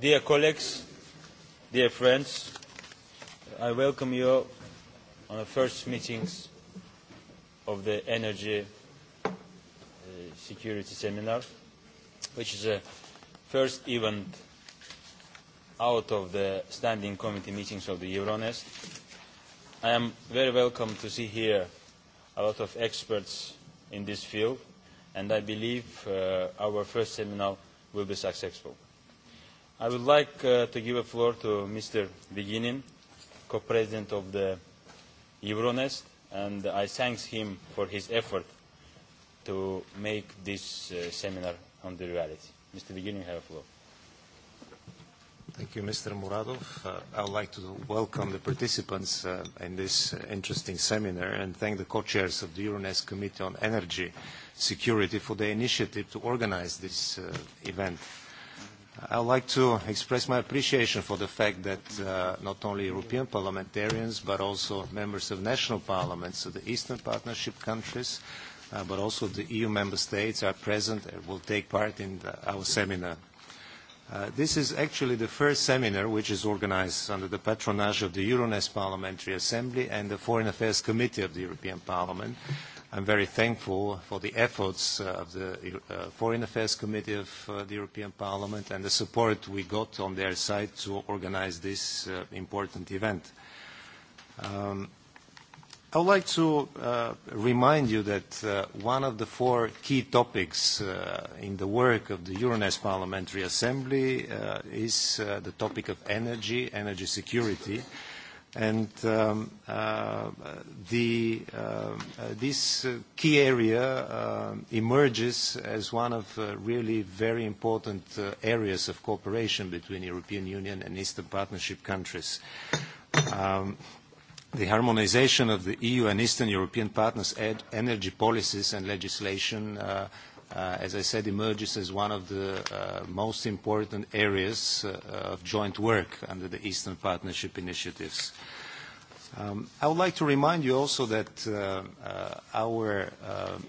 Dear colleagues, dear friends, I welcome you on the first meetings of the Energy Security Seminar, which is the first event out of the standing committee meetings of the Euronest. I am very welcome to see here a lot of experts in this field, and I believe our first seminar will be successful. I would like to give the floor to Mr. Viginin, co-president of the Euronest, and I thank him for his effort to make this seminar on the reality. Mr. Viginin, you have the floor. Thank you, Mr. Muradov. I would like to welcome the participants in this interesting seminar and thank the co-chairs of the Euronest Committee on Energy Security for the initiative to organize this event. I would like to express my appreciation for the fact that not only European parliamentarians but also members of national parliaments of the Eastern Partnership countries but also the EU member states are present and will take part in our seminar. This is actually the first seminar which is organized under the patronage of the Euronest Parliamentary Assembly and the Foreign Affairs Committee of the European Parliament I'm very thankful for the efforts of the Foreign Affairs Committee of the European Parliament and the support we got on their side to organize this important event. I would like to remind you that one of the four key topics in the work of the Euronest Parliamentary Assembly is the topic of energy, energy security And this key area emerges as one of really very important areas of cooperation between European Union and Eastern Partnership countries. The harmonization of the EU and Eastern European partners' energy policies and legislation as I said, emerges as one of the most important areas of joint work under the Eastern Partnership initiatives. I would like to remind you also that our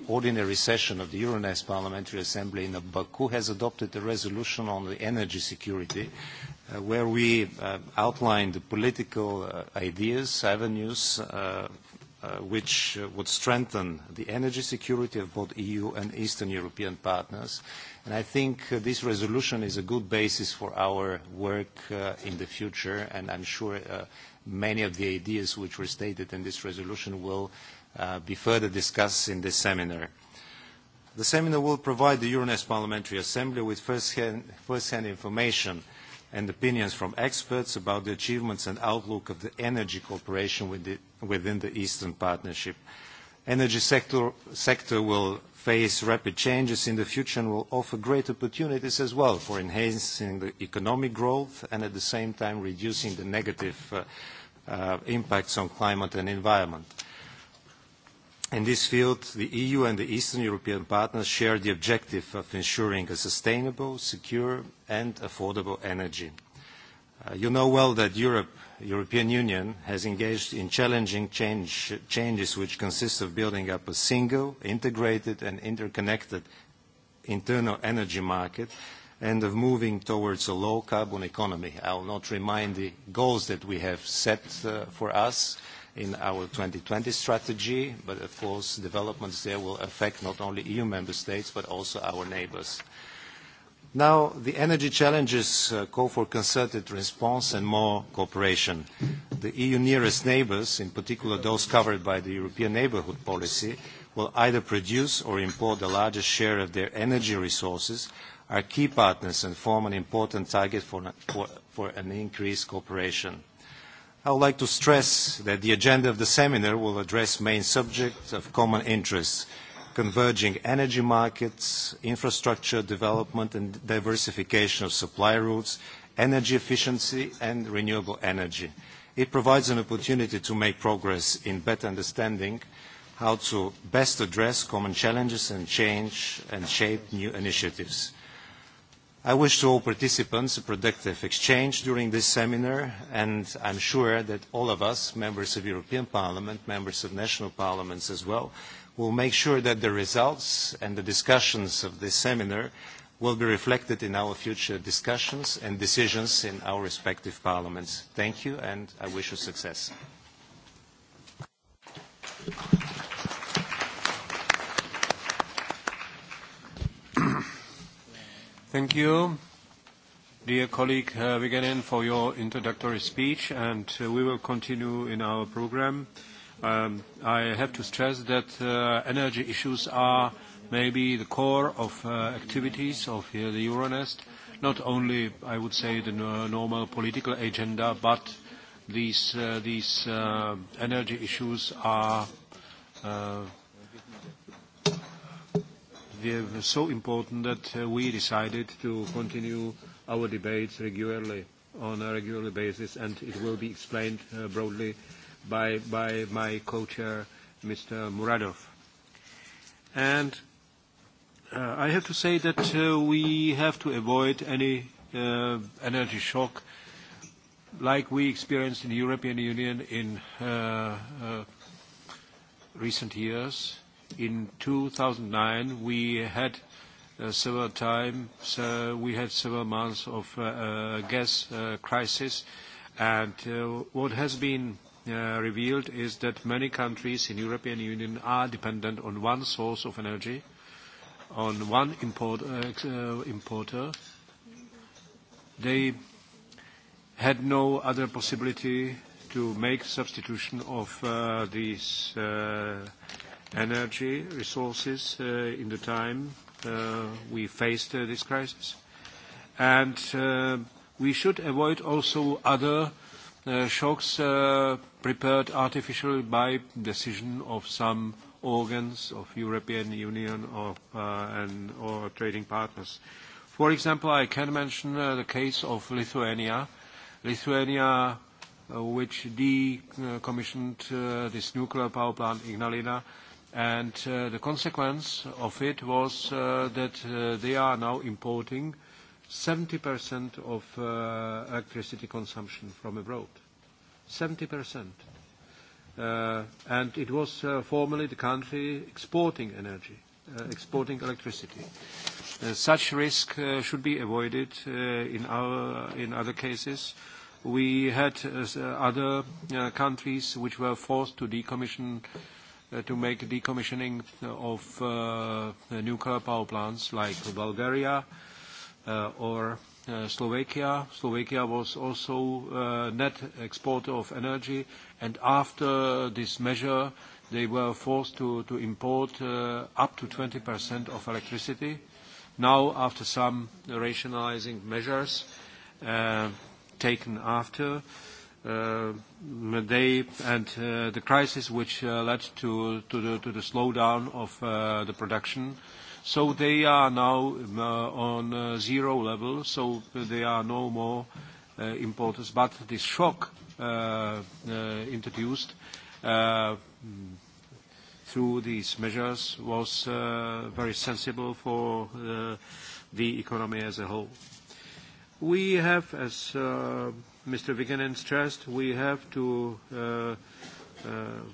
ordinary session of the Euronest Parliamentary Assembly in Baku has adopted a resolution on the energy security, where we outlined the political ideas, avenues which would strengthen the energy security of both EU and Eastern European partners. And I think this resolution is a good basis for our work in the future, and I'm sure many of the ideas which were stated in this resolution will be further discussed in this seminar. The seminar will provide the Euronest Parliamentary Assembly with first-hand information and opinions from experts about the achievements and outlook of the energy cooperation within the Eastern Partnership. The energy sector will face rapid changes in the future and will offer great opportunities as well for enhancing the economic growth and at the same time reducing the negative impacts on climate and environment. In this field, the EU and the Eastern European partners share the objective of ensuring a sustainable, secure and affordable energy. You know well that Europe, European Union, has engaged in challenging changes which consist of building up a single, integrated and interconnected internal energy market and of moving towards a low-carbon economy. I will not remind the goals that we have set for us in our 2020 strategy, but of course developments there will affect not only EU member states but also our neighbours. Now, the energy challenges call for concerted response and more cooperation. The EU nearest neighbours, in particular those covered by the European Neighbourhood Policy, will either produce or import the largest share of their energy resources, are key partners and form an important target for an increased cooperation. I would like to stress that the agenda of the seminar will address main subjects of common interest, converging energy markets, infrastructure development and diversification of supply routes, energy efficiency and renewable energy. It provides an opportunity to make progress in better understanding how to best address common challenges and change and shape new initiatives. I wish to all participants a productive exchange during this seminar, and I'm sure that all of us, members of European Parliament, members of national parliaments as well, will make sure that the results and the discussions of this seminar will be reflected in our future discussions and decisions in our respective parliaments. Thank you, and I wish you success. Thank you, dear colleague Viganen, for your introductory speech, and we will continue in our program. I have to stress that energy issues are maybe the core of activities of the Euronest, not only, I would say, the normal political agenda, but these energy issues are they're so important that we decided to continue our debates regularly on a regular basis, and it will be explained broadly by by my co-chair, Mr. Muradov. And I have to say that we have to avoid any energy shock like we experienced in the European Union in recent years in 2009 we had several times we had several months of gas crisis and what has been revealed is that many countries in European Union are dependent on one source of energy on one importer they had no other possibility to make substitution of these energy resources in the time we faced this crisis. And we should avoid also other shocks prepared artificially by decision of some organs of European Union or trading partners. For example, I can mention the case of Lithuania. Lithuania, which decommissioned this nuclear power plant, Ignalina, And the consequence of it was that they are now importing 70% of electricity consumption from abroad. 70%. And it was formerly the country exporting energy, exporting electricity. Such risk should be avoided in other cases. We had other countries which were forced to decommission to make decommissioning of nuclear power plants like Bulgaria or Slovakia. Slovakia was also a net exporter of energy, and after this measure, they were forced to import up to 20% of electricity. Now, after some rationalizing measures taken after, and the crisis which led to the slowdown of the production. So they are now on zero level, so they are no more importers. But this shock introduced through these measures was very sensible for the economy as a whole. We have, as Mr. Vigenin stressed, we have to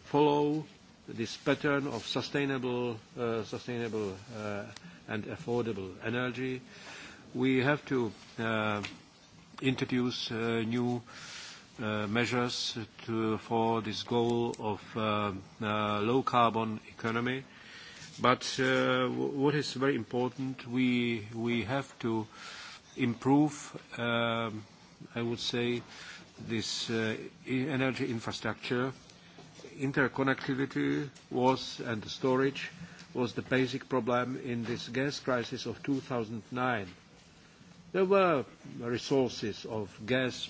follow this pattern of sustainable and affordable energy. We have to introduce new measures for this goal of low-carbon economy. But what is very important, we have to improve I would say, this energy infrastructure, interconnectivity was, and storage was the basic problem in this gas crisis of 2009. There were resources of gas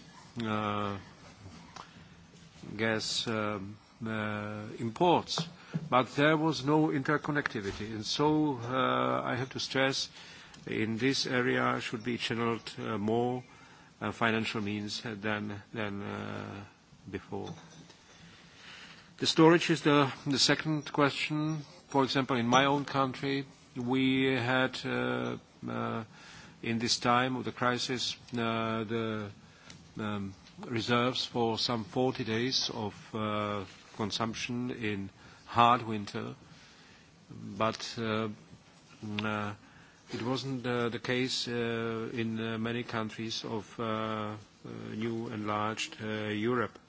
gas imports, but there was no interconnectivity. And so I have to stress in this area should be channeled more financial means than than before. The storage is the the second question. For example, in my own country, we had in this time of the crisis the reserves for some 40 days of consumption in hard winter, but It wasn't the case in many countries of new enlarged Europe.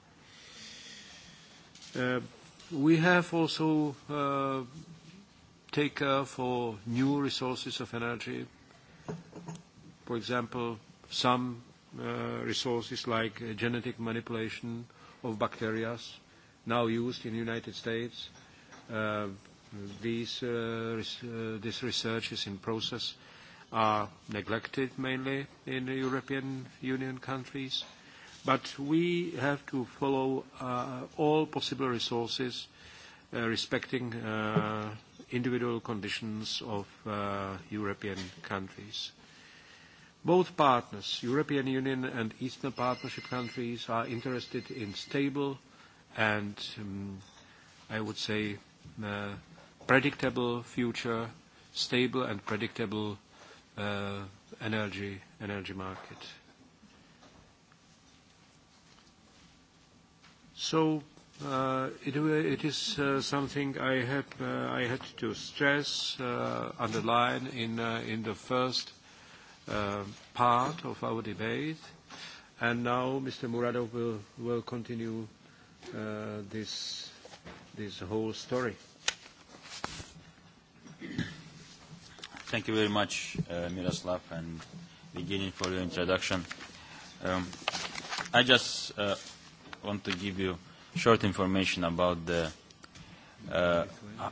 We have also take care for new resources of energy. For example, some resources like genetic manipulation of bacteria now used in the United States These this research is in process are neglected mainly in European Union countries, but we have to follow all possible resources, respecting individual conditions of European countries. Both partners, European Union and Eastern Partnership countries, are interested in stable and, I would say, predictable future, stable and predictable energy energy market. So it is something I had to stress, underline in the first part of our debate, and now Mr. Murado will will continue this whole story. Thank you very much, Miroslav and Beginning for your introduction. I just want to give you short information about the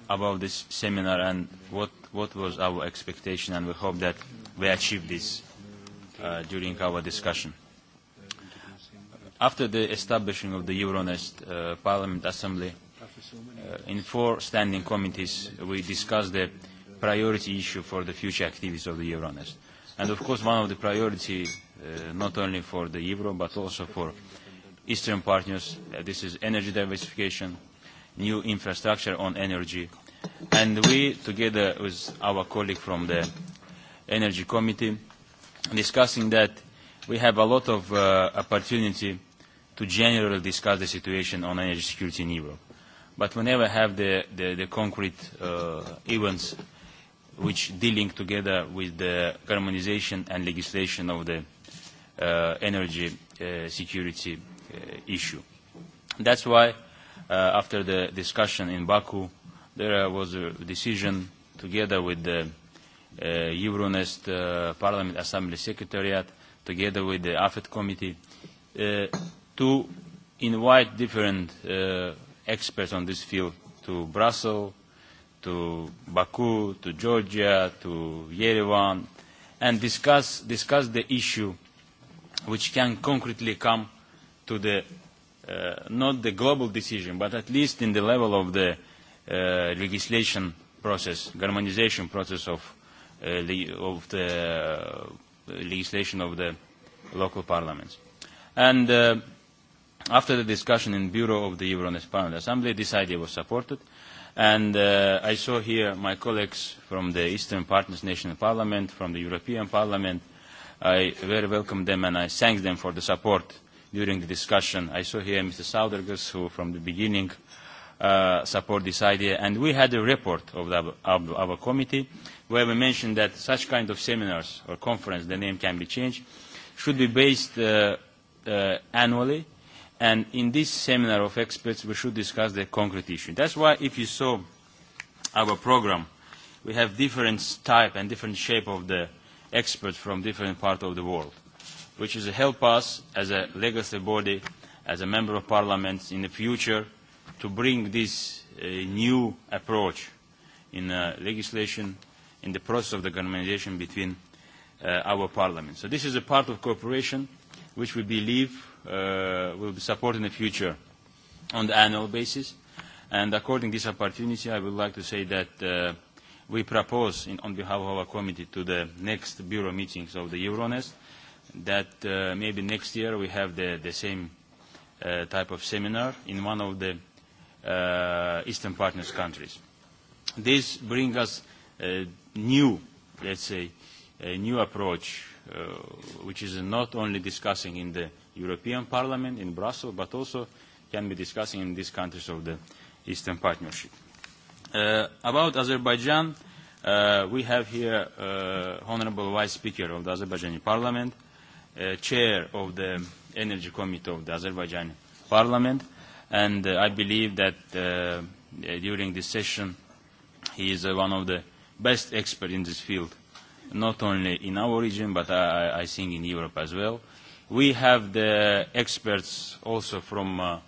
about this seminar and what what was our expectation and we hope that we achieve this during our discussion. After the establishing of the Euronest Parliament Assembly, in four standing committees we discussed the priority issue for the future activities of the Euronest. And of course one of the priority not only for the Euro but also for Eastern partners, this is energy diversification, new infrastructure on energy. And we, together with our colleague from the Energy Committee, discussing that we have a lot of opportunity to generally discuss the situation on energy security in Europe. But we never have the concrete events which dealing together with the harmonization and legislation of the energy security issue. That's why after the discussion in Baku, there was a decision together with the Euronest Parliament Assembly Secretariat, together with the AFET Committee, to invite different experts on this field to Brussels, to Baku, to Georgia, to Yerevan, and discuss the issue which can concretely come to the, not the global decision, but at least in the level of the legislation process, harmonization process of the legislation of the local parliaments. And after the discussion in Bureau of the Euronest Parliament Assembly, this idea was supported And I saw here my colleagues from the Eastern Partners National Parliament, from the European Parliament. I very welcome them and I thank them for the support during the discussion. I saw here Mr. Saudergus, who from the beginning support this idea. And we had a report of our committee where we mentioned that such kind of seminars or conference, the name can be changed, should be based annually and in this seminar of experts we should discuss the concrete issue. That's why if you saw our program, we have different type and different shape of the experts from different parts of the world, which is help us as a legacy body, as a member of parliament in the future to bring this new approach in legislation, in the process of the harmonization between our parliament. So this is a part of cooperation which we believe will be supported in the future on the annual basis. And according to this opportunity, I would like to say that we propose on behalf of our committee to the next bureau meetings of the Euronest that maybe next year we have the, the same type of seminar in one of the Eastern Partners countries. This brings us a new, let's say, a new approach, which is not only discussing in the European Parliament in Brussels, but also can be discussing in these countries of the Eastern Partnership. About Azerbaijan, we have here Honorable Vice Speaker of the Azerbaijani Parliament, Chair of the Energy Committee of the Azerbaijani Parliament, and I believe that during this session he is one of the best experts in this field, not only in our region but I think in Europe as well. We have the experts also from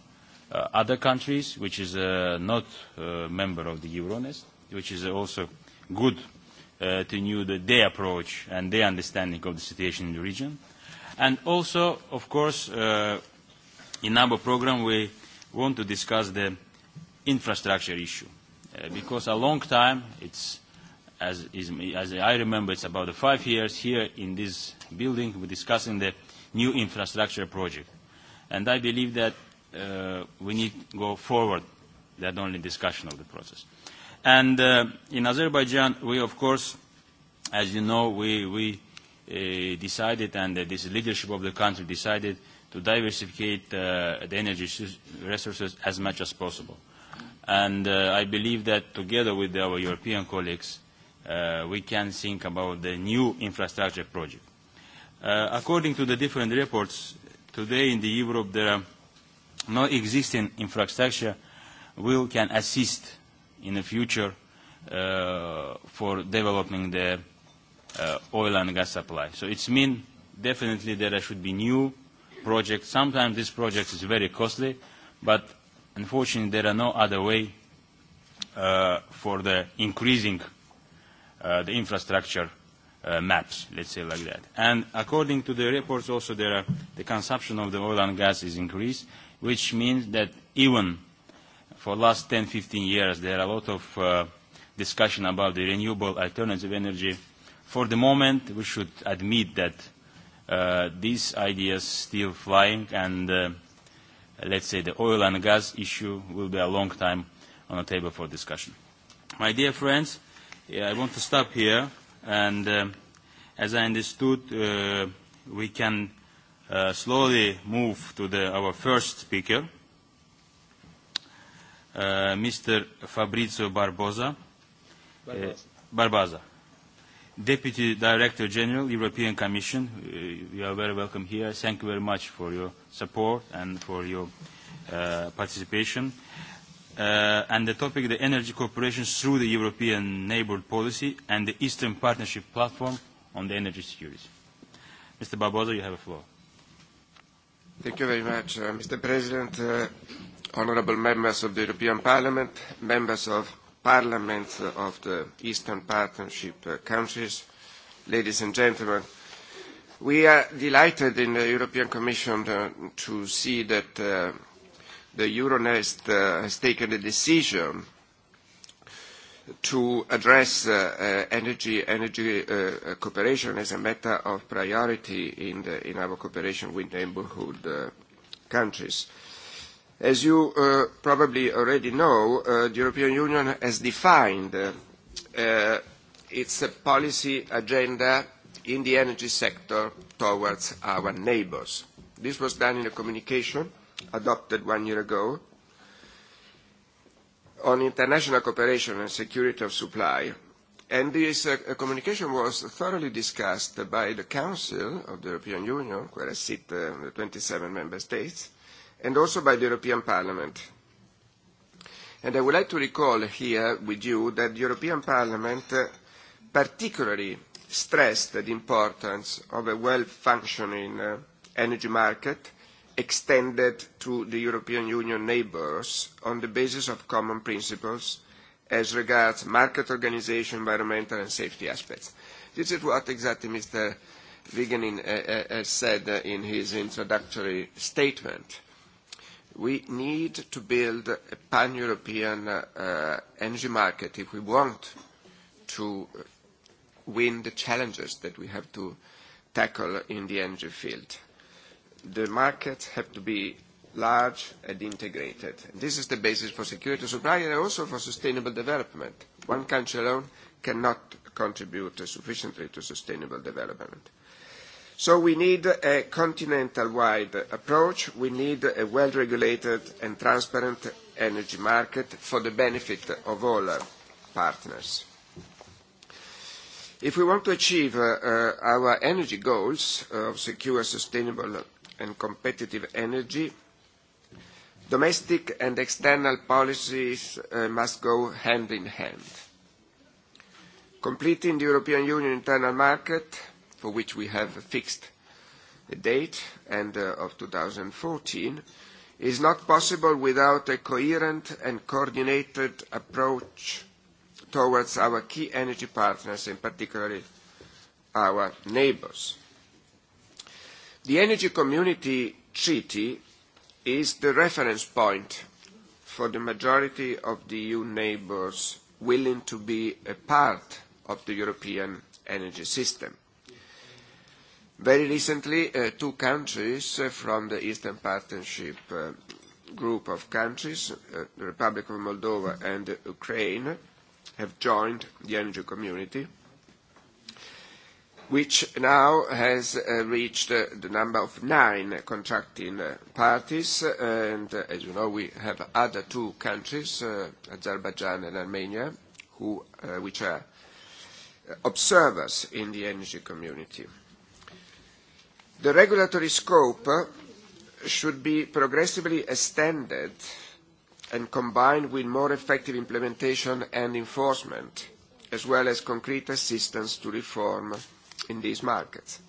other countries, which is not a member of the Euronest, which is also good to know their approach and their understanding of the situation in the region. And also, of course, in our program we want to discuss the infrastructure issue, because a long time, it's as I remember, it's about five years here in this building, we're discussing the new infrastructure project. And I believe that we need to go forward, that only discussion of the process. And in Azerbaijan, we, of course, as you know, we, we decided, and this leadership of the country decided to diversify the energy resources as much as possible. And I believe that together with our European colleagues, we can think about the new infrastructure project. According to the different reports, today in the Europe there are no existing infrastructure will can assist in the future for developing the oil and gas supply. So it means definitely there should be new projects. Sometimes this project is very costly, but unfortunately there are no other way for the increasing the infrastructure maps, let's say like that. And according to the reports also there are the consumption of the oil and gas is increased, which means that even for the last 10-15 years there are a lot of discussion about the renewable alternative energy. For the moment we should admit that these ideas still flying and let's say the oil and gas issue will be a long time on the table for discussion. My dear friends, I want to stop here and as I understood, we can slowly move to our first speaker, Mr. Fabrizio Barbosa, Barbosa, Deputy Director General, European Commission. You are very welcome here. Thank you very much for your support and for your participation and the topic the energy cooperation through the European neighbourhood policy and the Eastern Partnership platform on the energy security. Mr. Barbosa, you have the floor. Thank you very much, Mr. President, honourable members of the European Parliament, members of Parliaments of the Eastern Partnership countries, ladies and gentlemen. We are delighted in the European Commission to see that the Euronest has taken a decision to address energy energy cooperation as a matter of priority in our cooperation with neighborhood countries. As you probably already know, the European Union has defined its policy agenda in the energy sector towards our neighbours. This was done in a communication adopted one year ago, on international cooperation and security of supply. And this communication was thoroughly discussed by the Council of the European Union, where I sit the 27 member states, and also by the European Parliament. And I would like to recall here with you that the European Parliament particularly stressed the importance of a well-functioning energy market extended to the European Union neighbours on the basis of common principles as regards market organisation, environmental and safety aspects. This is what exactly Mr. Vigenin said in his introductory statement. We need to build a pan-European energy market if we want to win the challenges that we have to tackle in the energy field the markets have to be large and integrated. This is the basis for security supply and also for sustainable development. One country alone cannot contribute sufficiently to sustainable development. So we need a continental-wide approach. We need a well-regulated and transparent energy market for the benefit of all partners. If we want to achieve our energy goals of secure, sustainable and competitive energy, domestic and external policies must go hand in hand. Completing the European Union internal market, for which we have fixed a date, end of 2014, is not possible without a coherent and coordinated approach towards our key energy partners, in particular our neighbours. The Energy Community Treaty is the reference point for the majority of the EU neighbours willing to be a part of the European energy system. Very recently, two countries from the Eastern Partnership group of countries, the Republic of Moldova and Ukraine, have joined the energy community which now has reached the number of nine contracting parties. And as you know, we have other two countries, Azerbaijan and Armenia, which are observers in the energy community. The regulatory scope should be progressively extended and combined with more effective implementation and enforcement, as well as concrete assistance to reform in these markets.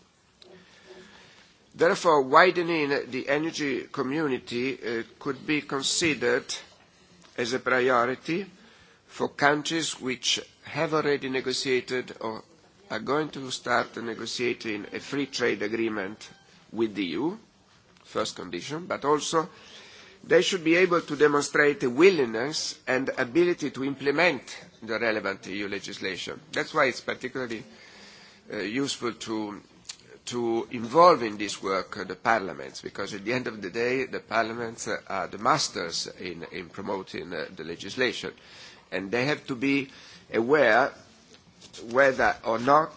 Therefore, widening the energy community could be considered as a priority for countries which have already negotiated or are going to start negotiating a free trade agreement with the EU, first condition, but also they should be able to demonstrate a willingness and ability to implement the relevant EU legislation. That's why it's particularly useful to involve in this work the parliaments, because at the end of the day, the parliaments are the masters in promoting the legislation, and they have to be aware whether or not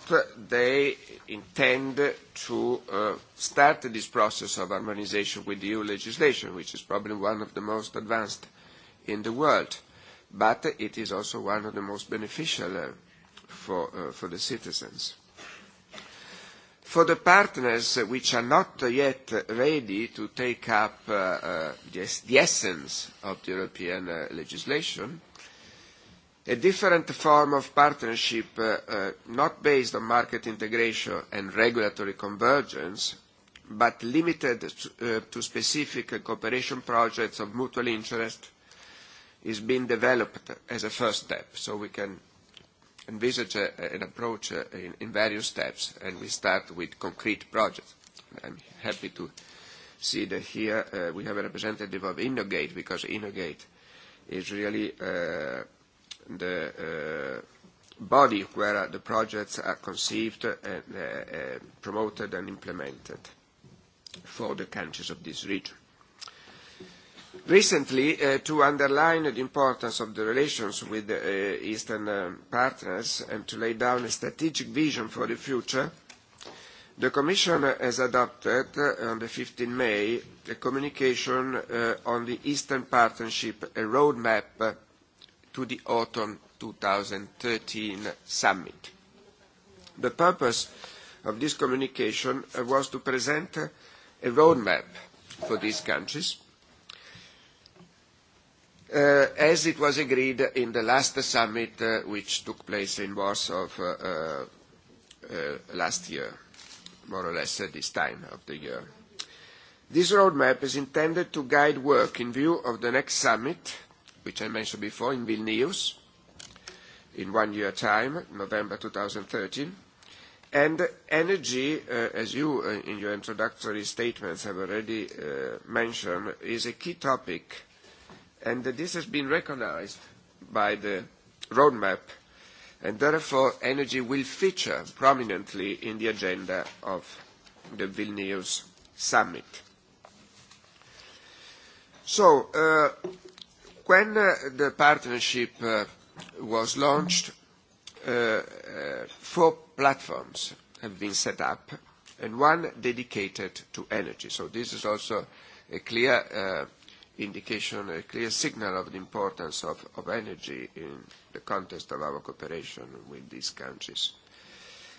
they intend to start this process of harmonisation with EU legislation, which is probably one of the most advanced in the world, but it is also one of the most beneficial for the citizens. For the partners which are not yet ready to take up the essence of the European legislation, a different form of partnership not based on market integration and regulatory convergence, but limited to specific cooperation projects of mutual interest, is being developed as a first step, so we can envisage an approach in various steps, and we start with concrete projects. I'm happy to see that here we have a representative of Innogate, because Innogate is really the body where the projects are conceived and promoted and implemented for the countries of this region. Recently, to underline the importance of the relations with the Eastern partners and to lay down a strategic vision for the future, the Commission has adopted on 15 May a communication on the Eastern Partnership, a roadmap to the autumn 2013 summit. The purpose of this communication was to present a roadmap for these countries as it was agreed in the last summit which took place in Warsaw last year, more or less at this time of the year. This roadmap is intended to guide work in view of the next summit, which I mentioned before, in Vilnius, in one year time, November 2013, and energy, as you in your introductory statements have already mentioned, is a key topic and this has been recognized by the roadmap, and therefore energy will feature prominently in the agenda of the Vilnius summit. So, when the partnership was launched, four platforms have been set up, and one dedicated to energy. So this is also a clear indication, a clear signal of the importance of, of energy in the context of our cooperation with these countries.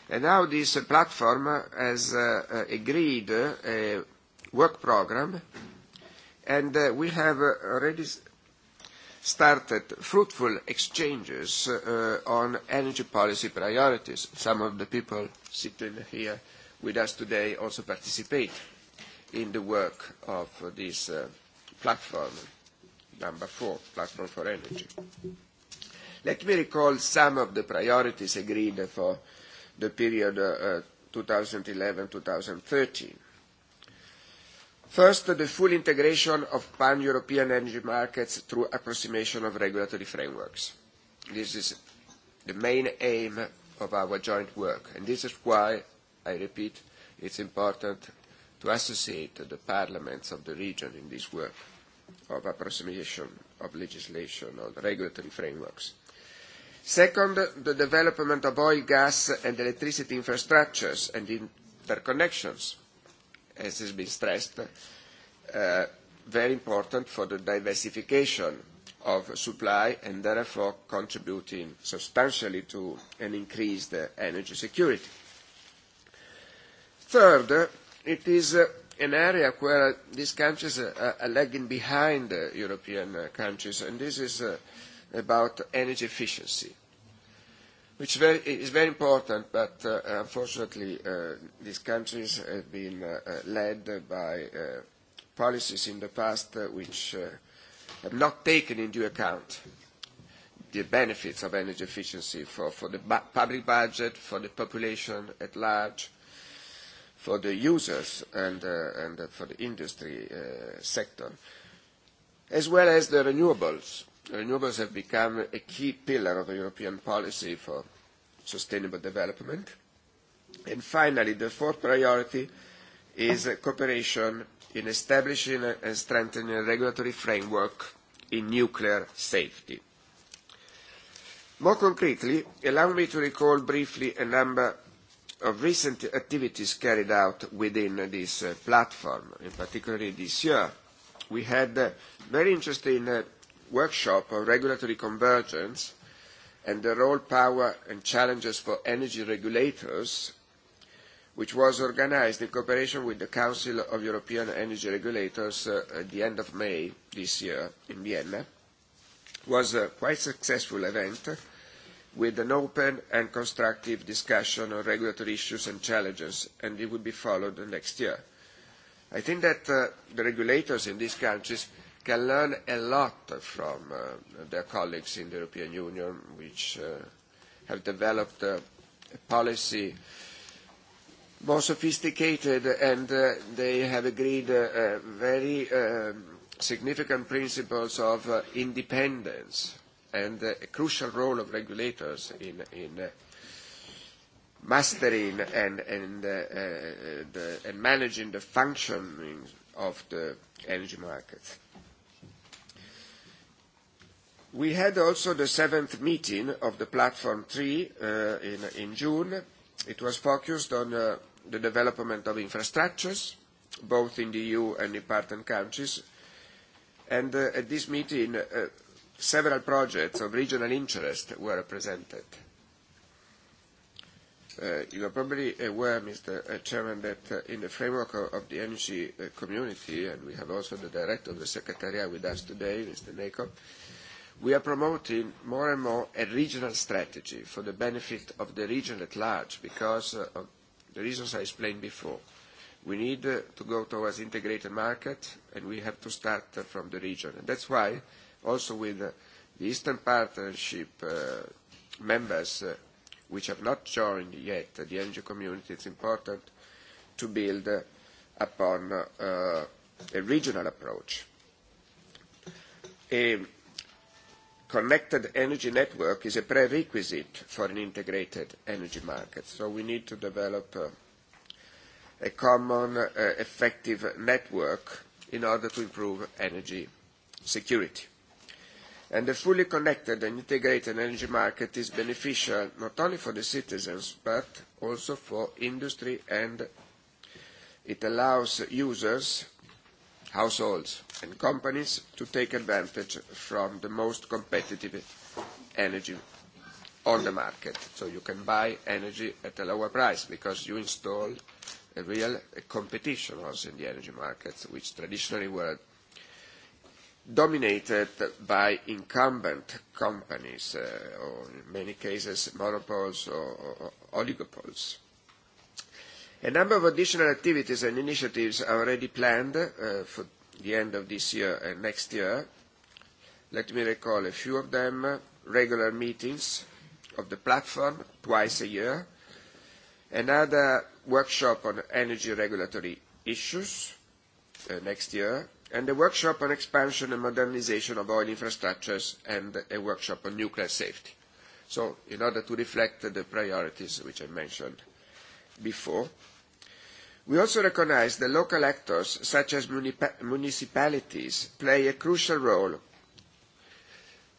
And now this platform has agreed a work program, and we have already started fruitful exchanges on energy policy priorities. Some of the people sitting here with us today also participate in the work of this platform, number four, platform for energy. Let me recall some of the priorities agreed for the period 2011-2013. First, the full integration of pan-European energy markets through approximation of regulatory frameworks. This is the main aim of our joint work, and this is why, I repeat, it's important to associate the parliaments of the region in this work of approximation of legislation on regulatory frameworks. Second, the development of oil, gas and electricity infrastructures and interconnections, as has been stressed, very important for the diversification of supply and therefore contributing substantially to an increased energy security. Third, it is an area where these countries are lagging behind European countries, and this is about energy efficiency, which is very important, but unfortunately these countries have been led by policies in the past which have not taken into account the benefits of energy efficiency for the public budget, for the population at large, for the users and for the industry sector, as well as the renewables. Renewables have become a key pillar of European policy for sustainable development. And finally, the fourth priority is cooperation in establishing and strengthening a regulatory framework in nuclear safety. More concretely, allow me to recall briefly a number of recent activities carried out within this platform, in particular this year, we had a very interesting workshop on regulatory convergence and the role, power and challenges for energy regulators, which was organised in cooperation with the Council of European Energy Regulators at the end of May this year in Vienna, It was a quite successful event with an open and constructive discussion on regulatory issues and challenges, and it will be followed next year. I think that the regulators in these countries can learn a lot from their colleagues in the European Union, which have developed a policy more sophisticated, and they have agreed very significant principles of independence and a crucial role of regulators in mastering and managing the functioning of the energy markets. We had also the seventh meeting of the Platform 3 in June. It was focused on the development of infrastructures, both in the EU and in partner countries. And at this meeting, several projects of regional interest were presented. You are probably aware, Mr. Chairman, that in the framework of the energy community, and we have also the director of the Secretariat with us today, Mr. Nekov, we are promoting more and more a regional strategy for the benefit of the region at large because of the reasons I explained before. We need to go towards integrated market, and we have to start from the region. And that's why also with the Eastern Partnership members which have not joined yet the energy community, is important to build upon a regional approach. A connected energy network is a prerequisite for an integrated energy market, so we need to develop a common effective network in order to improve energy security. And a fully connected and integrated energy market is beneficial not only for the citizens, but also for industry, and it allows users, households and companies to take advantage from the most competitive energy on the market. So you can buy energy at a lower price because you install a real competition also in the energy markets, which traditionally were dominated by incumbent companies, or in many cases monopoles or oligopoles. A number of additional activities and initiatives are already planned for the end of this year and next year. Let me recall a few of them. Regular meetings of the platform twice a year. Another workshop on energy regulatory issues next year and a workshop on expansion and modernization of oil infrastructures and a workshop on nuclear safety. So, in order to reflect the priorities which I mentioned before. We also recognize that local actors, such as municipalities, play a crucial role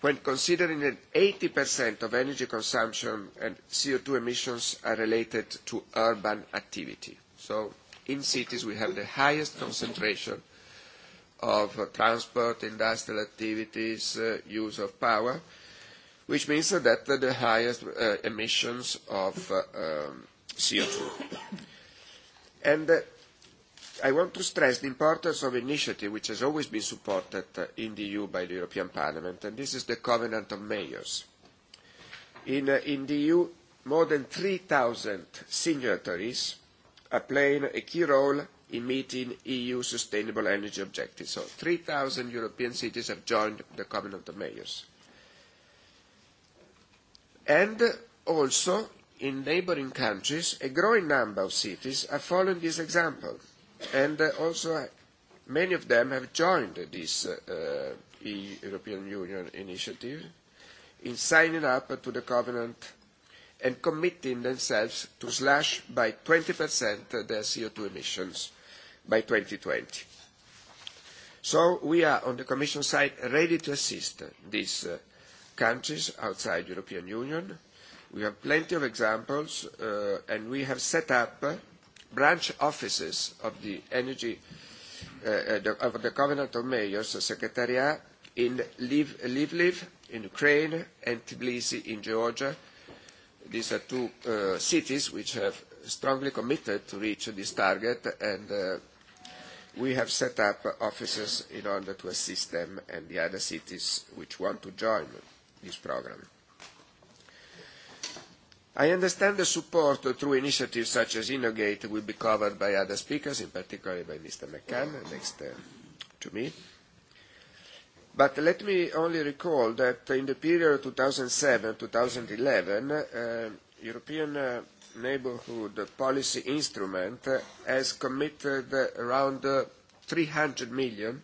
when considering that 80% of energy consumption and CO2 emissions are related to urban activity. So, in cities we have the highest concentration of transport, industrial activities, use of power, which means that the highest emissions of CO2. And I want to stress the importance of initiative which has always been supported in the EU by the European Parliament, and this is the Covenant of Mayors. In the EU, more than 3,000 signatories are playing a key role in meeting EU sustainable energy objectives. So 3,000 European cities have joined the Covenant of the Mayors. And also, in neighbouring countries, a growing number of cities are following this example, and also many of them have joined this European Union initiative in signing up to the covenant and committing themselves to slash by 20% their CO2 emissions by 2020. So we are, on the Commission side, ready to assist these countries outside the European Union. We have plenty of examples, and we have set up branch offices of the Energy of the Covenant of Mayors Secretariat in Lviv in Ukraine and Tbilisi in Georgia. These are two cities which have strongly committed to reach this target, and We have set up offices in order to assist them and the other cities which want to join this program. I understand the support through initiatives such as Innogate will be covered by other speakers, in particular by Mr. McCann, next to me. But let me only recall that in the period 2007-2011, European Neighborhood policy instrument has committed around 300 million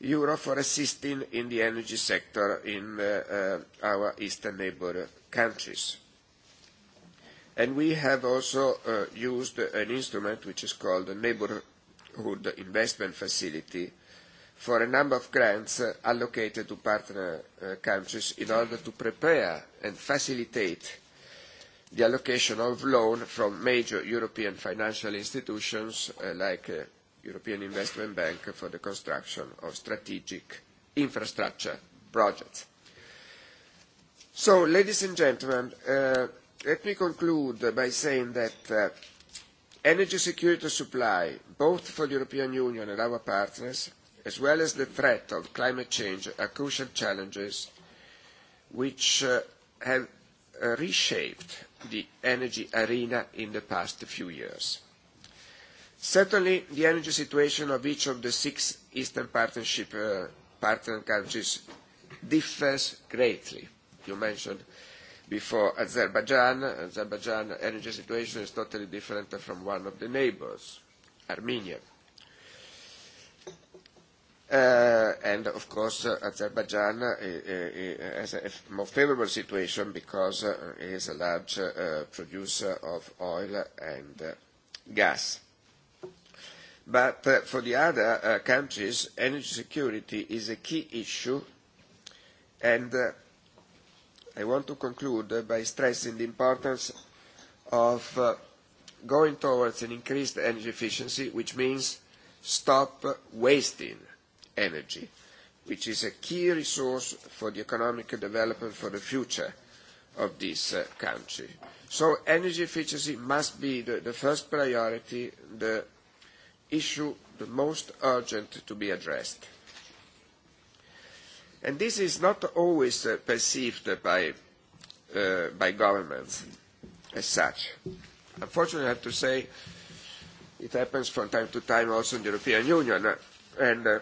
euro for assisting in the energy sector in our eastern neighbour countries. And we have also used an instrument which is called the Neighbourhood Investment Facility for a number of grants allocated to partner countries in order to prepare and facilitate the allocation of loan from major European financial institutions like the European Investment Bank for the construction of strategic infrastructure projects. So, ladies and gentlemen, let me conclude by saying that energy security supply, both for the European Union and our partners, as well as the threat of climate change, are crucial challenges which have reshaped the energy arena in the past few years. Certainly, the energy situation of each of the six Eastern Partnership partner countries differs greatly. You mentioned before Azerbaijan. Azerbaijan energy situation is totally different from one of the neighbors, Armenia. And of course, Azerbaijan has a more favorable situation because it is a large producer of oil and gas. But for the other countries, energy security is a key issue, and I want to conclude by stressing the importance of going towards an increased energy efficiency, which means stop wasting energy, which is a key resource for the economic development for the future of this country. So energy efficiency must be the first priority, the issue the most urgent to be addressed. And this is not always perceived by governments as such. Unfortunately, I have to say, it happens from time to time also in the European Union. And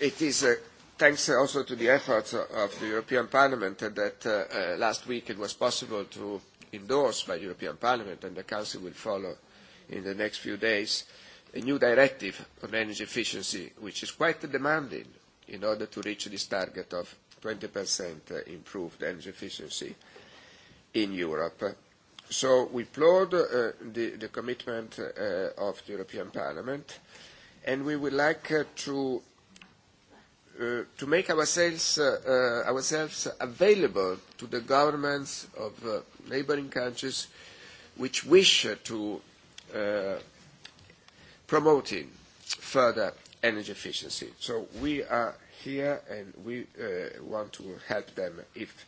It is thanks also to the efforts of the European Parliament that last week it was possible to endorse by the European Parliament, and the Council will follow in the next few days, a new directive on energy efficiency, which is quite demanding in order to reach this target of 20% improved energy efficiency in Europe. So we applaud the commitment of the European Parliament, and we would like to to make ourselves ourselves available to the governments of neighboring countries which wish to promote further energy efficiency. So we are here and we want to help them if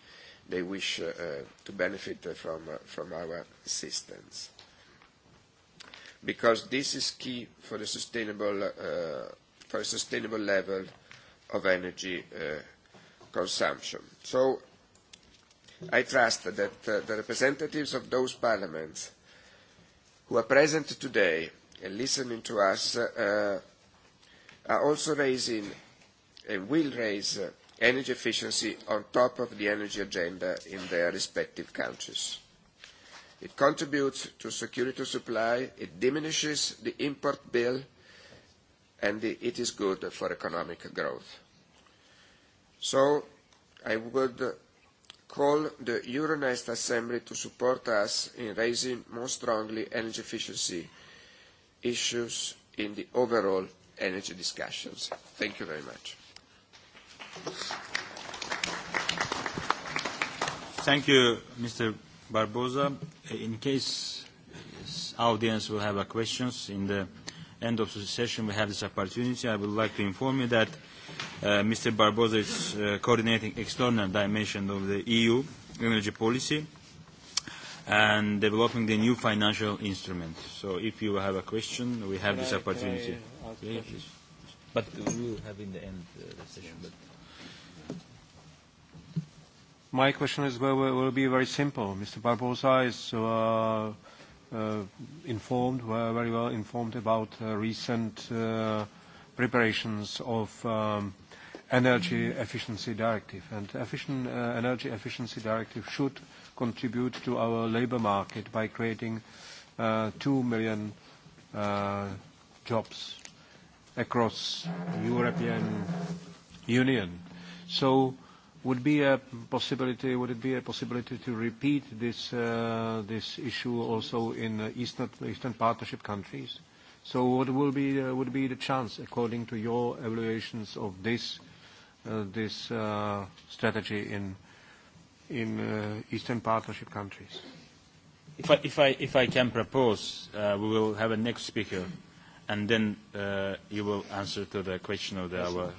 they wish to benefit from from our assistance. Because this is key for the sustainable for a sustainable level of energy consumption. So I trust that the representatives of those parliaments who are present today and listening to us are also raising and will raise energy efficiency on top of the energy agenda in their respective countries. It contributes to security supply, it diminishes the import bill, and it is good for economic growth. So I would call the Euronest Assembly to support us in raising more strongly energy efficiency issues in the overall energy discussions. Thank you very much. Thank you, Mr. Barbosa. In case audience will have questions in the end of the session, we have this opportunity. I would like to inform you that Mr. Barbosa is coordinating external dimension of the EU energy policy and developing the new financial instrument. So if you have a question, we have this opportunity. But we will have in the end the session. My question is, will be very simple. Mr. Barbosa is informed, very well informed about recent preparations of Energy Efficiency Directive. And Energy Efficiency Directive should contribute to our labor market by creating 2 million jobs across European Union. So would would it be a possibility to repeat this this issue also in eastern partnership countries So what will be would be the chance, according to your evaluations of this this strategy in in Eastern Partnership countries? If I if I if I can propose, we will have a next speaker, and then you will answer to the question of our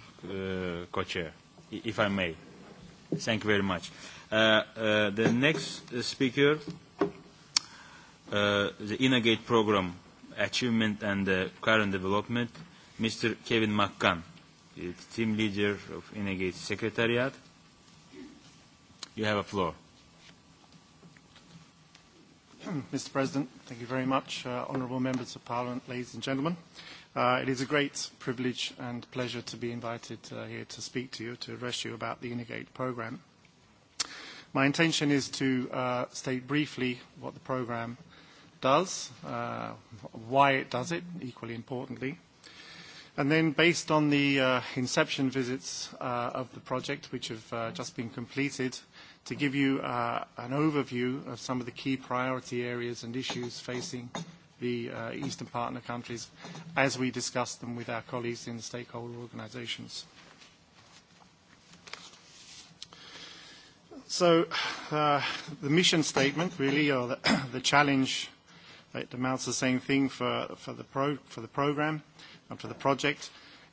co-chair, if I may. Thank you very much. The next speaker, the Inagate program Achievement and Current Development, Mr. Kevin McCann, team leader of INEGATE Secretariat. You have a floor. Mr. President, thank you very much. Honourable members of Parliament, ladies and gentlemen. It is a great privilege and pleasure to be invited here to speak to you, to address you about the INEGATE programme. My intention is to state briefly what the programme does, why it does it, equally importantly. And then based on the inception visits of the project, which have just been completed, to give you an overview of some of the key priority areas and issues facing the Eastern Partner countries as we discuss them with our colleagues in the stakeholder organizations. So the mission statement, really, or the challenge It amounts to the same thing for the program and for the project,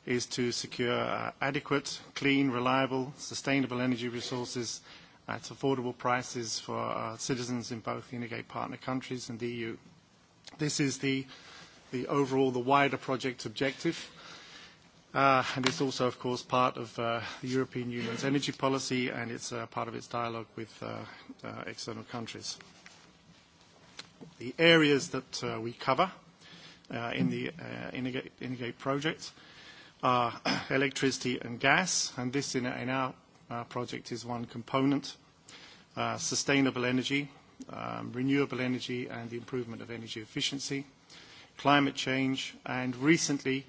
is to secure adequate, clean, reliable, sustainable energy resources at affordable prices for citizens in both the Inigate partner countries and the EU. This is the overall, the wider project objective, and it's also, of course, part of the European Union's energy policy, and it's part of its dialogue with external countries the areas that we cover in the Energate project are electricity and gas, and this in our project is one component, sustainable energy, renewable energy and the improvement of energy efficiency, climate change, and recently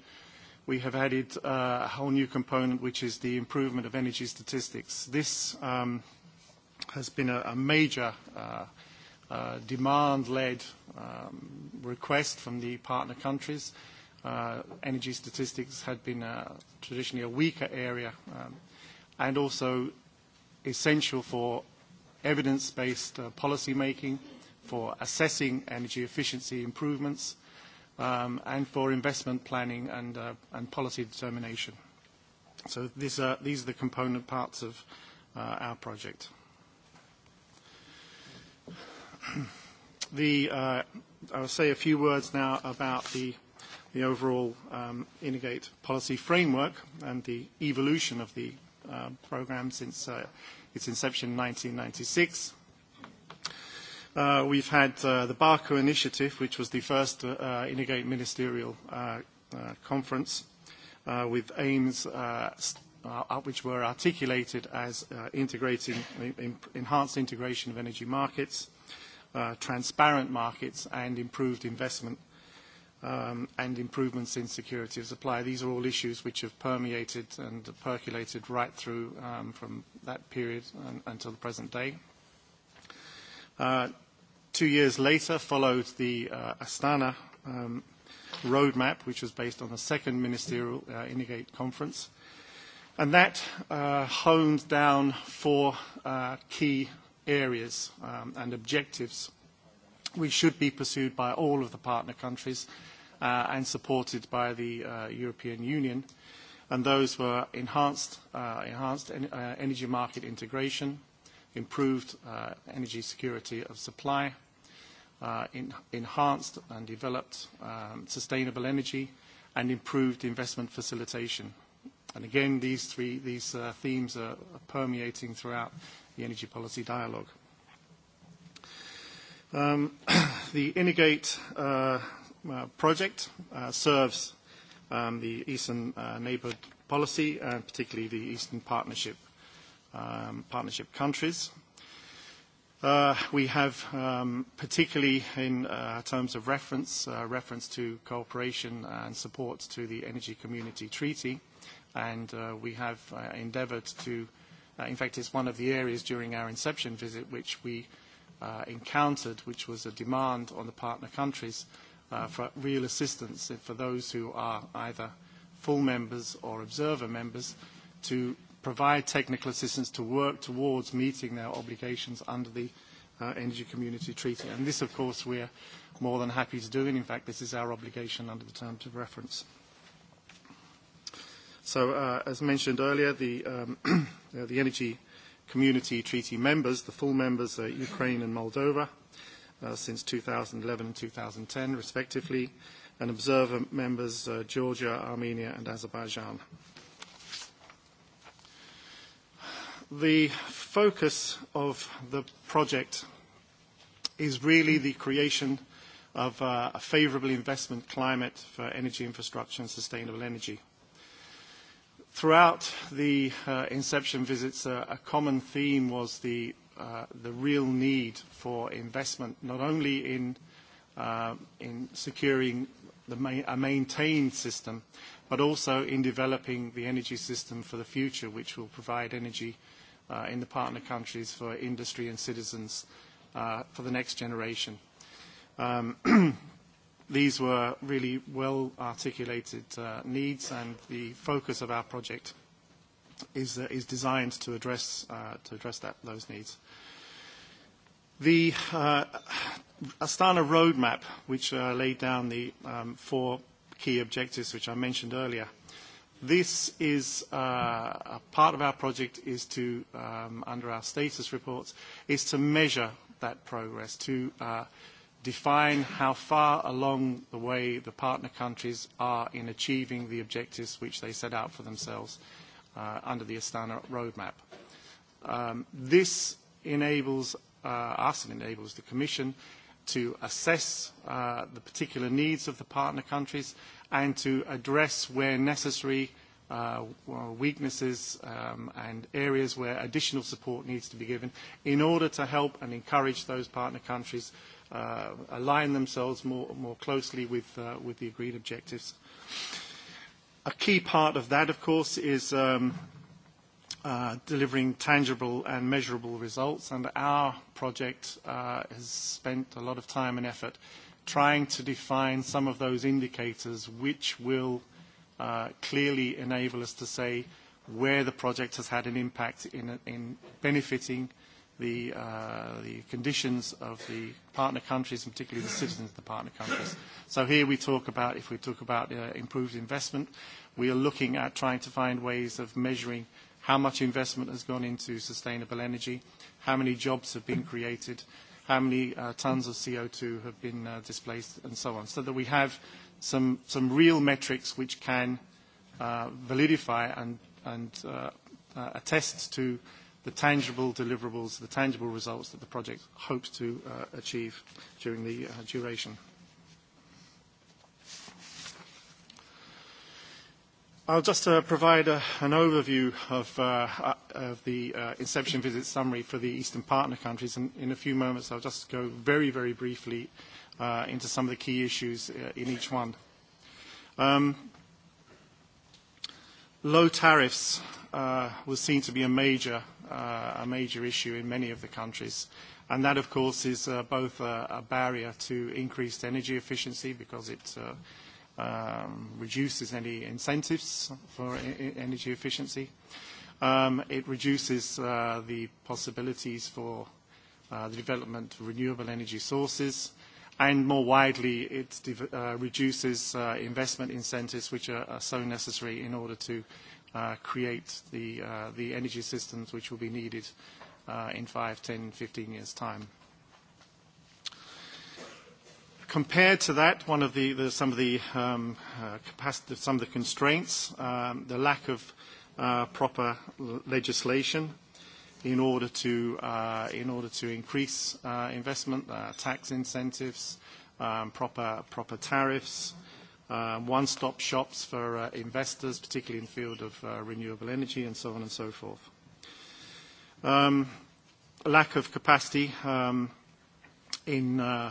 we have added a whole new component, which is the improvement of energy statistics. This has been a major demand-led request from the partner countries. Energy statistics had been traditionally a weaker area and also essential for evidence-based policy making, for assessing energy efficiency improvements, and for investment planning and policy determination. So these are the component parts of our project. The I'll say a few words now about the overall Integrate policy framework and the evolution of the program since its inception in 1996. We've had the Baku Initiative, which was the first Integrate ministerial conference with aims which were articulated as enhanced integration of energy markets transparent markets and improved investment and improvements in security of supply. These are all issues which have permeated and percolated right through from that period until the present day. Two years later followed the Astana roadmap, which was based on the second ministerial Inigate conference. And that honed down four key areas and objectives which should be pursued by all of the partner countries and supported by the European Union. And those were enhanced energy market integration, improved energy security of supply, enhanced and developed sustainable energy, and improved investment facilitation And again, these three these themes are permeating throughout the energy policy dialogue. Um The Inigate project serves um the Eastern Neighbourhood Policy and particularly the Eastern Partnership partnership countries. We have, particularly in terms of reference, reference to cooperation and support to the Energy Community Treaty, and we have endeavoured to, in fact it's one of the areas during our inception visit which we encountered, which was a demand on the partner countries for real assistance for those who are either full members or observer members to provide technical assistance to work towards meeting their obligations under the Energy Community Treaty. And this, of course, we are more than happy to do, and in fact this is our obligation under the terms of reference. So as mentioned earlier, the Energy Community Treaty members, the full members are Ukraine and Moldova since 2011 and 2010 respectively, and observer members Georgia, Armenia and Azerbaijan. The focus of the project is really the creation of a favourable investment climate for energy infrastructure and sustainable energy. Throughout the inception visits, a common theme was the real need for investment, not only in securing a maintained system, but also in developing the energy system for the future, which will provide energy in the partner countries for industry and citizens for the next generation. These were really well-articulated needs, and the focus of our project is designed to address those needs. The Astana roadmap, which laid down the four key objectives which I mentioned earlier, this is a part of our project is to, under our status reports, is to measure that progress, to define how far along the way the partner countries are in achieving the objectives which they set out for themselves under the Astana roadmap. This enables us and enables the Commission to assess the particular needs of the partner countries and to address, where necessary, weaknesses and areas where additional support needs to be given in order to help and encourage those partner countries align themselves more closely with the agreed objectives. A key part of that, of course, is delivering tangible and measurable results, and our project has spent a lot of time and effort trying to define some of those indicators which will clearly enable us to say where the project has had an impact in benefiting the conditions of the partner countries, and particularly the citizens of the partner countries. So here we talk about, if we talk about improved investment, we are looking at trying to find ways of measuring how much investment has gone into sustainable energy, how many jobs have been created, how many tons of CO2 have been displaced, and so on, so that we have some real metrics which can validify and attest to the tangible deliverables, the tangible results that the project hopes to achieve during the duration. I'll just provide an overview of the inception visit summary for the Eastern Partner countries. and In a few moments, I'll just go very, very briefly into some of the key issues in each one. Low tariffs were seen to be a major a major issue in many of the countries. And that, of course, is both a barrier to increased energy efficiency because it reduces any incentives for energy efficiency. It reduces the possibilities for the development of renewable energy sources. And more widely, it reduces investment incentives which are so necessary in order to create the the energy systems which will be needed in five, 10, 15 years' time. Compared to that, one of the some of the some of the constraints, the lack of proper legislation in order to in order to increase investment, tax incentives, proper proper tariffs one-stop shops for investors, particularly in the field of renewable energy and so on and so forth. Lack of capacity in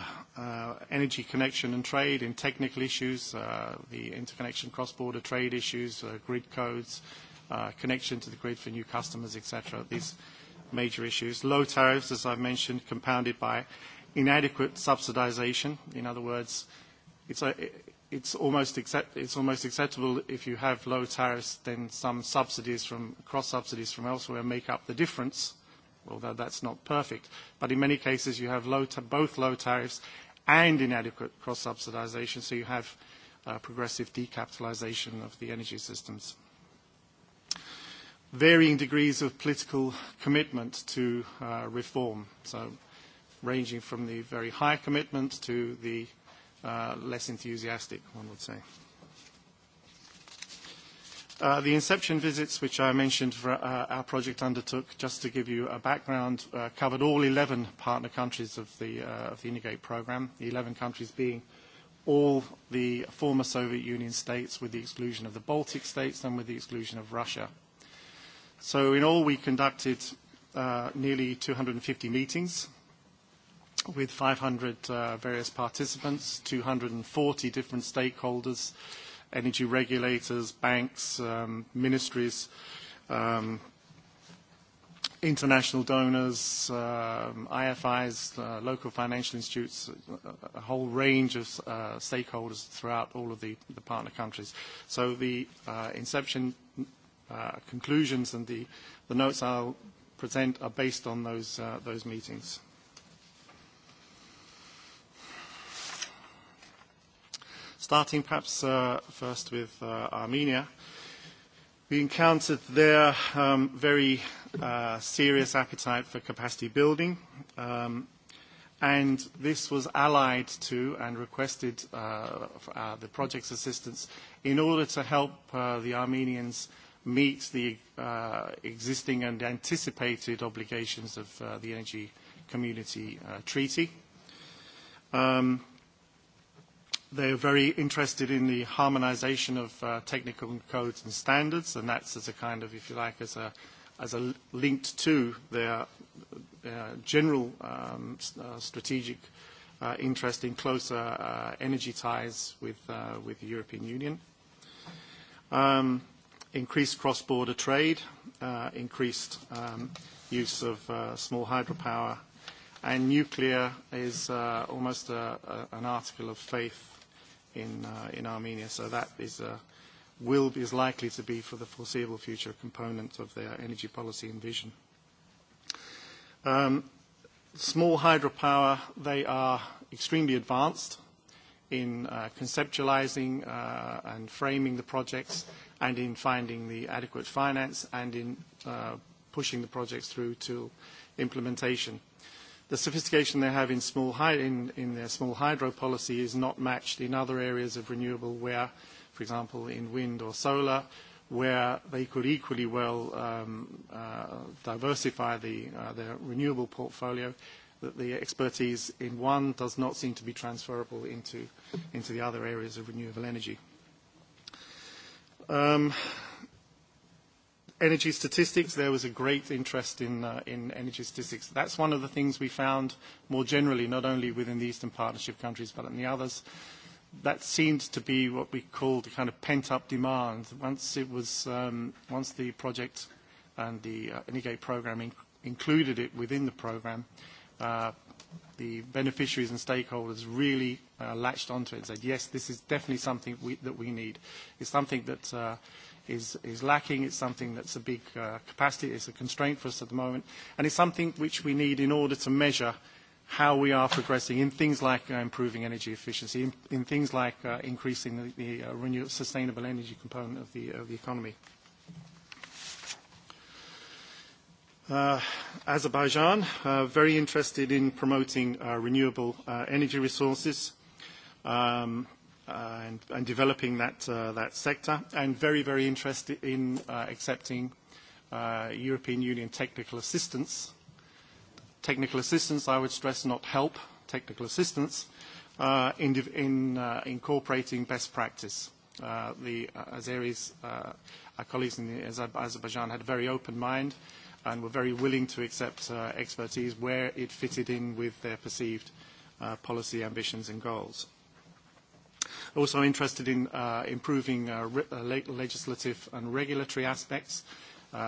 energy connection and trade, in technical issues, the interconnection cross-border trade issues, grid codes, connection to the grid for new customers, etc. These major issues. Low tariffs, as I've mentioned, compounded by inadequate subsidization. In other words, it's almost acceptable if you have low tariffs, then some subsidies from cross-subsidies from elsewhere make up the difference, although that's not perfect. But in many cases, you have both low tariffs and inadequate cross-subsidization, so you have progressive decapitalization of the energy systems. Varying degrees of political commitment to reform, so ranging from the very high commitment to the less enthusiastic, one would say. The inception visits, which I mentioned for our project undertook, just to give you a background, covered all 11 partner countries of the Integrate program, the 11 countries being all the former Soviet Union states with the exclusion of the Baltic states and with the exclusion of Russia. So in all, we conducted nearly 250 meetings with 500 various participants, 240 different stakeholders, energy regulators, banks, ministries, international donors, IFIs, local financial institutes, a whole range of stakeholders throughout all of the partner countries. So the inception conclusions and the notes I'll present are based on those meetings. Starting perhaps first with Armenia, we encountered their very serious appetite for capacity building, and this was allied to and requested the project's assistance in order to help the Armenians meet the existing and anticipated obligations of the Energy Community Treaty. Um They are very interested in the harmonization of technical codes and standards, and that's as a kind of, if you like, as a as a linked to their general strategic interest in closer energy ties with with the European Union. Increased cross-border trade, increased use of small hydropower, and nuclear is almost an article of faith in in Armenia. So that is will is likely to be for the foreseeable future a component of their energy policy and vision. Small hydropower, they are extremely advanced in conceptualizing and framing the projects and in finding the adequate finance and in pushing the projects through to implementation the sophistication they have in small in their small hydro policy is not matched in other areas of renewable where, for example, in wind or solar, where they could equally well diversify their renewable portfolio, that the expertise in one does not seem to be transferable into the other areas of renewable energy energy statistics, there was a great interest in energy statistics. That's one of the things we found more generally, not only within the Eastern Partnership countries, but in the others. That seemed to be what we called the kind of pent-up demand. Once it was, once the project and the Enigate program included it within the program, the beneficiaries and stakeholders really latched onto it and said, yes, this is definitely something that we need. It's something that is lacking. It's something that's a big capacity. It's a constraint for us at the moment, and it's something which we need in order to measure how we are progressing in things like improving energy efficiency, in things like increasing the renewable, sustainable energy component of the economy. Azerbaijan, very interested in promoting renewable energy resources and developing that sector, and very, very interested in accepting European Union technical assistance. Technical assistance, I would stress, not help, technical assistance, in incorporating best practice. The Azeris, our colleagues in Azerbaijan, had a very open mind and were very willing to accept expertise where it fitted in with their perceived policy ambitions and goals also interested in improving legislative and regulatory aspects,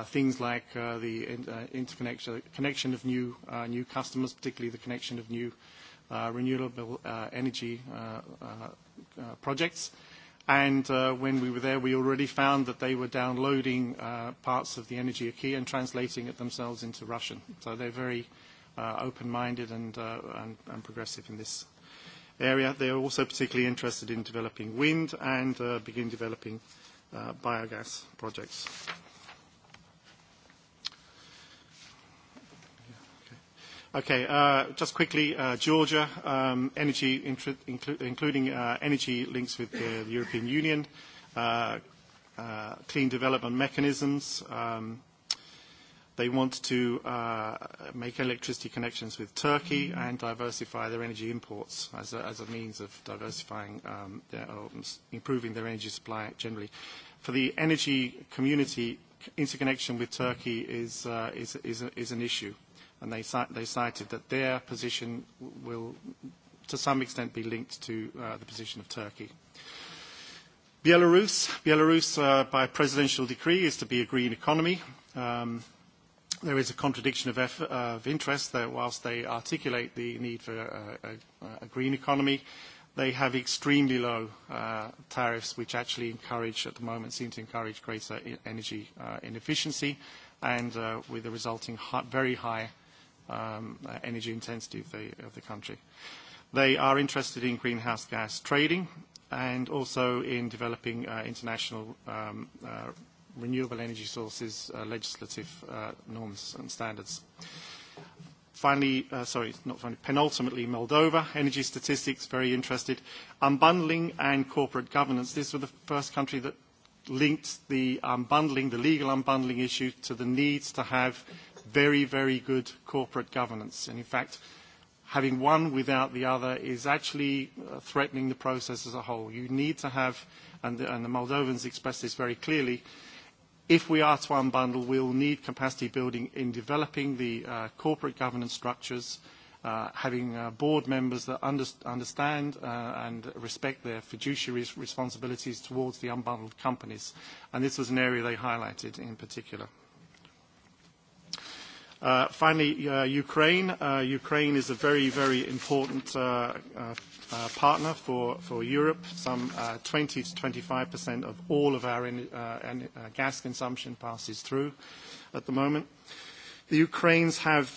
things like the interconnection of new customers, particularly the connection of new renewable energy projects. And when we were there, we already found that they were downloading parts of the Energy Acquis and translating it themselves into Russian. So they're very open-minded and progressive in this area. They are also particularly interested in developing wind and begin developing biogas projects. Okay, just quickly, Georgia, energy, including energy links with the European Union, clean development mechanisms, They want to make electricity connections with Turkey and diversify their energy imports as a means of diversifying or improving their energy supply generally. For the energy community, interconnection with Turkey is an issue, and they cited that their position will, to some extent, be linked to the position of Turkey. Belarus, Belarus by presidential decree, is to be a green economy there is a contradiction of interest that whilst they articulate the need for a green economy, they have extremely low tariffs, which actually encourage, at the moment, seem to encourage greater energy inefficiency and with the resulting very high energy intensity of the country. They are interested in greenhouse gas trading and also in developing international renewable energy sources legislative norms and standards. Finally, sorry, not finally, penultimately, Moldova, energy statistics, very interested. Unbundling and corporate governance. This was the first country that linked the unbundling, the legal unbundling issue, to the needs to have very, very good corporate governance. And in fact, having one without the other is actually threatening the process as a whole. You need to have, and the Moldovans expressed this very clearly, If we are to unbundle, we will need capacity building in developing the corporate governance structures, having board members that understand and respect their fiduciary responsibilities towards the unbundled companies. And this was an area they highlighted in particular. Finally, Ukraine. Ukraine is a very, very important partner for Europe. Some 20 to 25% of all of our gas consumption passes through at the moment. The Ukrainians have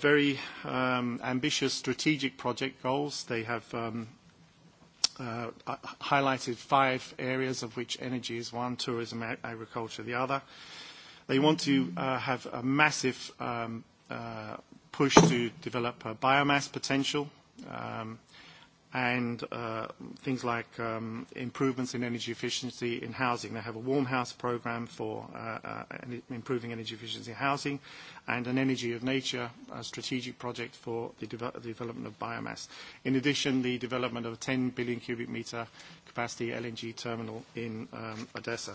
very ambitious strategic project goals. They have highlighted five areas, of which energy is one, tourism, agriculture the other. They want to have a massive push to develop biomass potential and things like improvements in energy efficiency in housing. They have a warm house program for improving energy efficiency in housing and an energy of nature strategic project for the development of biomass. In addition, the development of a 10 billion cubic meter capacity LNG terminal in Odessa.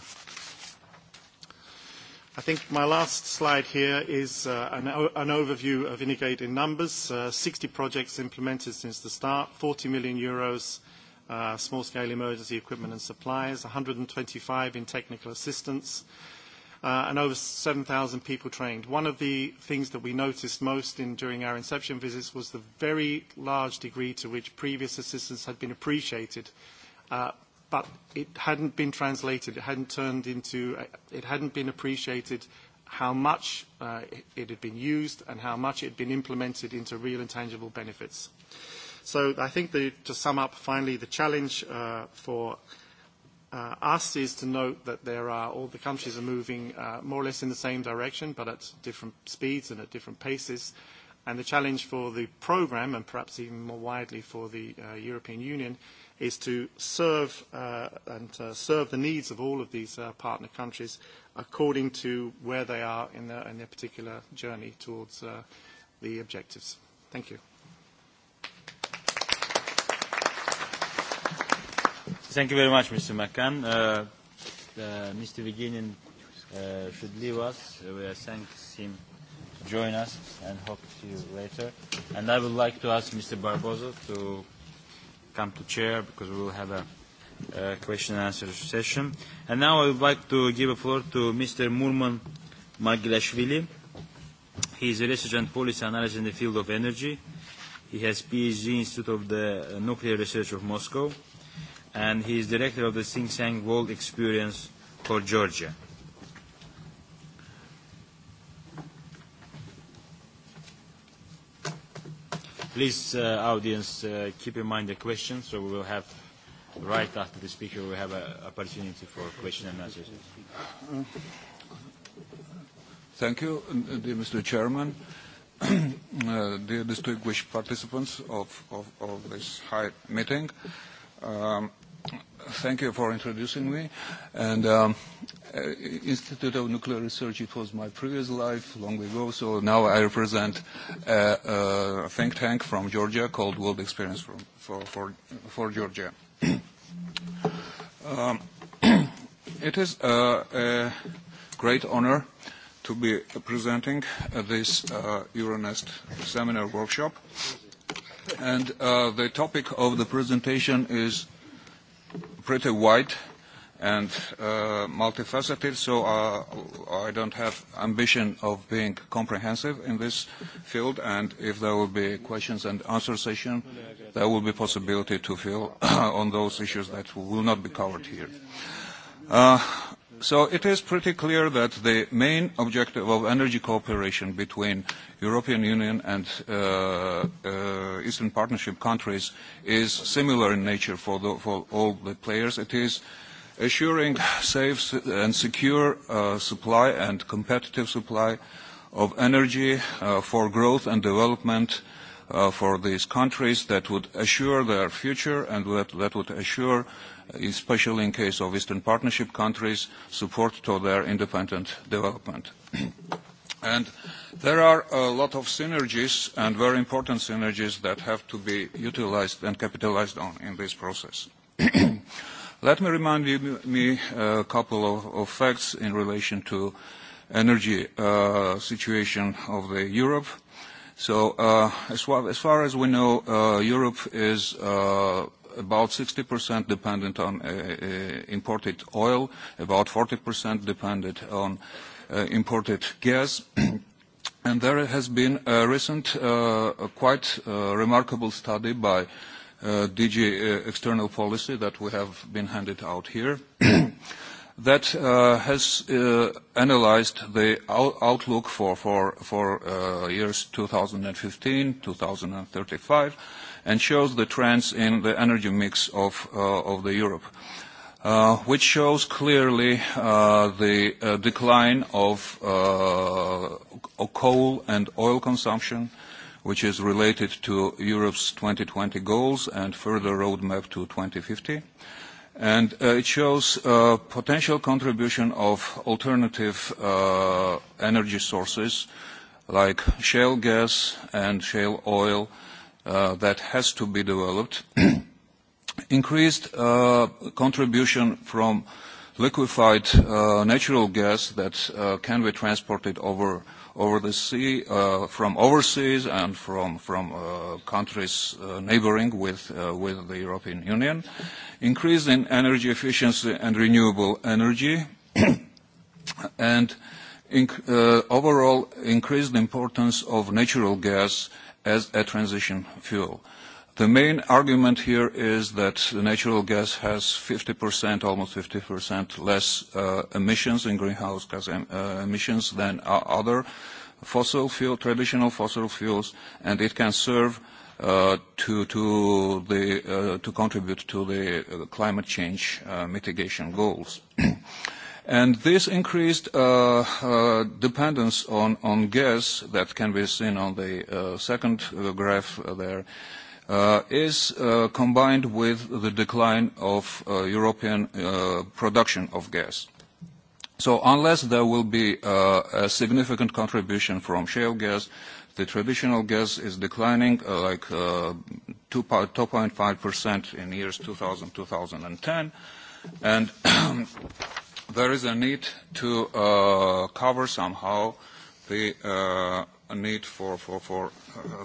I think my last slide here is an overview of INEGATE in numbers. 60 projects implemented since the start, 40 million euros small-scale emergency equipment and supplies, 125 in technical assistance, and over 7,000 people trained. One of the things that we noticed most during our inception visits was the very large degree to which previous assistance had been appreciated but it hadn't been translated, it hadn't turned into, it hadn't been appreciated how much it had been used and how much it had been implemented into real and tangible benefits. So I think to sum up, finally, the challenge for us is to note that there are all the countries are moving more or less in the same direction, but at different speeds and at different paces. And the challenge for the program, and perhaps even more widely for the European Union, is to serve and serve the needs of all of these partner countries according to where they are in their particular journey towards the objectives. Thank you. Thank you very much, Mr. McCann. Mr. should leave us. We thank him to join us and hope to see you later. And I would like to ask Mr. Barbosa to come to chair because we will have a question and answer session. And now I would like to give a floor to Mr. Murman Magilashvili. He is a research and policy analyst in the field of energy. He has PhD Institute of the Nuclear Research of Moscow, and he is director of the Sing Sang World Experience for Georgia. Please, audience, keep in mind the questions, so we will have, right after the speaker, we have an opportunity for question and answers. Thank you, dear Mr. Chairman, dear distinguished participants of this high meeting. Thank you for introducing me. And Institute of Nuclear Research, it was my previous life long ago, so now I represent a think tank from Georgia called World Experience for Georgia. It is a great honor to be presenting this Euronest seminar workshop. And the topic of the presentation is pretty wide and multifaceted, so I don't have ambition of being comprehensive in this field, and if there will be questions and answer session, there will be possibility to fill on those issues that will not be covered here. So it is pretty clear that the main objective of energy cooperation between European Union and Eastern Partnership countries is similar in nature for all the players. It is assuring safe and secure supply and competitive supply of energy for growth and development for these countries that would assure their future and that would assure especially in case of Eastern Partnership countries, support to their independent development. And there are a lot of synergies and very important synergies that have to be utilized and capitalized on in this process. Let me remind you me a couple of facts in relation to energy situation of the Europe. So as far as we know, Europe is about 60% dependent on imported oil, about 40% dependent on imported gas. And there has been a recent quite remarkable study by DG External Policy that we have been handed out here that has analyzed the outlook for years 2015, 2035, and shows the trends in the energy mix of the Europe, which shows clearly the decline of coal and oil consumption, which is related to Europe's 2020 goals and further roadmap to 2050. And it shows potential contribution of alternative energy sources like shale gas and shale oil that has to be developed. Increased contribution from liquefied natural gas that can be transported over over the sea from overseas and from from countries neighboring with with the European Union. Increase in energy efficiency and renewable energy and overall increased importance of natural gas as a transition fuel. The main argument here is that natural gas has 50%, almost 50% less emissions in greenhouse gas emissions than other fossil fuel, traditional fossil fuels, and it can serve to to contribute to the climate change mitigation goals. And this increased dependence on gas that can be seen on the second graph there is combined with the decline of European production of gas. So unless there will be a significant contribution from shale gas, the traditional gas is declining like 2.5% in years 2000-2010. And there is a need to cover somehow the need for for for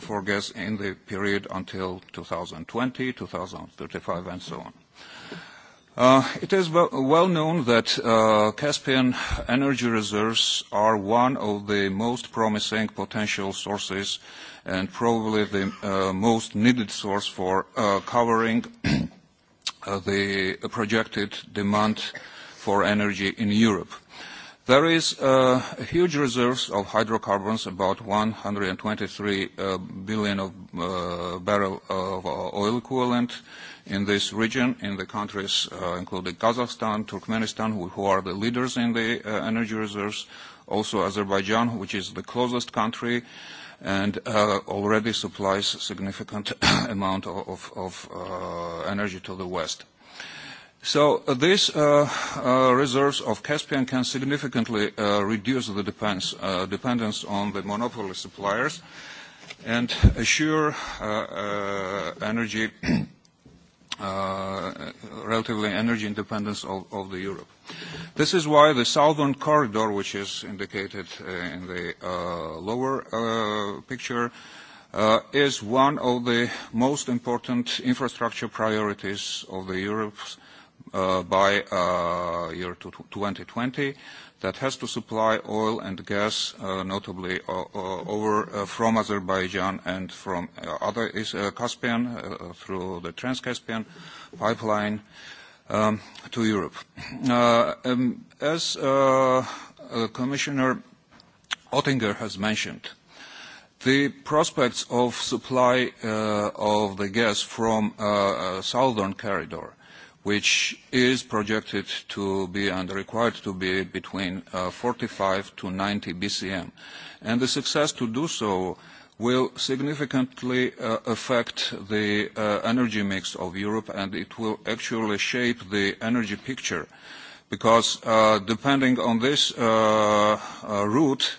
for gas in the period until 2020, 2035 and so on. It is well known that Caspian energy reserves are one of the most promising potential sources and probably the most needed source for covering the projected demand for energy in Europe. There is a huge reserves of hydrocarbons, about 123 billion of barrel of oil equivalent in this region, in the countries including Kazakhstan, Turkmenistan, who are the leaders in the energy reserves, also Azerbaijan, which is the closest country and already supplies significant amount of energy to the West. So these reserves of Caspian can significantly reduce the dependence on the monopoly suppliers and assure energy, relatively energy independence of the Europe. This is why the southern corridor, which is indicated in the lower picture, is one of the most important infrastructure priorities of the Europe's by year 2020 that has to supply oil and gas, notably over from Azerbaijan and from other Caspian through the Trans-Caspian pipeline to Europe. As Commissioner Oettinger has mentioned, the prospects of supply of the gas from southern corridor which is projected to be and required to be between 45 to 90 BCM. And the success to do so will significantly affect the energy mix of Europe and it will actually shape the energy picture because depending on this route,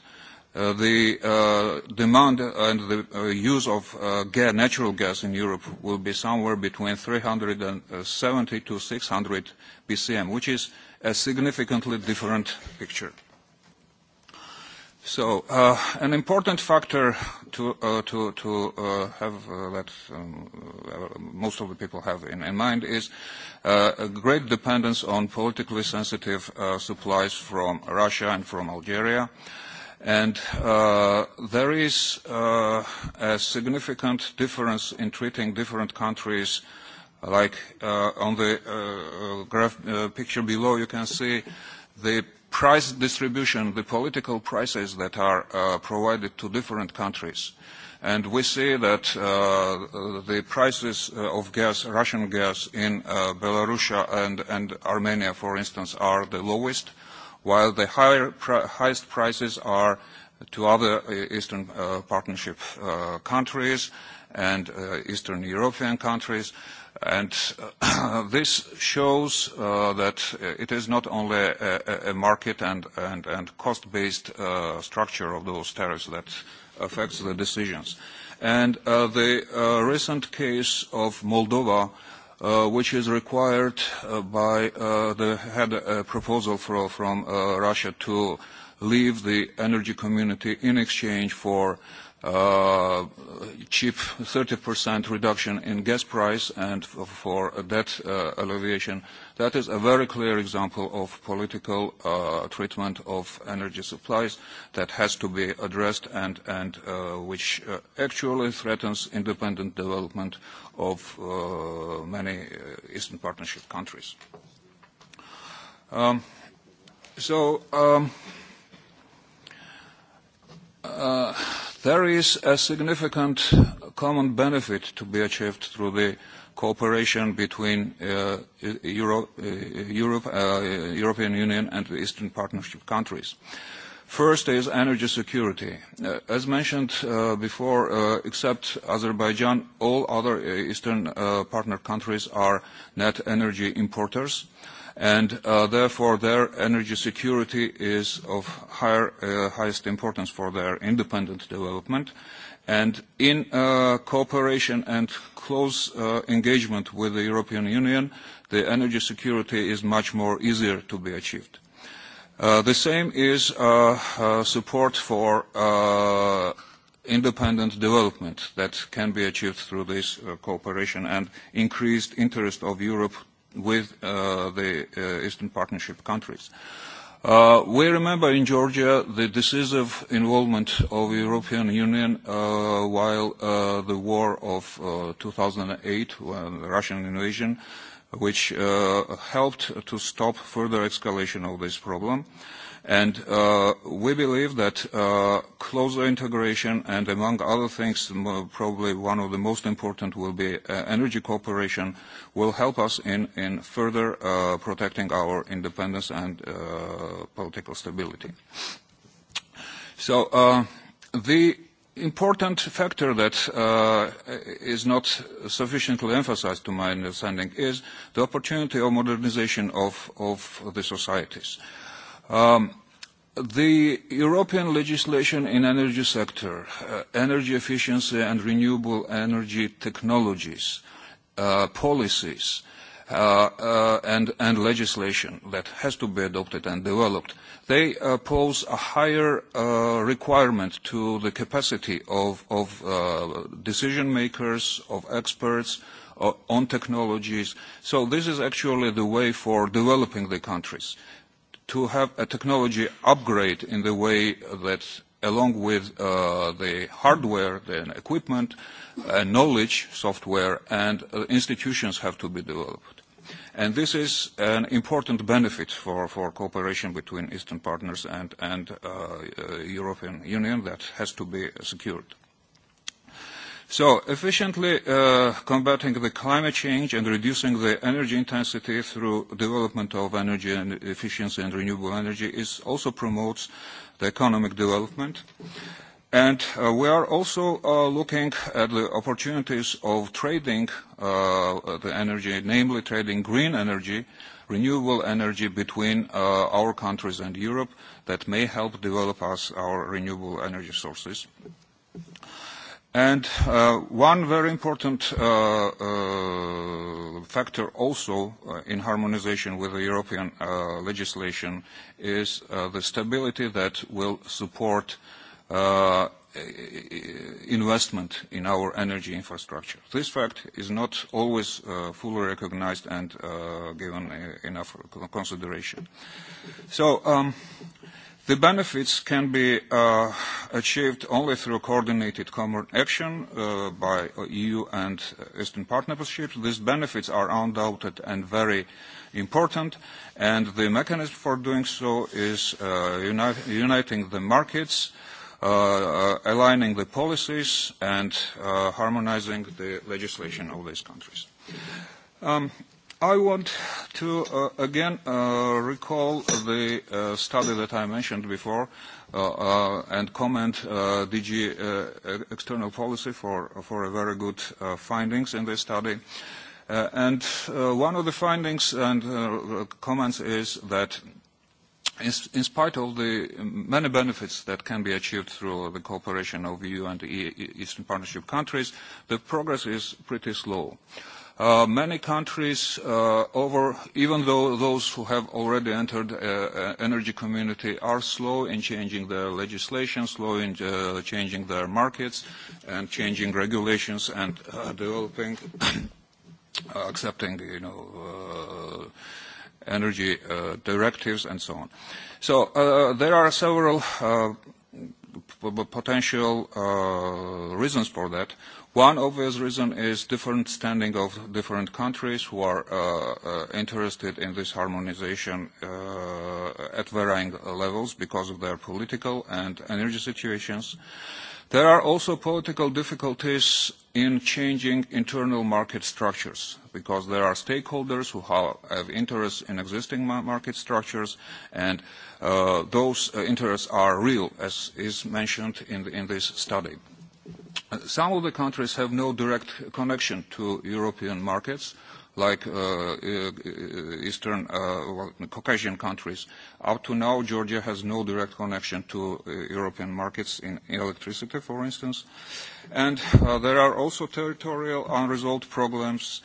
the demand and the use of natural gas in Europe will be somewhere between 370 to 600 BCM, which is a significantly different picture. So an important factor to have that most of the people have in mind is a great dependence on politically sensitive supplies from Russia and from Algeria. And there is a significant difference in treating different countries. Like on the graph picture below, you can see the price distribution, the political prices that are provided to different countries. And we see that the prices of gas, Russian gas in Belarusia and Armenia, for instance, are the lowest while the highest prices are to other Eastern Partnership countries and Eastern European countries. And this shows that it is not only a market and cost-based structure of those tariffs that affects the decisions. And the recent case of Moldova which is required by the had proposal from Russia to leave the energy community in exchange for cheap 30% reduction in gas price and for debt alleviation. That is a very clear example of political treatment of energy supplies that has to be addressed and which actually threatens independent development of many Eastern Partnership countries. So There is a significant common benefit to be achieved through the cooperation between European Union and the Eastern Partnership countries. First is energy security. As mentioned before, except Azerbaijan, all other Eastern partner countries are net energy importers and therefore their energy security is of highest importance for their independent development. And in cooperation and close engagement with the European Union, the energy security is much more easier to be achieved. The same is support for independent development that can be achieved through this cooperation and increased interest of Europe with the Eastern Partnership countries. We remember in Georgia the decisive involvement of the European Union while the war of 2008, the Russian invasion, which helped to stop further escalation of this problem. And we believe that closer integration and, among other things, probably one of the most important will be energy cooperation, will help us in further protecting our independence and political stability. So the important factor that is not sufficiently emphasized, to my understanding, is the opportunity of modernization of the societies. The European legislation in energy sector, energy efficiency and renewable energy technologies, policies and legislation that has to be adopted and developed, they pose a higher requirement to the capacity of decision makers, of experts on technologies. So this is actually the way for developing the countries to have a technology upgrade in the way that along with the hardware, the equipment, knowledge, software, and institutions have to be developed. And this is an important benefit for cooperation between Eastern partners and European Union that has to be secured. So efficiently combating the climate change and reducing the energy intensity through development of energy and efficiency and renewable energy is also promotes the economic development. And we are also looking at the opportunities of trading the energy, namely trading green energy, renewable energy between our countries and Europe that may help develop us our renewable energy sources. And one very important factor also in harmonization with the European legislation is the stability that will support investment in our energy infrastructure. This fact is not always fully recognized and given enough consideration. So The benefits can be achieved only through coordinated common action by EU and Eastern partnerships. These benefits are undoubted and very important, and the mechanism for doing so is uniting the markets, aligning the policies, and harmonizing the legislation of these countries. I want to again recall the study that I mentioned before and comment DG External Policy for for very good findings in this study. And one of the findings and comments is that in spite of the many benefits that can be achieved through the cooperation of EU and Eastern Partnership countries, the progress is pretty slow. Many countries, over even though those who have already entered the energy community are slow in changing their legislation, slow in changing their markets, and changing regulations and developing, accepting, you know, energy directives and so on. So there are several potential reasons for that. One obvious reason is different standing of different countries who are interested in this harmonization at varying levels because of their political and energy situations. There are also political difficulties in changing internal market structures because there are stakeholders who have interests in existing market structures and those interests are real as is mentioned in this study. Some of the countries have no direct connection to European markets, like Eastern Caucasian countries. Up to now, Georgia has no direct connection to European markets in electricity, for instance. And there are also territorial unresolved problems,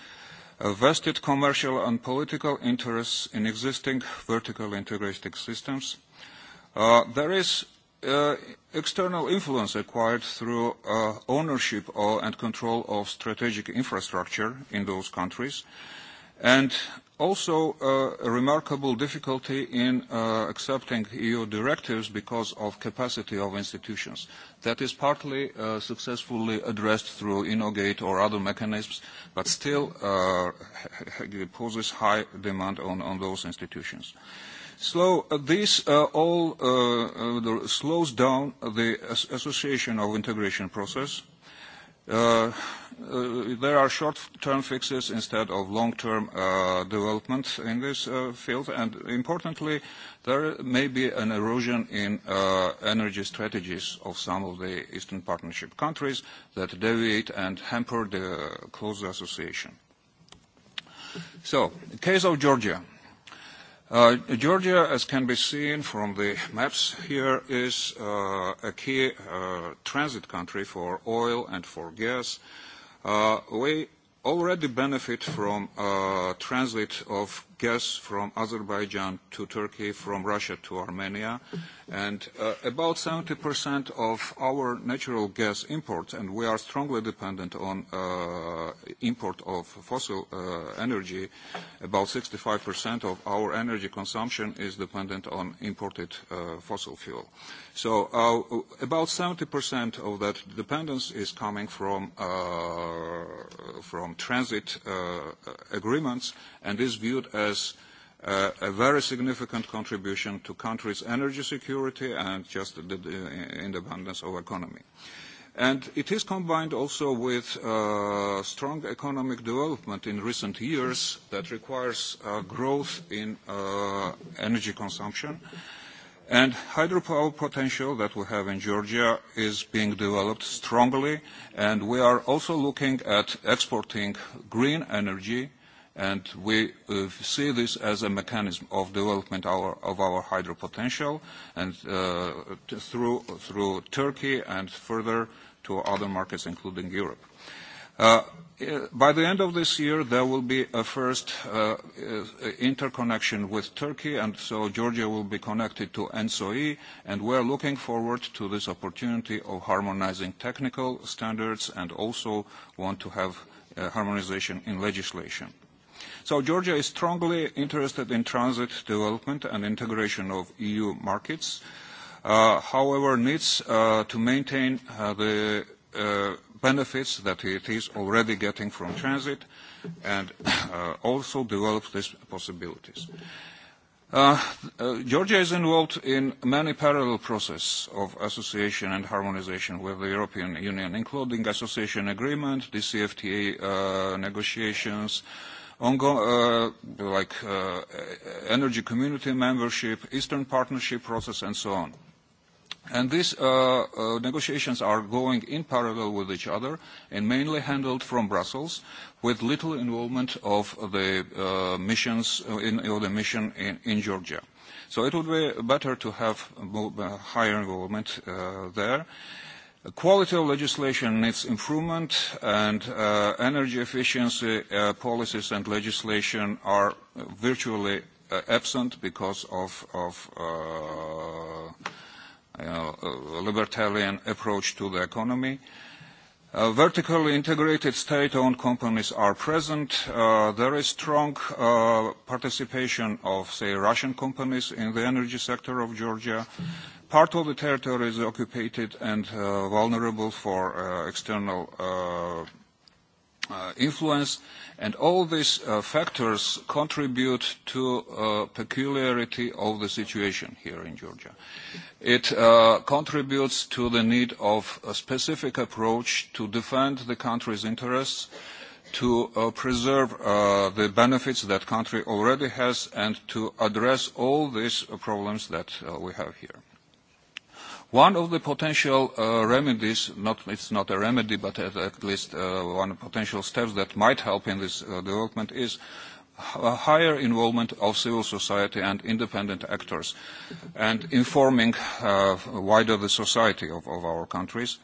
vested commercial and political interests in existing vertical integrated systems. There is external influence acquired through ownership and control of strategic infrastructure in those countries, and also a remarkable difficulty in accepting EU directives because of capacity of institutions. That is partly successfully addressed through InnoGate or other mechanisms, but still poses high demand on those institutions. So this all slows down the association of integration process. There are short-term fixes instead of long-term development in this field, and importantly, there may be an erosion in energy strategies of some of the Eastern Partnership countries that deviate and hamper the close association. So, case of Georgia. Georgia, as can be seen from the maps here, is a key transit country for oil and for gas. We already benefit from transit of gas from Azerbaijan to Turkey, from Russia to Armenia. And about 70% of our natural gas imports, and we are strongly dependent on import of fossil energy, about 65% of our energy consumption is dependent on imported fossil fuel. So about 70% of that dependence is coming from from transit agreements and is viewed as as a very significant contribution to countries' energy security and just the independence of economy. And it is combined also with strong economic development in recent years that requires growth in energy consumption. And hydropower potential that we have in Georgia is being developed strongly, and we are also looking at exporting green energy and we see this as a mechanism of development of our hydro potential and through through Turkey and further to other markets including Europe. By the end of this year there will be a first interconnection with Turkey and so Georgia will be connected to ENSOE and we are looking forward to this opportunity of harmonizing technical standards and also want to have harmonization in legislation. So Georgia is strongly interested in transit development and integration of EU markets. However, needs to maintain the benefits that it is already getting from transit and also develop these possibilities. Georgia is involved in many parallel processes of association and harmonization with the European Union, including association agreement, DCFTA negotiations, like energy community membership, Eastern Partnership process, and so on. And these negotiations are going in parallel with each other and mainly handled from Brussels with little involvement of the missions in the mission in Georgia. So it would be better to have higher involvement there. Quality of legislation needs improvement, and energy efficiency policies and legislation are virtually absent because of a libertarian approach to the economy. Vertically integrated state-owned companies are present. There is strong participation of, say, Russian companies in the energy sector of Georgia. Part of the territory is occupied and vulnerable for external influence, and all these factors contribute to peculiarity of the situation here in Georgia. It contributes to the need of a specific approach to defend the country's interests, to preserve the benefits that country already has, and to address all these problems that we have here. One of the potential remedies, not it's not a remedy, but at least one potential steps that might help in this development is a higher involvement of civil society and independent actors, and informing wider the society of our countries.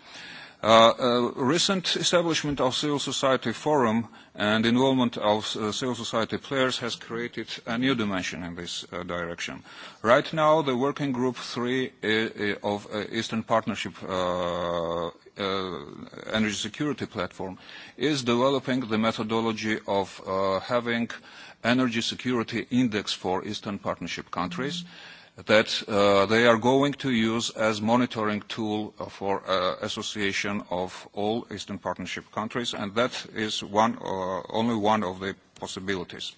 Recent establishment of civil society forum and involvement of civil society players has created a new dimension in this direction. Right now, the working group three of Eastern Partnership energy security platform is developing the methodology of having energy security index for Eastern Partnership countries that they are going to use as monitoring tool for association of all Eastern Partnership countries, and that is one only one of the possibilities.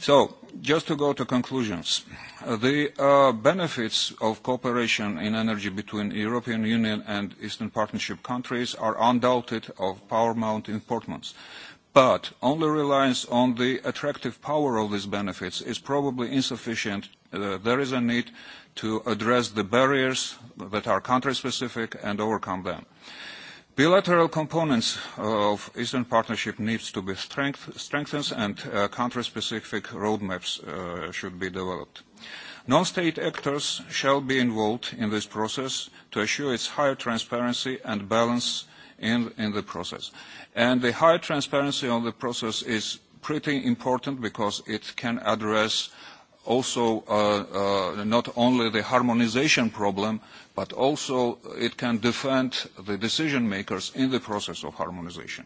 So, just to go to conclusions, the benefits of cooperation in energy between European Union and Eastern Partnership countries are undoubted of paramount importance. But only reliance on the attractive power of these benefits is probably insufficient there is a need to address the barriers that are country-specific and overcome them. Bilateral components of Eastern Partnership needs to be strengthened and country-specific roadmaps should be developed. Non-state actors shall be involved in this process to assure its higher transparency and balance in the process. And the higher transparency of the process is pretty important because it can address also not only the harmonisation problem, but also it can defend the decision makers in the process of harmonisation.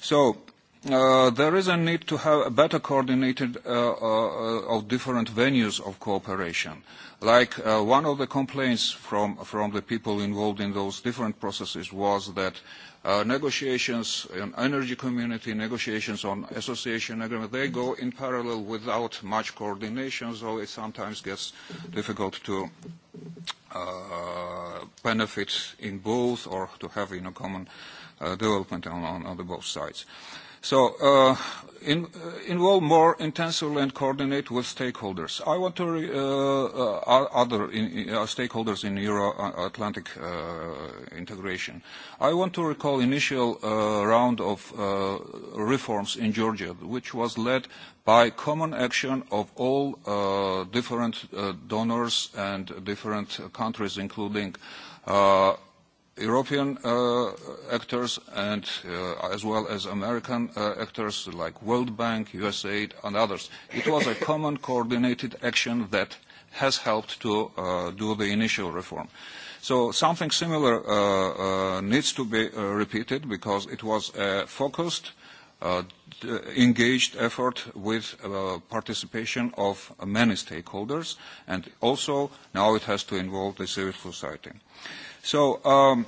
So there is a need to have a better coordinated of different venues of cooperation. Like one of the complaints from the people involved in those different processes was that negotiations on energy community, negotiations on association agreement, they go in parallel without much coordination, so it sometimes gets difficult to benefit in both or to have in a common development on the both sides. So involve more intensively and coordinate with stakeholders. I want to other stakeholders in Euro-Atlantic integration. I want to recall initial round of reforms in Georgia, which was led by common action of all different donors and different countries, including European actors and as well as American actors like World Bank, USAID and others. It was a common coordinated action that has helped to do the initial reform. So something similar needs to be repeated because it was a focused, engaged effort with participation of many stakeholders and also now it has to involve the civil society. So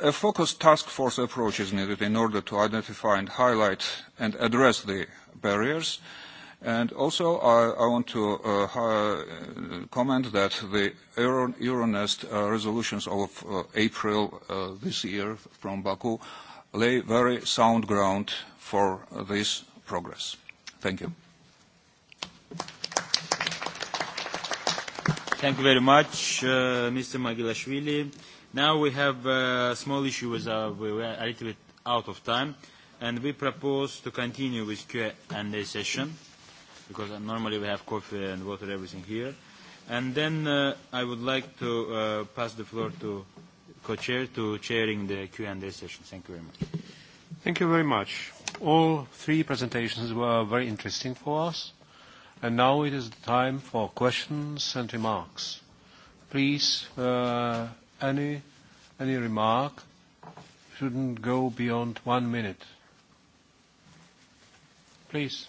a focused task force approach is needed in order to identify and highlight and address the barriers. And also I want to comment that the Euronest resolutions of April this year from Baku lay very sound ground for this progress. Thank you. Thank you very much, Mr. Magilashvili. Now we have a small issue with we are a little bit out of time, and we propose to continue with Q&A session, because normally we have coffee and water, everything here. And then I would like to pass the floor to co-chair to chairing the Q&A session. Thank you very much. Thank you very much. All three presentations were very interesting for us. And now it is the time for questions and remarks. Please, any any remark shouldn't go beyond one minute. Please,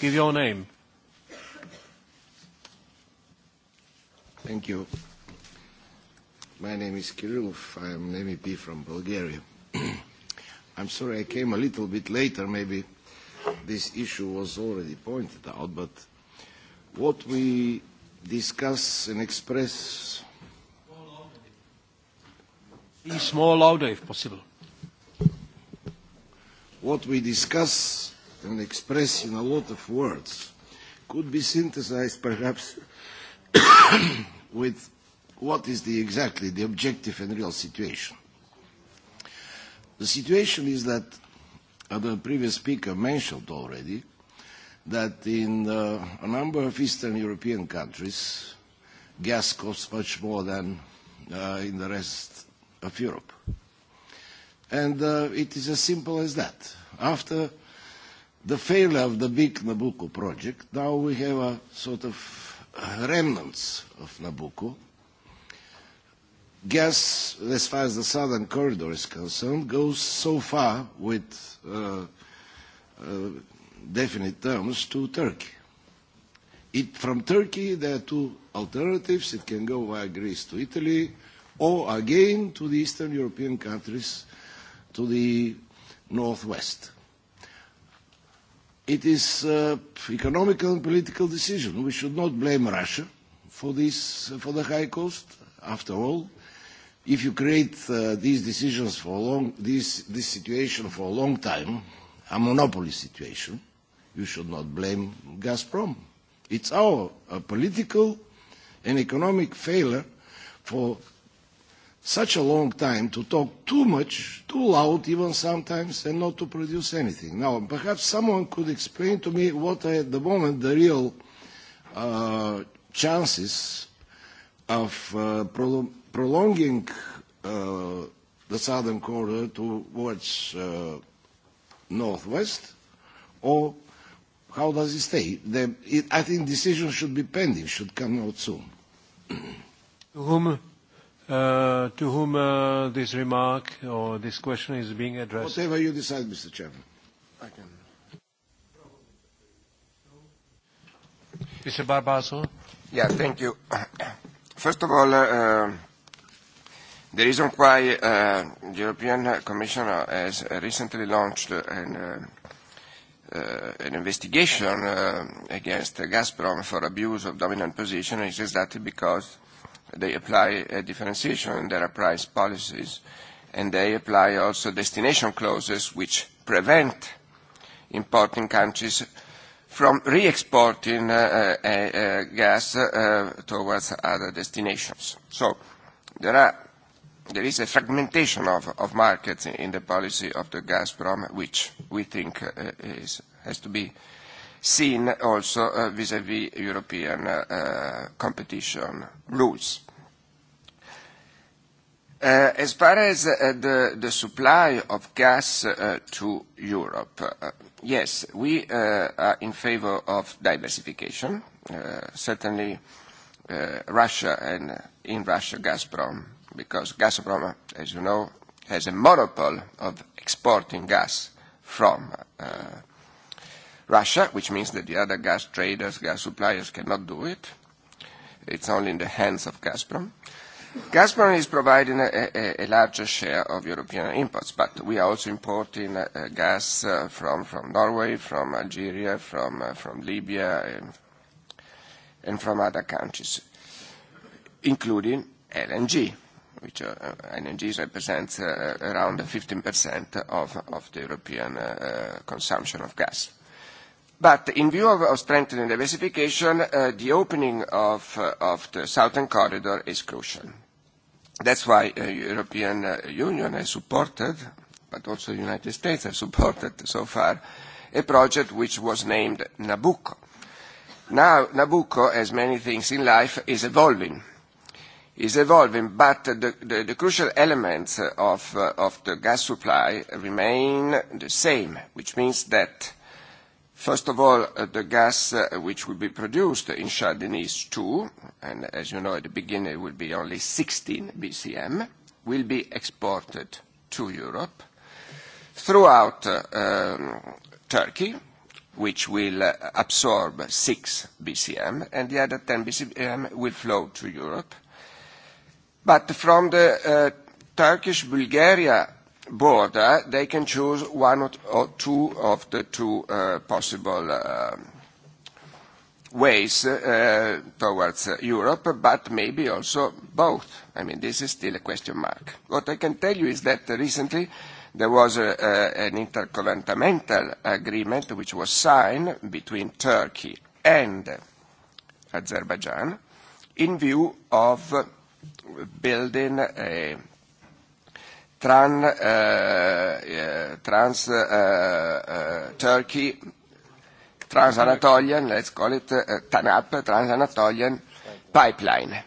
give your name. Thank you. My name is Kirillov. I am an MEP from Bulgaria. I'm sorry I came a little bit later, maybe this issue was already pointed out, but what we discuss and express. Be small louder if possible. What we discuss and express in a lot of words could be synthesized perhaps with what is the exactly the objective and real situation. The situation is that the previous speaker mentioned already, that in a number of Eastern European countries, gas costs much more than in the rest of Europe. And it is as simple as that. After the failure of the big Nabucco project, now we have a sort of remnants of Nabucco, gas, as far as the southern corridor is concerned, goes so far with definite terms to Turkey. From Turkey, there are two alternatives. It can go via Greece to Italy or again to the Eastern European countries, to the northwest. It is an economical and political decision. We should not blame Russia for this, for the high cost. After all, If you create these decisions for long, this this situation for a long time, a monopoly situation, you should not blame Gazprom. It's our political and economic failure for such a long time to talk too much, too loud even sometimes, and not to produce anything. Now, perhaps someone could explain to me what are at the moment the real chances of prolonging the southern corridor towards northwest, or how does it stay? I think decisions should be pending, should come out soon. To whom, to whom this remark or this question is being addressed? Whatever you decide, Mr. Chairman. I can. Mr. Barbasso. Yeah, thank you. First of all The reason why the European Commission has recently launched an investigation against Gazprom for abuse of dominant position is exactly because they apply a differentiation in their price policies and they apply also destination clauses which prevent importing countries from re-exporting gas towards other destinations. So there are there is a fragmentation of markets in the policy of the Gazprom, which we think has to be seen also vis-à-vis European competition rules. As far as the supply of gas to Europe, yes, we are in favor of diversification. Certainly, Russia and in Russia, Gazprom because Gazprom, as you know, has a monopoly of exporting gas from Russia, which means that the other gas traders, gas suppliers cannot do it. It's only in the hands of Gazprom. Gazprom is providing a larger share of European imports, but we are also importing gas from from Norway, from Algeria, from Libya, and from other countries, including LNG which energies represents around 15% of the European consumption of gas. But in view of strengthening diversification, the opening of the Southern Corridor is crucial. That's why the European Union has supported, but also the United States have supported so far, a project which was named Nabucco. Now, Nabucco, as many things in life, is evolving is evolving, but the crucial elements of the gas supply remain the same, which means that, first of all, the gas which will be produced in Shah Deniz 2, and as you know at the beginning it will be only 16 BCM, will be exported to Europe throughout Turkey, which will absorb 6 BCM, and the other 10 BCM will flow to Europe But from the Turkish-Bulgaria border, they can choose one or two of the two possible ways towards Europe, but maybe also both. I mean, this is still a question mark. What I can tell you is that recently there was an intergovernmental agreement which was signed between Turkey and Azerbaijan in view of building a trans Turkey, trans Anatolian, let's call it TANAP, trans Anatolian pipeline.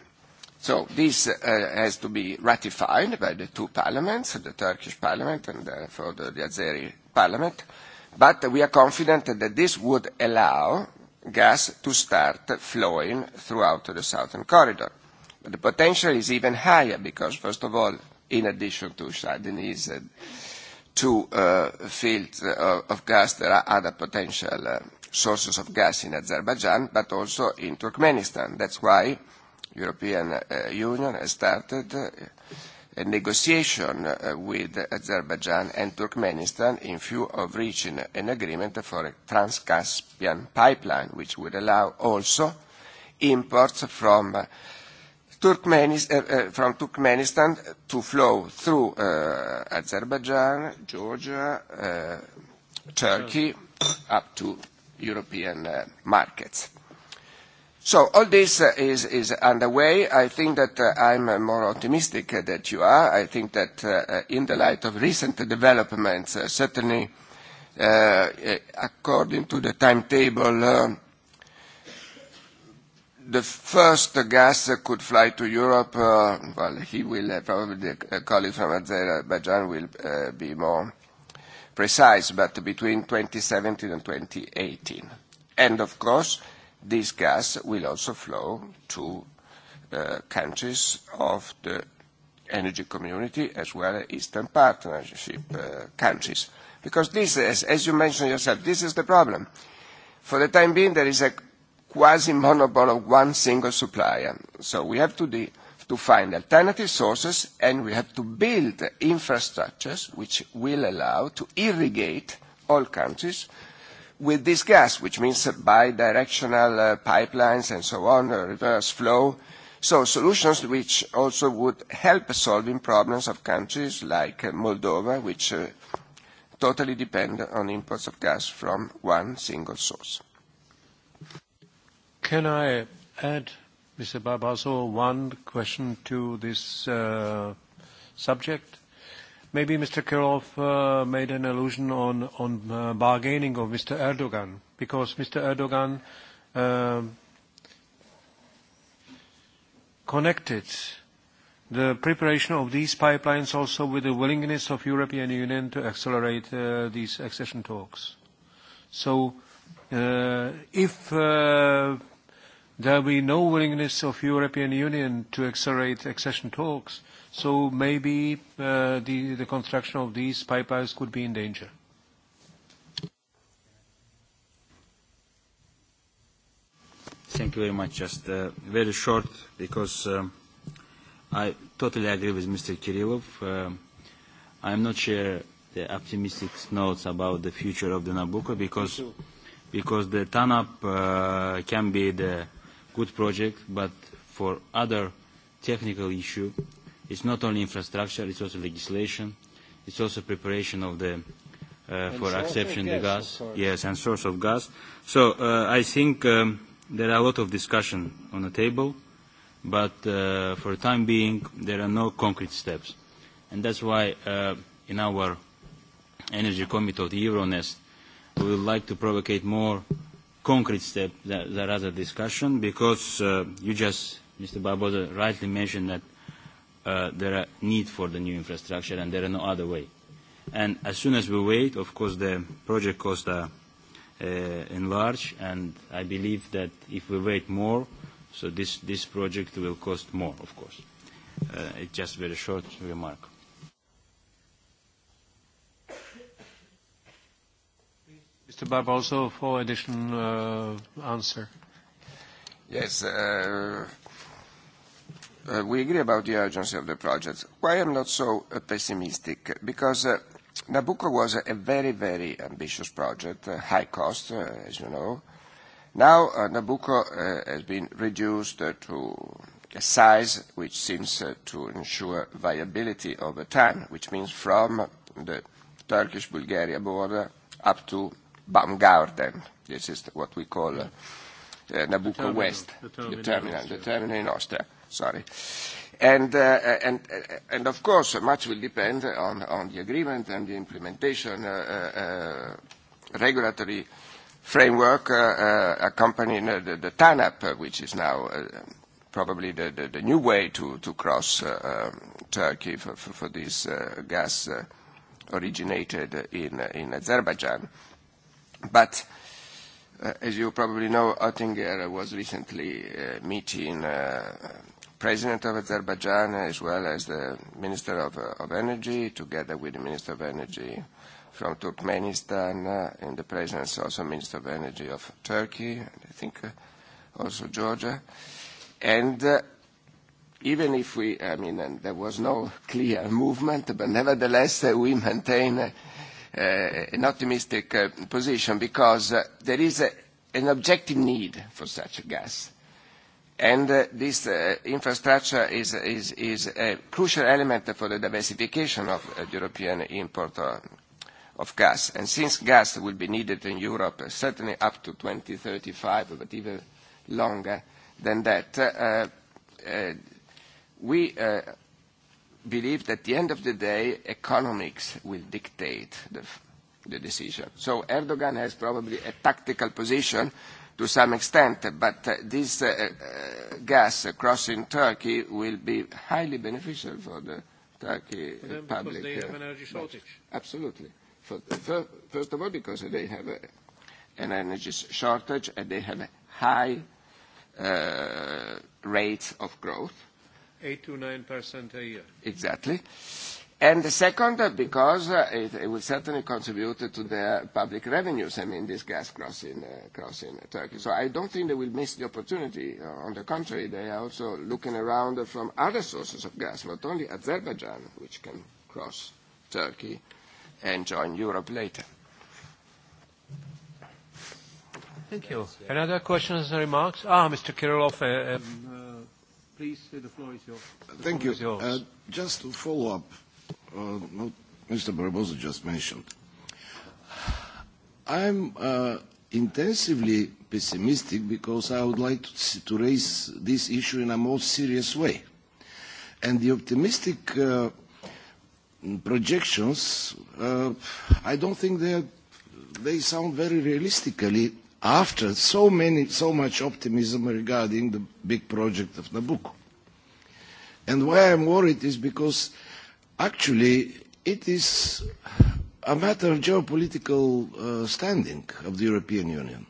So this has to be ratified by the two parliaments, the Turkish parliament and for the Azeri parliament, but we are confident that this would allow gas to start flowing throughout the southern corridor. The potential is even higher because, first of all, in addition to Shah two fields of gas, there are other potential sources of gas in Azerbaijan, but also in Turkmenistan. That's why the European Union has started a negotiation with Azerbaijan and Turkmenistan in view of reaching an agreement for a Trans-Caspian pipeline, which would allow also imports from from Turkmenistan to flow through Azerbaijan, Georgia, Turkey, up to European markets. So all this is underway. I think that I'm more optimistic than you are. I think that in the light of recent developments, certainly according to the timetable the first gas could fly to Europe, well, he will probably the colleague from Azerbaijan will be more precise, but between 2017 and 2018. And of course, this gas will also flow to countries of the energy community as well as Eastern Partnership countries. Because this, as you mentioned yourself, this is the problem. For the time being, there is a quasi monopoly of one single supplier. So we have to to find alternative sources and we have to build infrastructures which will allow to irrigate all countries with this gas, which means bi-directional pipelines and so on, reverse flow. So solutions which also would help solving problems of countries like Moldova, which totally depend on imports of gas from one single source. Can I add, Mr. Barbazo, one question to this subject? Maybe Mr. Kirov made an allusion on on bargaining of Mr. Erdogan, because Mr. Erdogan connected the preparation of these pipelines also with the willingness of European Union to accelerate these accession talks. So if There will be no willingness of European Union to accelerate accession talks, so maybe the construction of these pipelines could be in danger. Thank you very much. Just very short, because I totally agree with Mr. Kirillov. I am not sure the optimistic notes about the future of the Nabucco, because because the TANAP can be the good project, but for other technical issue, it's not only infrastructure, it's also legislation, it's also preparation of the for of the gas, yes, and source of gas. So I think there are a lot of discussion on the table, but for the time being there are no concrete steps, and that's why in our Energy Committee of the Euronest we would like to provocate more concrete step there are the discussion because you just, Mr. Barbosa, rightly mentioned that there are need for the new infrastructure and there are no other way. And as soon as we wait, of course, the project costs are enlarged and I believe that if we wait more, so this this project will cost more, of course. It's just a very short remark. Mr. also for additional answer. Yes. We agree about the urgency of the project. Why I'm not so pessimistic? Because Nabucco was a very, very ambitious project, high cost, as you know. Now Nabucco has been reduced to a size which seems to ensure viability over time, which means from the Turkish-Bulgaria border up to Baumgarten. This is what we call Nabucco West, the terminal, the terminal in Austria. Sorry. And and of course, much will depend on on the agreement and the implementation regulatory framework accompanying the TANAP, which is now probably the the new way to to cross Turkey for for this gas originated in in Azerbaijan. But as you probably know, Oettinger was recently meeting President of Azerbaijan as well as the Minister of Energy, together with the Minister of Energy from Turkmenistan, in the presence also Minister of Energy of Turkey, and I think also Georgia. And even if we, I mean, there was no clear movement, but nevertheless we maintain an optimistic position because there is an objective need for such a gas. And this infrastructure is a crucial element for the diversification of European import of gas. And since gas will be needed in Europe, certainly up to 2035, but even longer than that, we believe that at the end of the day, economics will dictate the decision. So Erdogan has probably a tactical position to some extent, but this gas crossing Turkey will be highly beneficial for the Turkey public. Because they have an energy shortage. Absolutely. First of all, because they have an energy shortage and they have high rates of growth. 8 to 9% a year. Exactly. And the second, because it will certainly contribute to the public revenues, I mean, this gas crossing Turkey. So I don't think they will miss the opportunity. On the contrary, they are also looking around from other sources of gas, not only Azerbaijan, which can cross Turkey and join Europe later. Thank you. Another questions and remarks? Ah, Mr. Kirillov. Please, the floor is Thank you. Just to follow up on what Mr. Barbosa just mentioned, I'm intensively pessimistic because I would like to raise this issue in a more serious way. And the optimistic projections, I don't think they they sound very realistically after so many so much optimism regarding the big project of Nabucco. And why I'm worried is because actually it is a matter of geopolitical standing of the European Union.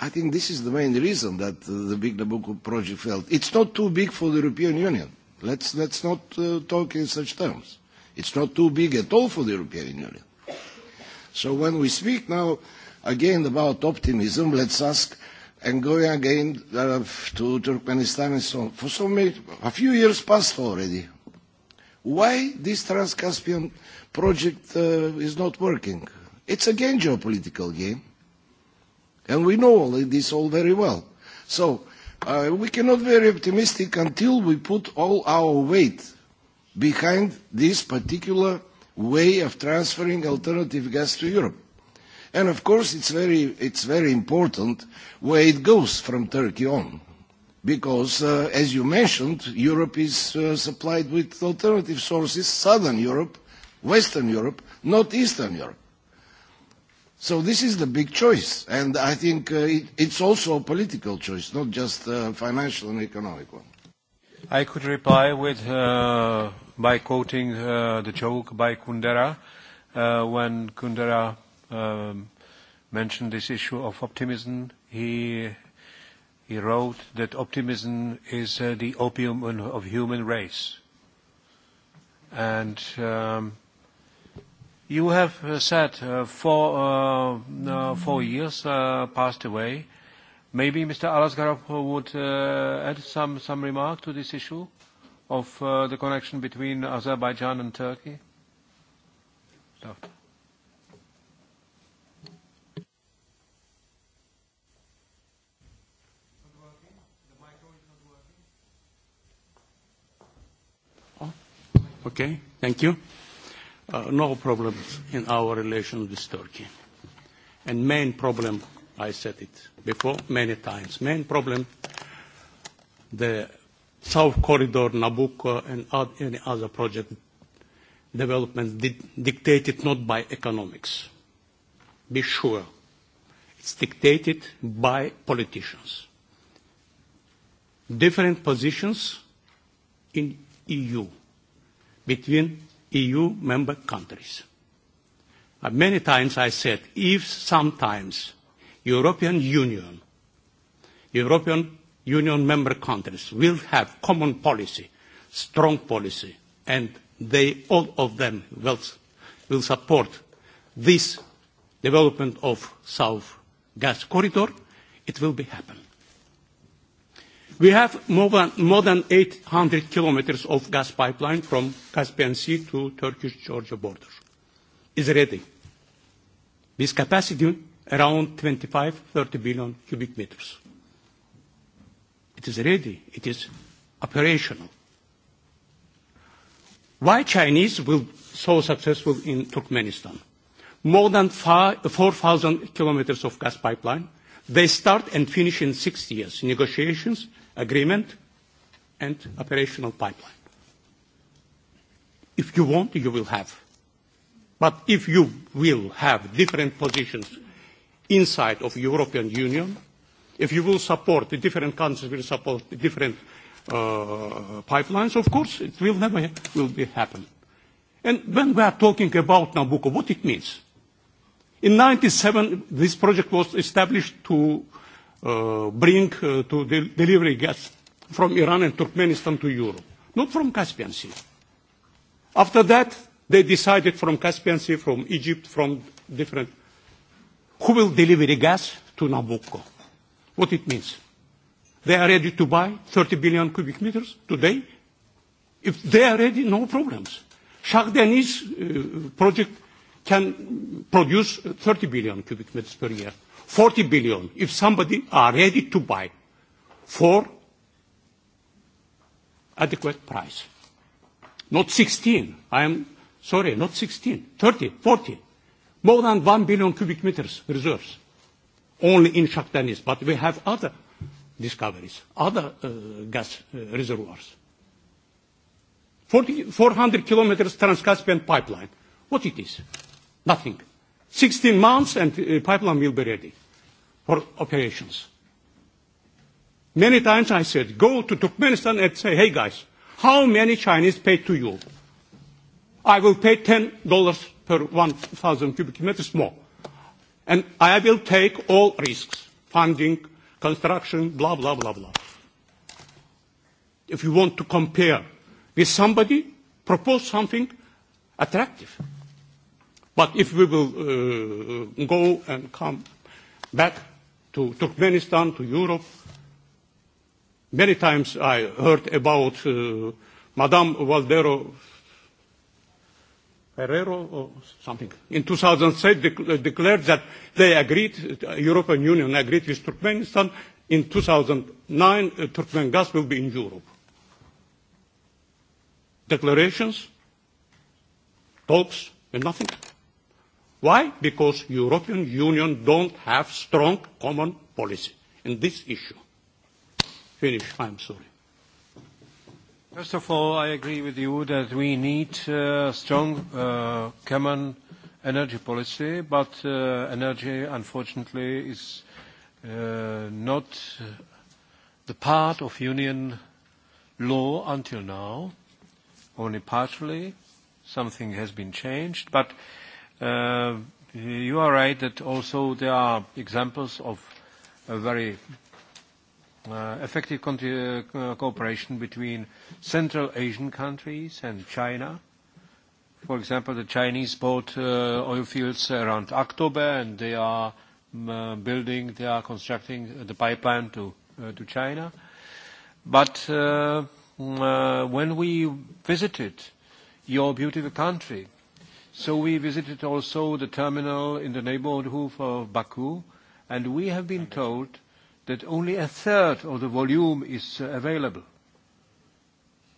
I think this is the main reason that the big Nabucco project failed. It's not too big for the European Union. Let's let's not talk in such terms. It's not too big at all for the European Union. So when we speak now again about optimism. Let's ask and going again to Turkmenistan and so on. For so many, a few years passed already. Why this Trans-Caspian project is not working? It's again geopolitical game, and we know all this all very well. So we cannot be very optimistic until we put all our weight behind this particular way of transferring alternative gas to Europe. And of course, it's very, very important where it goes from Turkey on, because, as you mentioned, Europe is supplied with alternative sources: Southern Europe, Western Europe, not Eastern Europe. So this is the big choice, and I think it's also a political choice, not just a financial and economic one. I could reply with by quoting the joke by Kundera, when Kundera mentioned this issue of optimism. He he wrote that optimism is the opium of human race. And you have said four four years passed away. Maybe Mr. Alasgarov would add some some remark to this issue of the connection between Azerbaijan and Turkey. Okay, thank you. No problems in our relations with Turkey. And main problem, I said it before many times, main problem, the South Corridor, Nabucco, and any other project development dictated not by economics. Be sure. It's dictated by politicians. Different positions in EU between EU member countries. Many times I said, if sometimes European Union, European Union member countries will have common policy, strong policy, and they, all of them, will, support this development of South Gas Corridor, it will be happen. We have more than 800 kilometers of gas pipeline from Caspian Sea to Turkish-Georgia border. Is ready. With capacity around 25-30 billion cubic meters. It is ready. It is operational. Why Chinese will so successful in Turkmenistan? More than 4,000 kilometers of gas pipeline. They start and finish in six years negotiations agreement and operational pipeline. If you want, you will have. But if you will have different positions inside of the European Union, if you will support the different countries will support the different pipelines, of course it will never will be happen. And when we are talking about Nabucco, what it means? In 1997, this project was established to bring to delivery gas from Iran and Turkmenistan to Europe, not from Caspian Sea. After that, they decided from Caspian Sea, from Egypt, from different, who will deliver the gas to Nabucco. What it means? They are ready to buy 30 billion cubic meters today. If they are ready, no problems. Shah Deniz project can produce 30 billion cubic meters per year. 40 billion if somebody are ready to buy for adequate price. Not 16. I am sorry, not 16. 30, 40. More than 1 billion cubic meters reserves. Only in Shaktanis. But we have other discoveries, other gas reservoirs. 400 kilometers Trans-Caspian pipeline. What it is? Nothing. 16 months and the pipeline will be ready for operations. Many times I said, go to Turkmenistan and say, hey guys, how many Chinese pay to you? I will pay $10 per 1,000 cubic meters more. And I will take all risks, funding, construction, blah, blah, blah, blah. If you want to compare with somebody, propose something attractive. But if we will go and come back to Turkmenistan, to Europe, many times I heard about Madame Valdero Ferrero or something. In 2007 declared that they agreed, the European Union agreed with Turkmenistan. In 2009, Turkmen gas will be in Europe. Declarations, talks, and nothing. Why? Because European Union don't have strong common policy in this issue. Finish, I'm sorry. First of all, I agree with you that we need strong common energy policy, but energy, unfortunately, is not the part of union law until now, only partially. Something has been changed, but You are right that also there are examples of a very effective cooperation between Central Asian countries and China. For example, the Chinese bought oil fields around October and they are building, they are constructing the pipeline to to China. But when we visited your beautiful country, So we visited also the terminal in the neighborhood of Baku, and we have been told that only a third of the volume is available.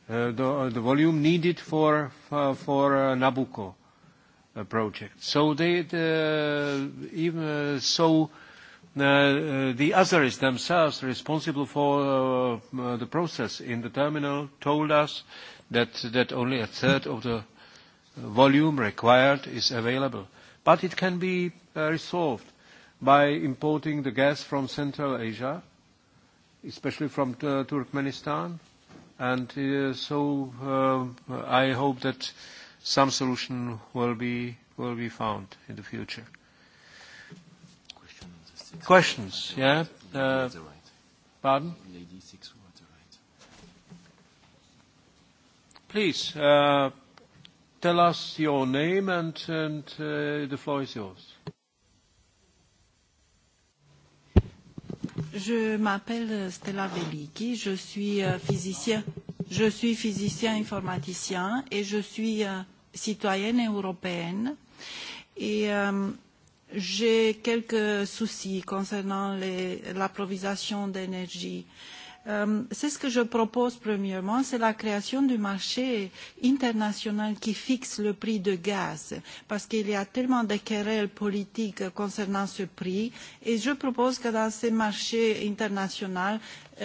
The volume needed for Nabucco project. So they even so the others themselves responsible for the process in the terminal told us that only a third of the volume required is available. But it can be resolved by importing the gas from Central Asia, especially from Turkmenistan. And so I hope that some solution will be will be found in the future. Questions? Yeah. Pardon? Please tell us your name and the floor is yours. Je m'appelle Stella Veliki, je suis physicien, je suis physicien informaticien et je suis citoyenne européenne et j'ai quelques soucis concernant l'approvisionnement d'énergie. C'est ce que je propose premièrement, c'est la création du marché international qui fixe le prix de gaz, parce qu'il y a tellement de querelles politiques concernant ce prix, et je propose que dans ces marchés internationaux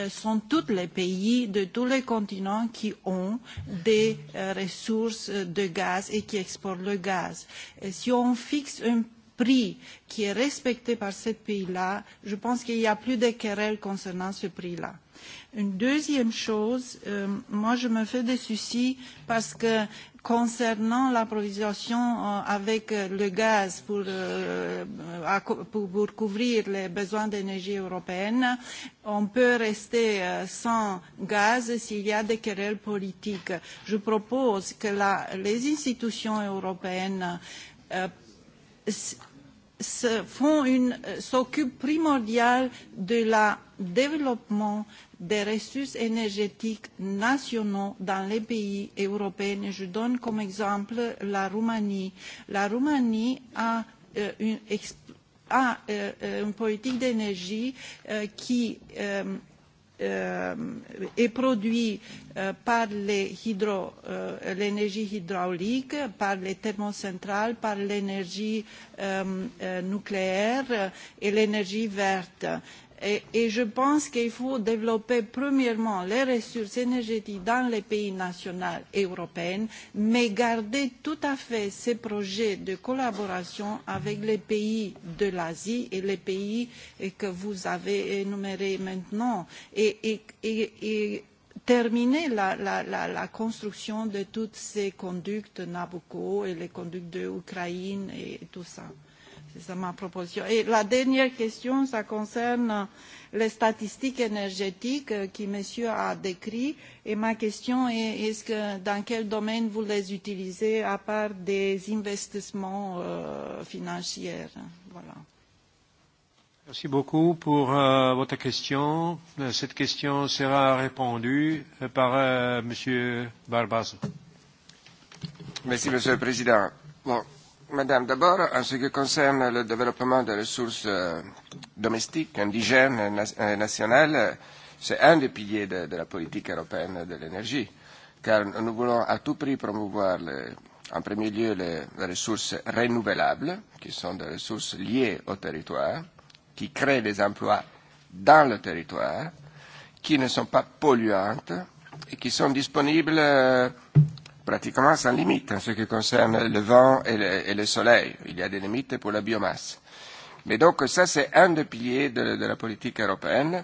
sont tous les pays de tous les continents qui ont des ressources de gaz et qui exportent le gaz. Si on fixe un prix qui est respecté par ce pays-là, je pense qu'il n'y a plus de querelles concernant ce prix-là. Une deuxième chose, moi je me fais des soucis parce que concernant l'approvisionnement avec le gaz pour couvrir les besoins d'énergie européenne, on peut rester sans gaz s'il y a des querelles politiques. Je propose que les institutions européennes s'occupe primordial de la développement des ressources énergétiques nationaux dans les pays européens. Je donne comme exemple la Roumanie. La Roumanie a une politique d'énergie qui est produit par l'énergie hydraulique, par les thermocentrales, par l'énergie nucléaire et l'énergie verte. Et je pense qu'il faut développer premièrement les ressources énergétiques dans les pays nationaux et européens, mais garder tout à fait ces projets de collaboration avec les pays de l'Asie et les pays que vous avez énumérés maintenant. Et terminer la construction de toutes ces conduites Nabucco et les conduites de l'Ukraine et tout ça c'est ma proposition. Et la dernière question, ça concerne les statistiques énergétiques que monsieur a décrit Et ma question est, ce dans quel domaine vous les utilisez à part des investissements financiers Voilà. Merci beaucoup pour votre question. Cette question sera répondue par monsieur Barbazo. Merci, monsieur le Président. Madame, d'abord, en ce qui concerne le développement des ressources domestiques, indigènes et nationales, c'est un des piliers de la politique européenne de l'énergie, car nous voulons à tout prix promouvoir, en premier lieu, les ressources renouvelables, qui sont des ressources liées au territoire, qui créent des emplois dans le territoire, qui ne sont pas polluantes et qui sont disponibles pratiquement sans limite en ce qui concerne le vent et le, soleil. Il y a des limites pour la biomasse. Mais donc ça, c'est un des piliers de, la politique européenne.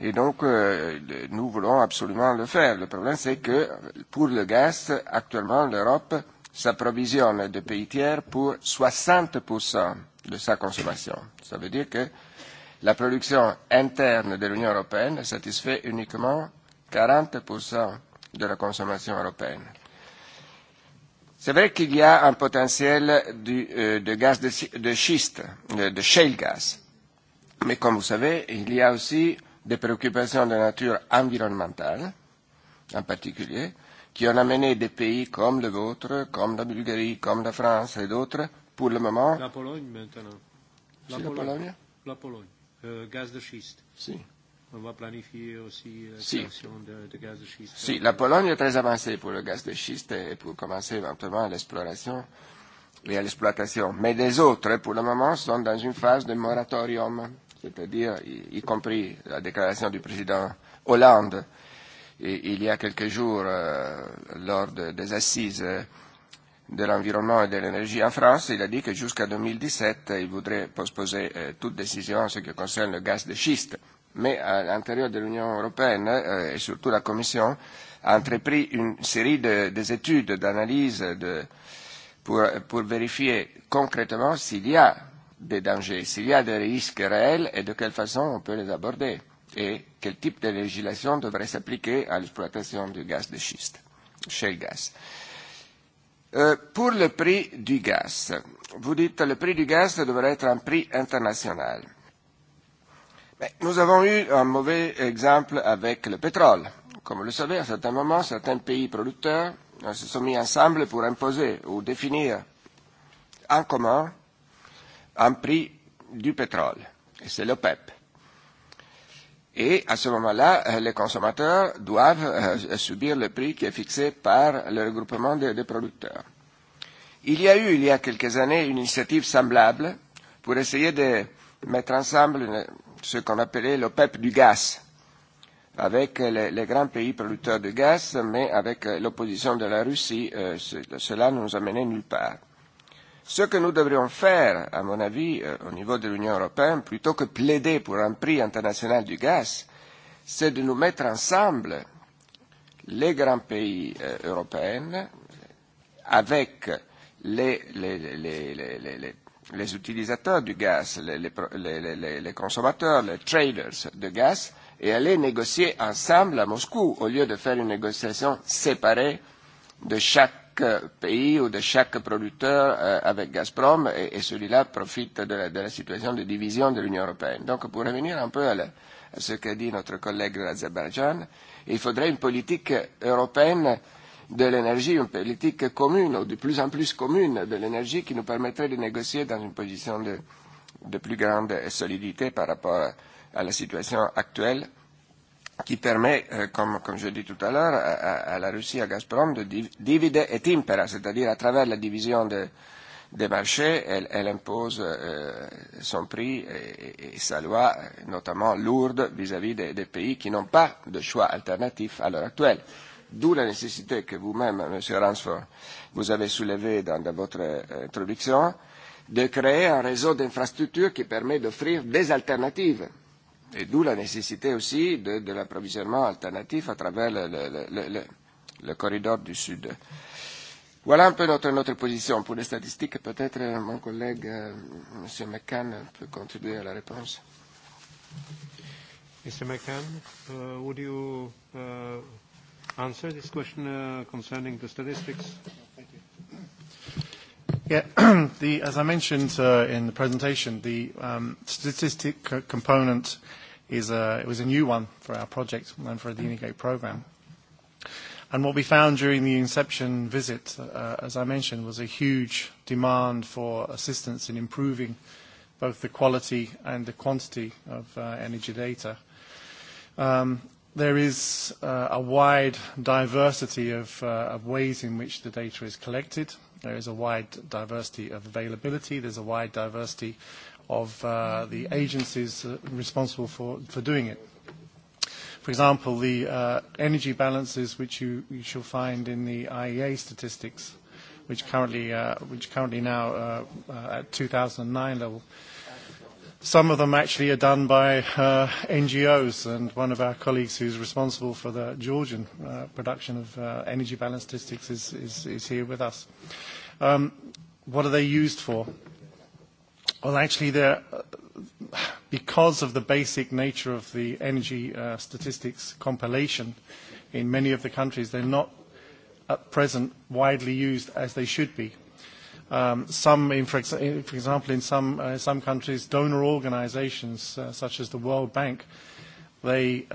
Et donc, nous voulons absolument le faire. Le problème, c'est que pour le gaz, actuellement, l'Europe s'approvisionne de pays tiers pour 60% de sa consommation. Ça veut dire que la production interne de l'Union européenne satisfait uniquement 40% de la consommation européenne. C'est vrai qu'il y a un potentiel de gaz de schiste, de shale gas. Mais comme vous savez, il y a aussi des préoccupations de nature environnementale, en particulier, qui ont amené des pays comme le vôtre, comme la Bulgarie, comme la France et d'autres, pour le moment... La Pologne maintenant. La Pologne La Pologne. Gaz de schiste. Si. On va planifier aussi la de, gaz de schiste. Si, la Pologne est très avancée pour le gaz de schiste et pour commencer éventuellement l'exploration et à l'exploitation. Mais les autres, pour le moment, sont dans une phase de moratorium, c'est-à-dire, y, compris la déclaration du président Hollande il y a quelques jours lors des assises de l'environnement et de l'énergie en France, il a dit que jusqu'à 2017, il voudrait postposer toute décision en ce qui concerne le gaz de schiste mais à l'intérieur de l'Union européenne et surtout la Commission a entrepris une série de études, d'analyses pour vérifier concrètement s'il y a des dangers, s'il y a des risques réels et de quelle façon on peut les aborder et quel type de législation devrait s'appliquer à l'exploitation du gaz de schiste, shale gas. Pour le prix du gaz, vous dites que le prix du gaz devrait être un prix international. Nous avons eu un mauvais exemple avec le pétrole. Comme vous le savez, à certains moments, certains pays producteurs se sont mis ensemble pour imposer ou définir en commun un prix du pétrole. Et c'est l'OPEP. Et à ce moment-là, les consommateurs doivent subir le prix qui est fixé par le regroupement des producteurs. Il y a eu, il y a quelques années, une initiative semblable pour essayer de mettre ensemble ce qu'on appelait le PEP du gaz, avec les grands pays producteurs de gaz, mais avec l'opposition de la Russie, cela ne nous amenait nulle part. Ce que nous devrions faire, à mon avis, au niveau de l'Union européenne, plutôt que plaider pour un prix international du gaz, c'est de nous mettre ensemble, les grands pays européens, avec les les utilisateurs du gaz, les les les consommateurs, les traders de gaz, et aller négocier ensemble à Moscou, au lieu de faire une négociation séparée de chaque pays ou de chaque producteur avec Gazprom, et celui-là profite de la situation de division de l'Union européenne. Donc, pour revenir un peu à ce qu'a dit notre collègue de l'Azerbaïdjan, il faudrait une politique européenne de l'énergie, une politique commune, ou de plus en plus commune de l'énergie, qui nous permettrait de négocier dans une position de, de plus grande solidité par rapport à la situation actuelle, qui permet, comme, comme je dis tout à l'heure, à, la Russie, à Gazprom, de divider et impera, c'est-à-dire à travers la division de, des marchés, elle, elle impose son prix et, sa loi, notamment lourde, vis-à-vis des, des pays qui n'ont pas de choix alternatif à l'heure actuelle d'où la nécessité que vous-même, Monsieur Ransford, vous avez soulevé dans, dans votre introduction, de créer un réseau d'infrastructures qui permet d'offrir des alternatives. Et d'où la nécessité aussi de, de l'approvisionnement alternatif à travers le, le, le, corridor du Sud. Voilà un peu notre, notre position. Pour les statistiques, peut-être mon collègue M. McCann peut contribuer à la réponse. Mr. McCann, would you answer this question concerning the statistics? Yeah. As I mentioned in the presentation, the statistic component is it was a new one for our project and for the Unigate program. And what we found during the inception visit, as I mentioned, was a huge demand for assistance in improving both the quality and the quantity of energy data there is a wide diversity of ways in which the data is collected. There is a wide diversity of availability. There's a wide diversity of the agencies responsible for doing it. For example, the energy balances which you shall find in the IEA statistics, which currently now at 2009 level, Some of them actually are done by NGOs, and one of our colleagues who's responsible for the Georgian production of energy balance statistics is here with us. What are they used for? Well, actually, they're because of the basic nature of the energy statistics compilation in many of the countries, they're not at present widely used as they should be. Some, for example, in some countries, donor organizations such as the World Bank, they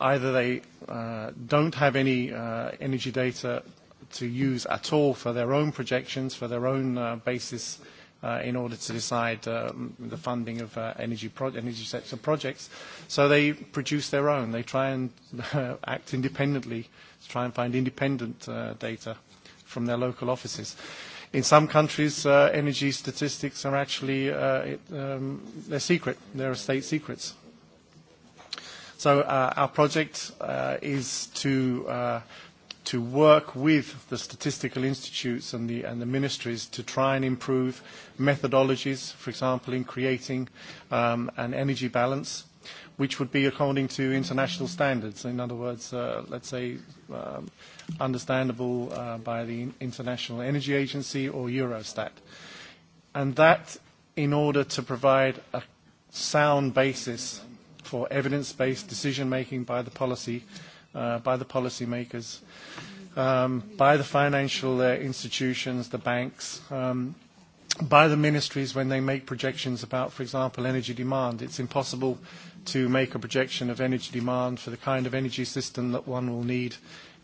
either they don't have any energy data to use at all for their own projections, for their own basis in order to decide the funding of energy sector projects. So they produce their own. They try and act independently to try and find independent data from their local offices. In some countries, energy statistics are actually they're secret. They're state secrets. So our project is to to work with the statistical institutes and the and the ministries to try and improve methodologies, for example, in creating an energy balance which would be according to international standards. In other words, let's say understandable by the International Energy Agency or Eurostat. And that in order to provide a sound basis for evidence-based decision-making by the policy, by the policymakers, by the financial institutions, the banks, by the ministries when they make projections about, for example, energy demand. It's impossible to make a projection of energy demand for the kind of energy system that one will need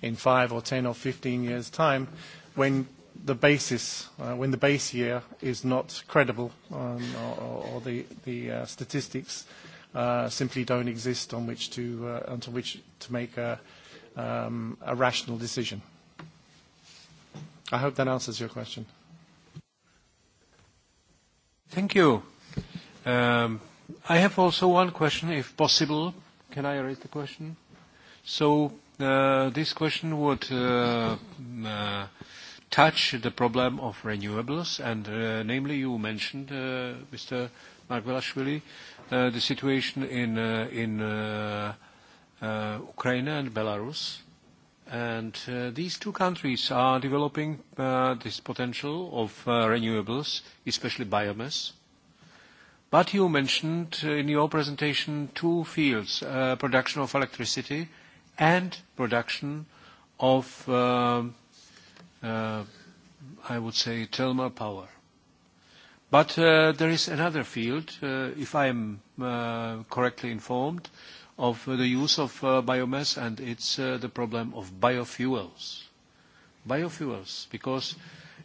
in five or ten or 15 years' time when the basis, when the base year is not credible or the the statistics simply don't exist on which to onto which to make a rational decision. I hope that answers your question. Thank you. Um I have also one question, if possible. Can I raise the question? So this question would touch the problem of renewables, and namely you mentioned, Mr. uh, the situation in in Ukraine and Belarus. And these two countries are developing this potential of renewables, especially biomass. But you mentioned in your presentation two fields, production of electricity and production of, I would say, thermal power. But there is another field, if I am correctly informed, of the use of biomass, and it's the problem of biofuels. Biofuels, because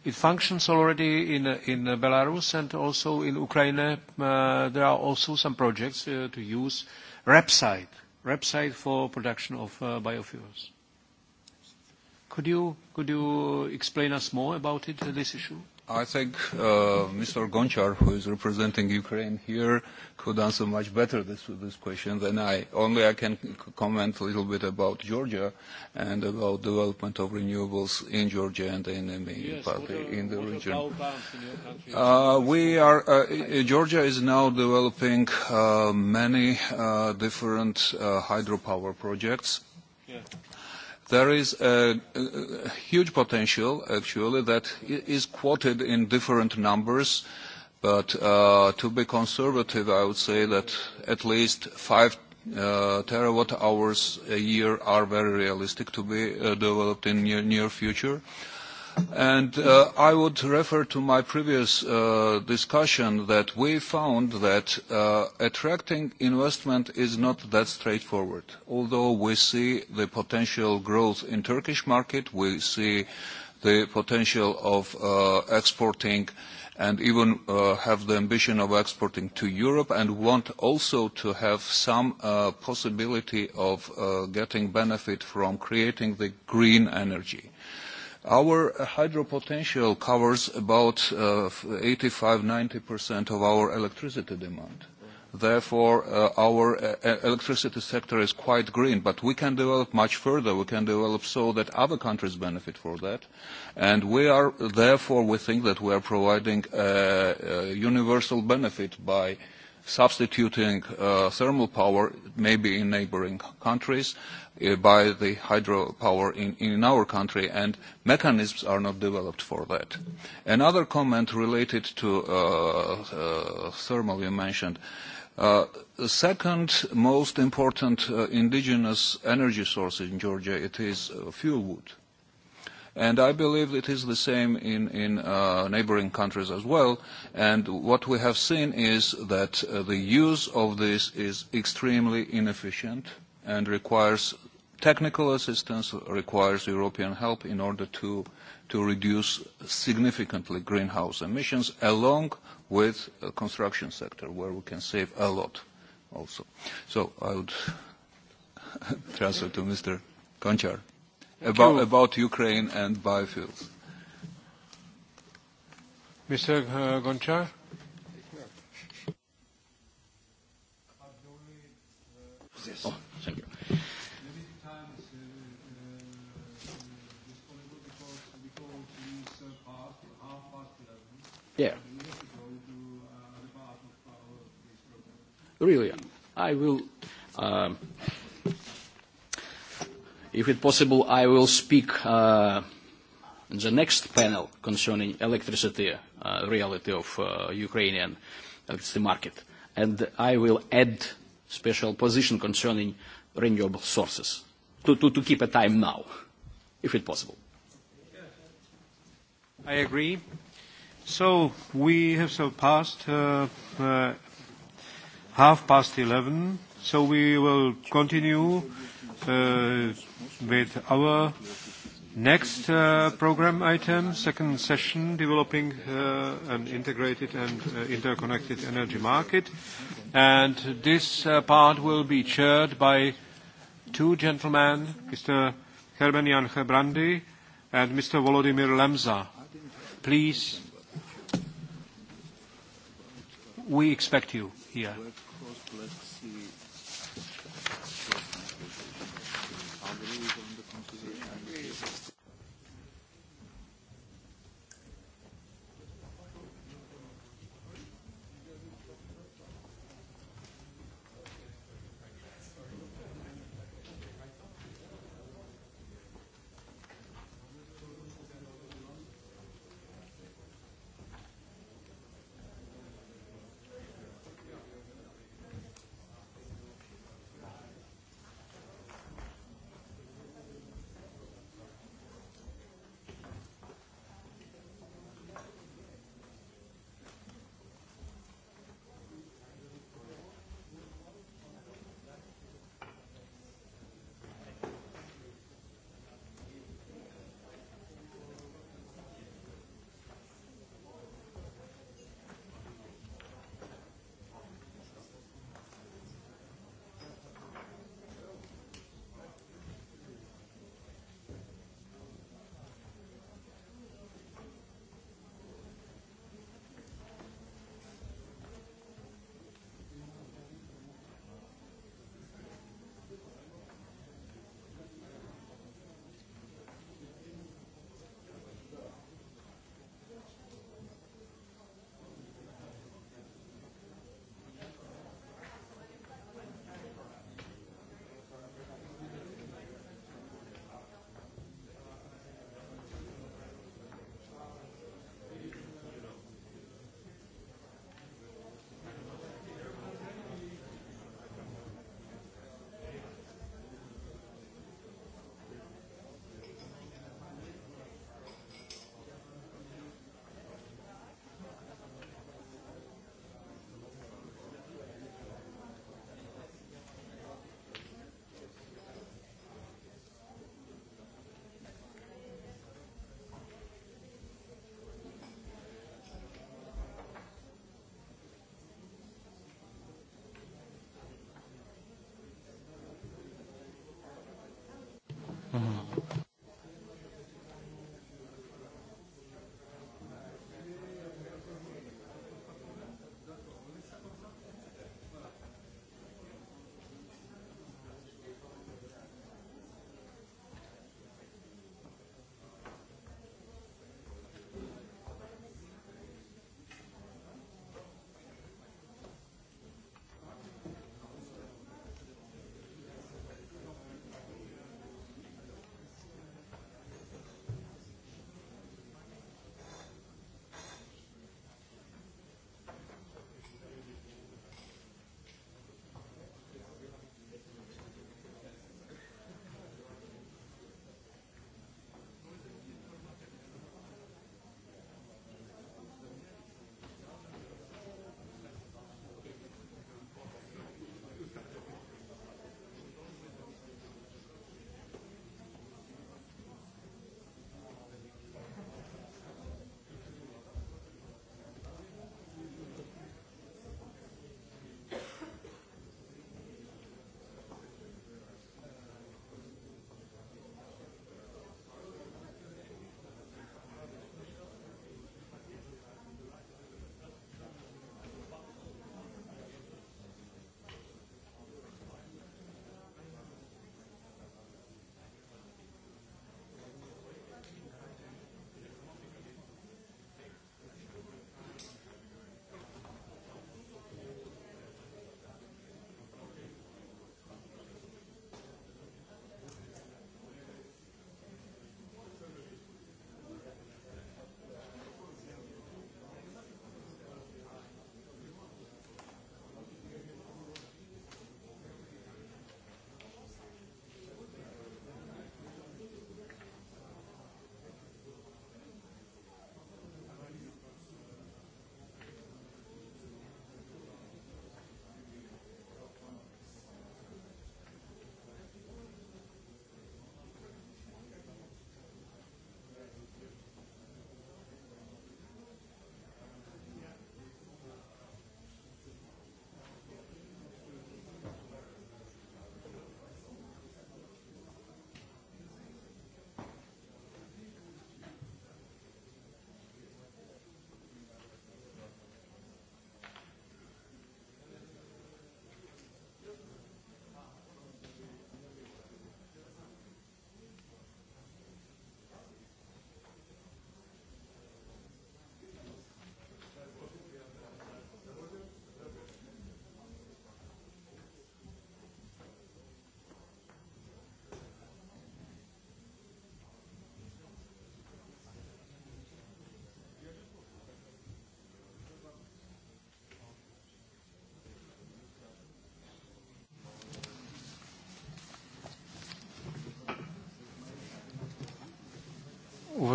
It functions already in Belarus and also in Ukraine. There are also some projects to use rapeseed, for production of biofuels. Could you explain us more about it, this issue? I think Mr. Gonchar, who is representing Ukraine here, could answer much better this this question than I. Only I can comment a little bit about Georgia and about development of renewables in Georgia and in in the region. We are Georgia is now developing many different hydropower projects. There is a huge potential, actually, that is quoted in different numbers, but to be conservative, I would say that at least five terawatt hours a year are very realistic to be developed in near future. And I would refer to my previous discussion that we found that attracting investment is not that straightforward. Although we see the potential growth in Turkish market, we see the potential of exporting and even have the ambition of exporting to Europe and want also to have some possibility of getting benefit from creating the green energy. Our hydro potential covers about 85-90% of our electricity demand. Therefore, our electricity sector is quite green, but we can develop much further. We can develop so that other countries benefit from that. And we are, therefore, we think that we are providing a universal benefit by substituting thermal power, maybe in neighboring countries, by the hydropower in our country, and mechanisms are not developed for that. Another comment related to thermal you mentioned. The second most important indigenous energy source in Georgia, it is fuel wood and I believe it is the same in neighboring countries as well. And what we have seen is that the use of this is extremely inefficient and requires technical assistance, requires European help in order to reduce significantly greenhouse emissions, along with the construction sector, where we can save a lot also. So I would transfer to Mr. Conchar about, about Ukraine and biofuels. Mr. Gonchar? Oh, thank you. Yeah. Really, I will. If it possible, I will speak in the next panel concerning electricity reality of Ukrainian electricity market, and I will add special position concerning renewable sources to keep a time now, if it possible. I agree. So we have so passed half past 11, so we will continue with our next program item, second session, developing an integrated and interconnected energy market. And this part will be chaired by two gentlemen, Mr. Herben Jan Hebrandi and Mr. Volodymyr Lemza. Please, we expect you here.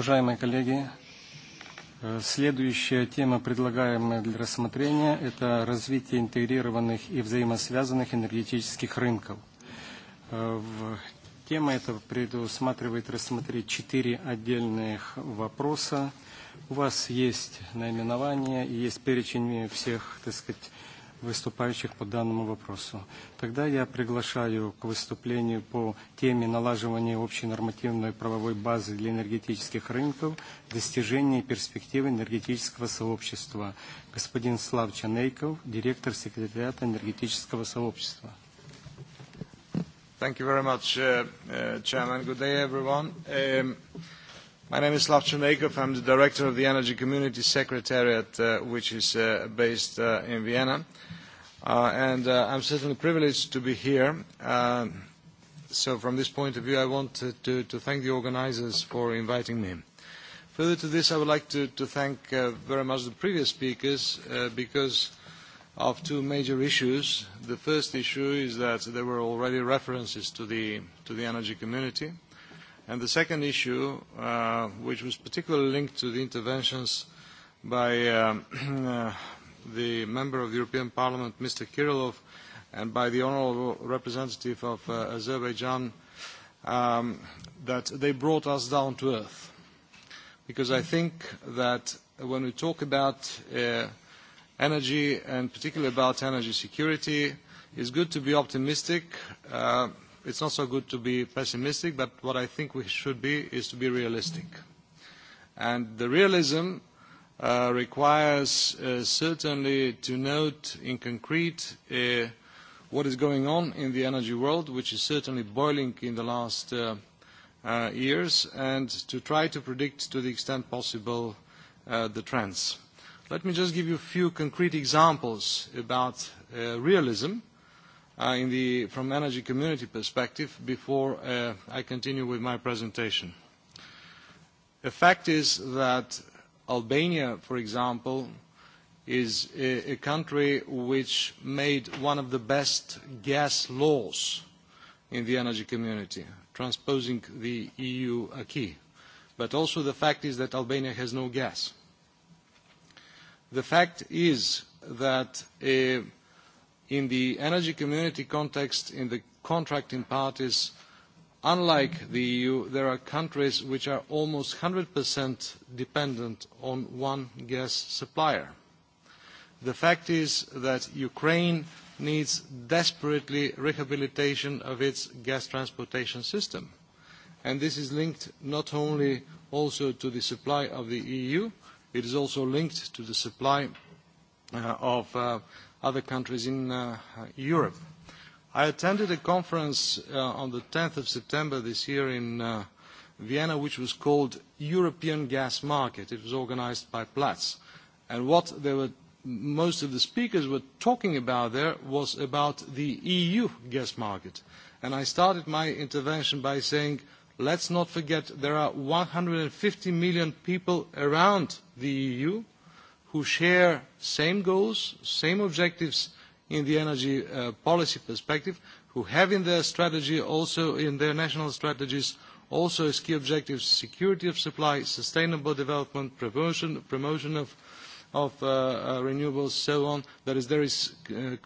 уважаемые коллеги. Следующая тема, предлагаемая для рассмотрения, это развитие интегрированных и взаимосвязанных энергетических рынков. Тема эта предусматривает рассмотреть четыре отдельных вопроса. У вас есть наименование и есть перечень всех, так сказать, выступающих по данному вопросу. Тогда я приглашаю к выступлению по теме налаживания общей нормативной правовой базы для энергетических рынков, достижения перспективы энергетического сообщества. Господин Слав Чанейков, директор секретариата энергетического сообщества. Thank you very much, Chairman. Good day, everyone. My name is Slavko I I'm the director of the Energy Community Secretariat, which is based in Vienna. And I'm certainly privileged to be here. So from this point of view, I want to thank the organizers for inviting me. Further to this, I would like to thank very much the previous speakers because of two major issues. The first issue is that there were already references to the energy community And the second issue, which was particularly linked to the interventions by the member of the European Parliament, Mr. Kirillov, and by the honourable representative of Azerbaijan, that they brought us down to earth. Because I think that when we talk about energy, and particularly about energy security, it's good to be optimistic it's not so good to be pessimistic, but what I think we should be is to be realistic. And the realism requires certainly to note in concrete what is going on in the energy world, which is certainly boiling in the last years, and to try to predict to the extent possible the trends. Let me just give you a few concrete examples about realism from energy community perspective before I continue with my presentation. The fact is that Albania, for example, is a country which made one of the best gas laws in the energy community, transposing the EU acquis. But also the fact is that Albania has no gas. The fact is that in the energy community context, in the contracting parties, unlike the EU, there are countries which are almost 100% dependent on one gas supplier. The fact is that Ukraine needs desperately rehabilitation of its gas transportation system. And this is linked not only also to the supply of the EU, it is also linked to the supply of other countries in Europe. I attended a conference on the 10th of September this year in Vienna, which was called European Gas Market. It was organized by Platz. And what most of the speakers were talking about there was about the EU gas market. And I started my intervention by saying, let's not forget there are 150 million people around the EU who share same goals, same objectives in the energy policy perspective, who have in their strategy also, in their national strategies, also as key objectives security of supply, sustainable development, promotion of renewables, so on. That is, there is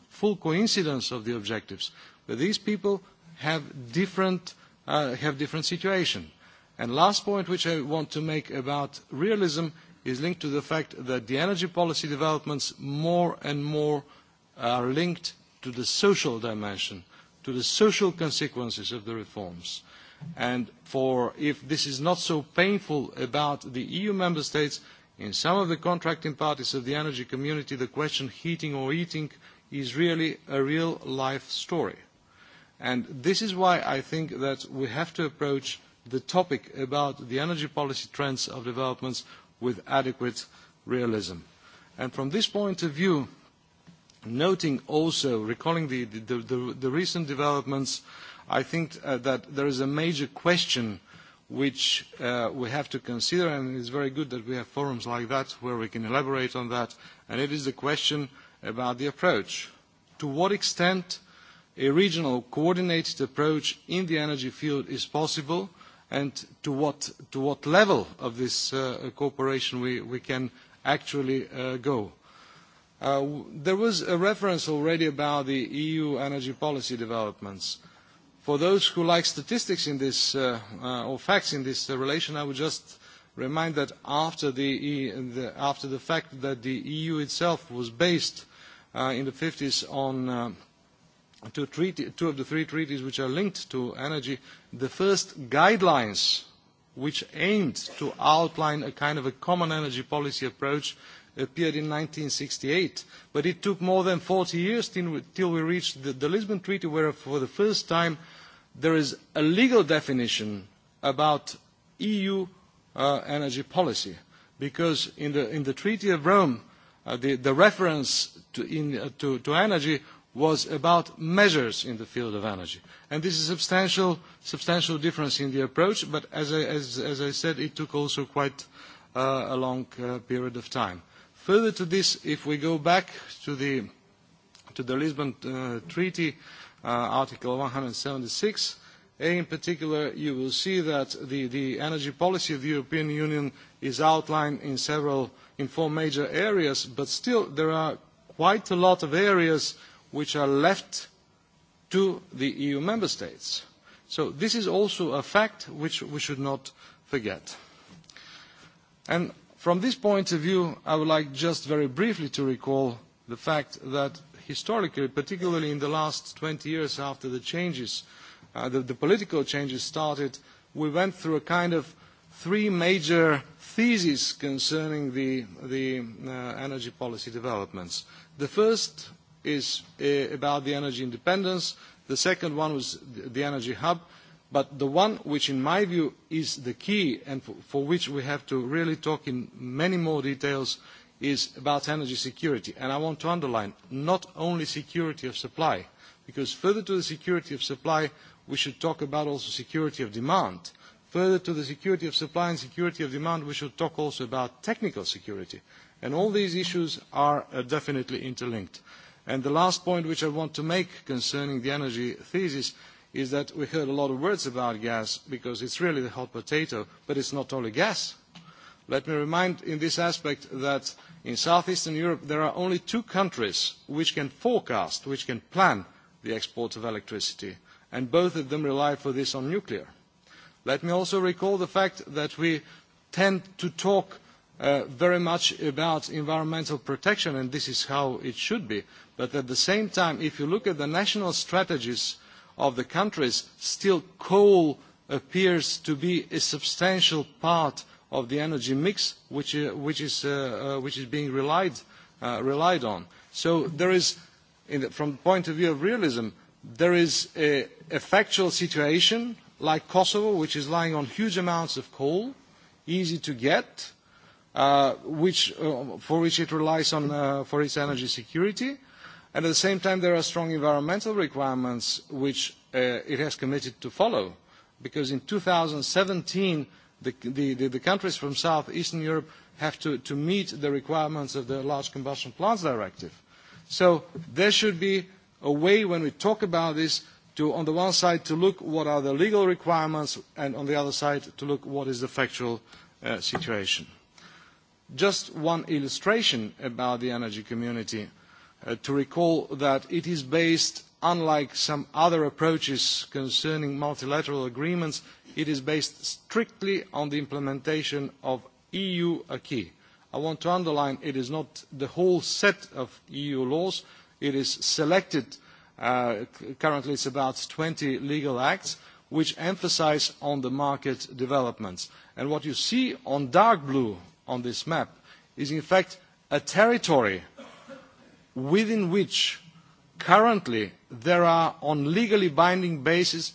full coincidence of the objectives. But these people have different have different situation. And last point which I want to make about realism is linked to the fact that the energy policy developments more and more are linked to the social dimension, to the social consequences of the reforms. And for if this is not so painful about the EU member states, in some of the contracting parties of the energy community, the question heating or eating is really a real life story. And this is why I think that we have to approach the topic about the energy policy trends of developments with adequate realism. And from this point of view, noting also, recalling the recent developments, I think that there is a major question which we have to consider, and it is very good that we have forums like that where we can elaborate on that, and it is the question about the approach. To what extent a regional coordinated approach in the energy field is possible, and to what level of this cooperation we can actually go. There was a reference already about the EU energy policy developments. For those who like statistics in this or facts in this relation, I would just remind that after the fact that the EU itself was based in the 50s on two of the three treaties which are linked to energy, the first guidelines which aimed to outline a kind of a common energy policy approach appeared in 1968. But it took more than 40 years till we reached the Lisbon Treaty, where for the first time there is a legal definition about EU energy policy. Because in the Treaty of Rome, the reference to energy was about measures in the field of energy. And this is a substantial difference in the approach, but as I said, it took also quite a long period of time. Further to this, if we go back to the to the Lisbon Treaty, Article 176, in particular, you will see that the energy policy of the European Union is outlined in several, in four major areas, but still there are quite a lot of areas which are left to the EU member states. So this is also a fact which we should not forget. And from this point of view, I would like just very briefly to recall the fact that historically, particularly in the last 20 years after the changes, the political changes started, we went through a kind of three major theses concerning the energy policy developments. The first is about the energy independence. The second one was the energy hub. But the one which, in my view, is the key and for which we have to really talk in many more details is about energy security. And I want to underline, not only security of supply, because further to the security of supply, we should talk about also security of demand. Further to the security of supply and security of demand, we should talk also about technical security. And all these issues are definitely interlinked. And the last point which I want to make concerning the energy thesis is that we heard a lot of words about gas because it's really the hot potato, but it's not only gas. Let me remind in this aspect that in southeastern Europe there are only two countries which can forecast, which can plan the export of electricity, and both of them rely for this on nuclear. Let me also recall the fact that we tend to talk very much about environmental protection, and this is how it should be. But at the same time, if you look at the national strategies of the countries, still coal appears to be a substantial part of the energy mix which is being relied on. So there is, from the point of view of realism, there is a factual situation like Kosovo, which is lying on huge amounts of coal, easy to get which for which it relies on for its energy security. and At the same time, there are strong environmental requirements which it has committed to follow, because in 2017 the countries from South Eastern Europe have to meet the requirements of the Large Combustion Plants Directive. So there should be a way when we talk about this to, on the one side, to look what are the legal requirements, and on the other side, to look what is the factual situation. Just one illustration about the energy community to recall that it is based, unlike some other approaches concerning multilateral agreements, it is based strictly on the implementation of EU acquis. I want to underline it is not the whole set of EU laws. It is selected, currently is about 20 legal acts, which emphasise on the market developments. And what you see on dark blue on this map is in fact a territory within which currently there are on legally binding basis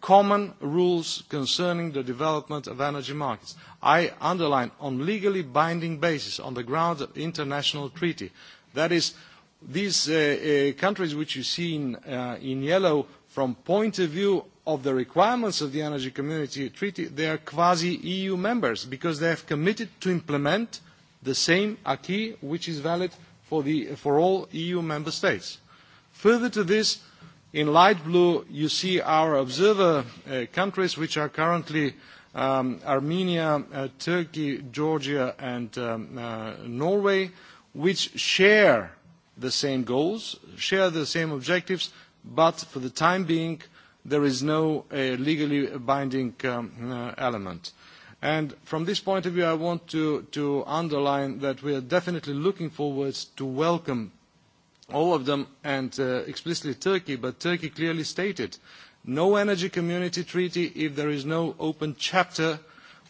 common rules concerning the development of energy markets. I underline on legally binding basis on the grounds of international treaty. That is, these countries which you see in yellow from point of view of the requirements of the Energy Community Treaty, they are quasi-EU members because they have committed to implement the same acquis which is valid for all EU member states. Further to this, in light blue, you see our observer countries, which are currently Armenia, Turkey, Georgia, and Norway, which share the same goals, share the same objectives, but for the time being, there is no legally binding element. from this point of view, I want to underline that we are definitely looking forward to welcome all of them, and explicitly Turkey, but Turkey clearly stated, no energy community treaty if there is no open chapter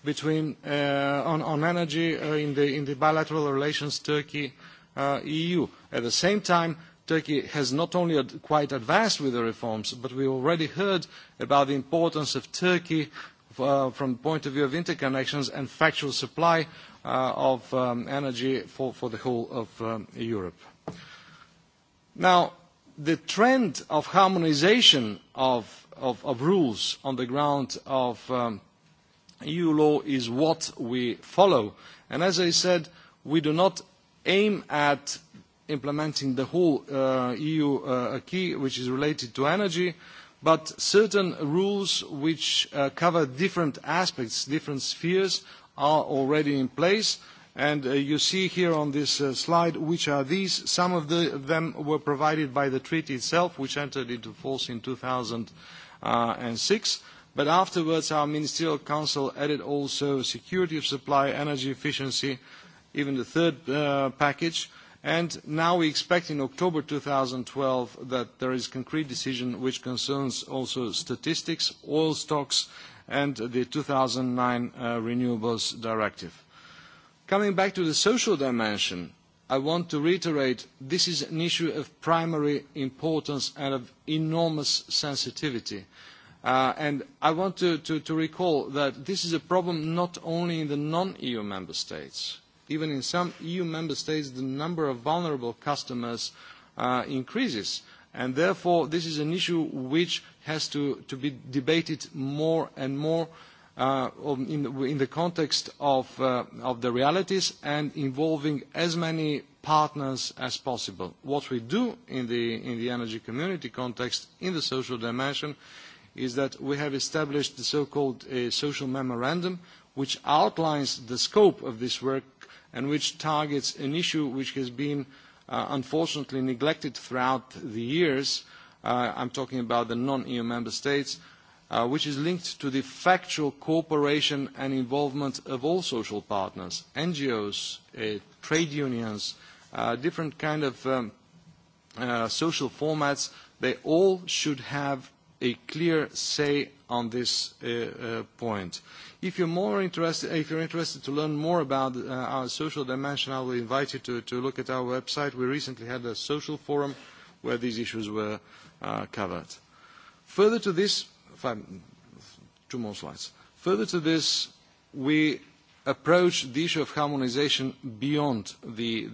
between on energy in the bilateral relations Turkey-EU. At the same time, Turkey has not only quite advanced with the reforms, but we already heard about the importance of Turkey from the point of view of interconnections and factual supply of energy for the whole of Europe. Now, the trend of harmonization of rules on the ground of EU law is what we follow. And as I said, we do not aim at implementing the whole EU acquis, which is related to energy, but certain rules which cover different aspects, different spheres, are already in place. And you see here on this slide which are these. Some of them were provided by the treaty itself, which entered into force in 2006. But afterwards, our Ministerial Council added also security of supply, energy efficiency, even the third package. And now we expect in October 2012 that there is concrete decision which concerns also statistics, oil stocks, and the 2009 Renewables Directive. Coming back to the social dimension, I want to reiterate this is an issue of primary importance and of enormous sensitivity. And I want to recall that this is a problem not only in the non-EU member states even in some EU member states, the number of vulnerable customers increases. And therefore, this is an issue which has to be debated more and more in the context of the realities and involving as many partners as possible. What we do in the energy community context, in the social dimension, is that we have established the so-called social memorandum, which outlines the scope of this work and which targets an issue which has been unfortunately neglected throughout the years. I'm talking about the non-EU member states, which is linked to the factual cooperation and involvement of all social partners, NGOs, trade unions, different kind of social formats. They all should have a clear say on this point. If you're more interested, if you're interested to learn more about our social dimension, I will invite you to look at our website. We recently had a social forum where these issues were covered. Further to this, two more slides. Further to this, we approach the issue of harmonisation beyond the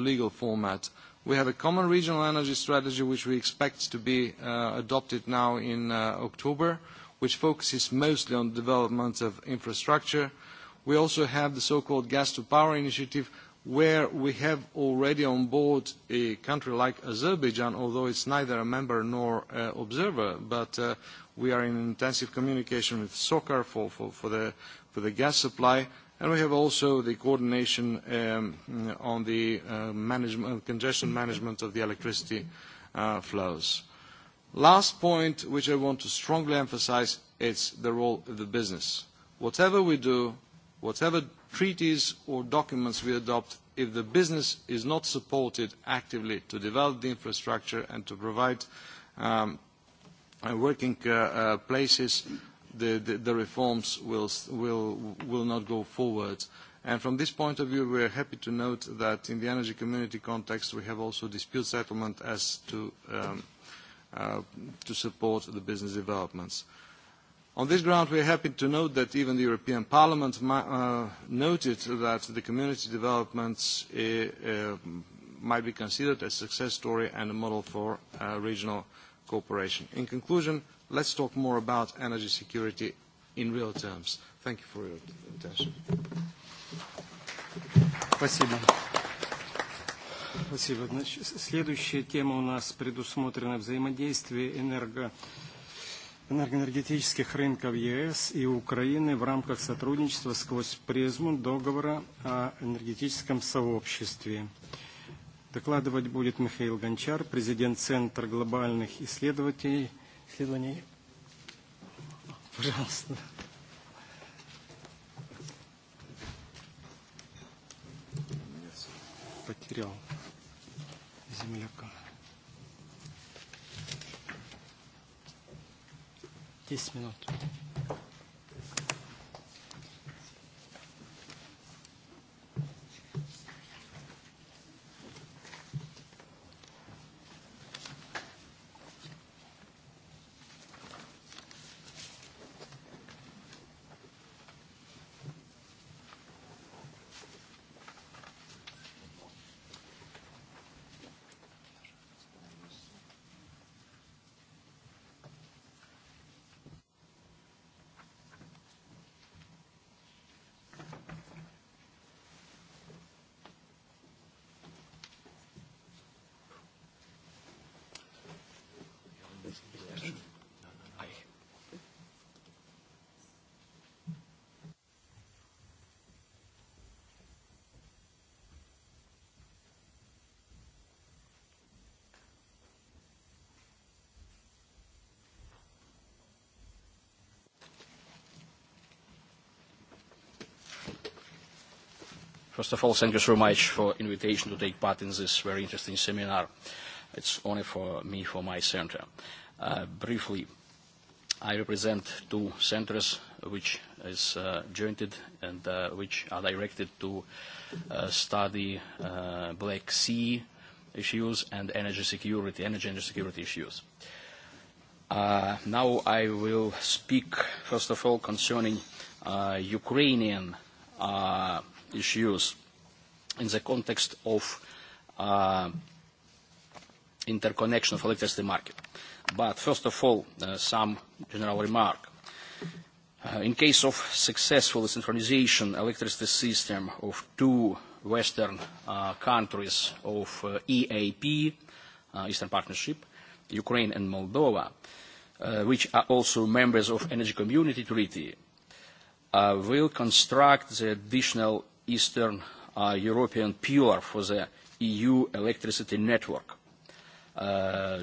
legal format. We have a common regional energy strategy which we expect to be adopted now in October which focuses mostly on development of infrastructure. We also have the so-called gas-to-power initiative, where we have already on board a country like Azerbaijan, although it's neither a member nor an observer, but we are in intensive communication with SOCAR for the gas supply, and we have also the coordination on the congestion management of the electricity flows. Last point, which I want to strongly emphasize, is the role of the business. Whatever we do, whatever treaties or documents we adopt, if the business is not supported actively to develop the infrastructure and to provide working places, the reforms will not go forward. And from this point of view, we are happy to note that in the energy community context, we have also dispute settlement as to to support the business developments. On this ground, we are happy to note that even the European Parliament noted that the community developments might be considered a success story and a model for regional cooperation. In conclusion, let's talk more about energy security in real terms. Thank you for your attention. Спасибо. Значит, следующая тема у нас предусмотрена взаимодействие энерго энергоэнергетических рынков ЕС и Украины в рамках сотрудничества сквозь призму договора о энергетическом сообществе. Докладывать будет Михаил Гончар, президент Центра глобальных исследователей. Исследований. Пожалуйста. Потерял. 10 minutes. First of all, thank you so much for invitation to take part in this very interesting seminar. It's only for me, for my center. Briefly, I represent two centers which is jointed and which are directed to study Black Sea issues and energy security, energy and security issues. Now I will speak, first of all, concerning Ukrainian issues in the context of interconnection of electricity market. But first of all, some general remark. In case of successful synchronization electricity system of two Western countries of EAP, Eastern Partnership, Ukraine and Moldova, which are also members of Energy Community Treaty, will construct the additional Eastern European pillar for the EU electricity network.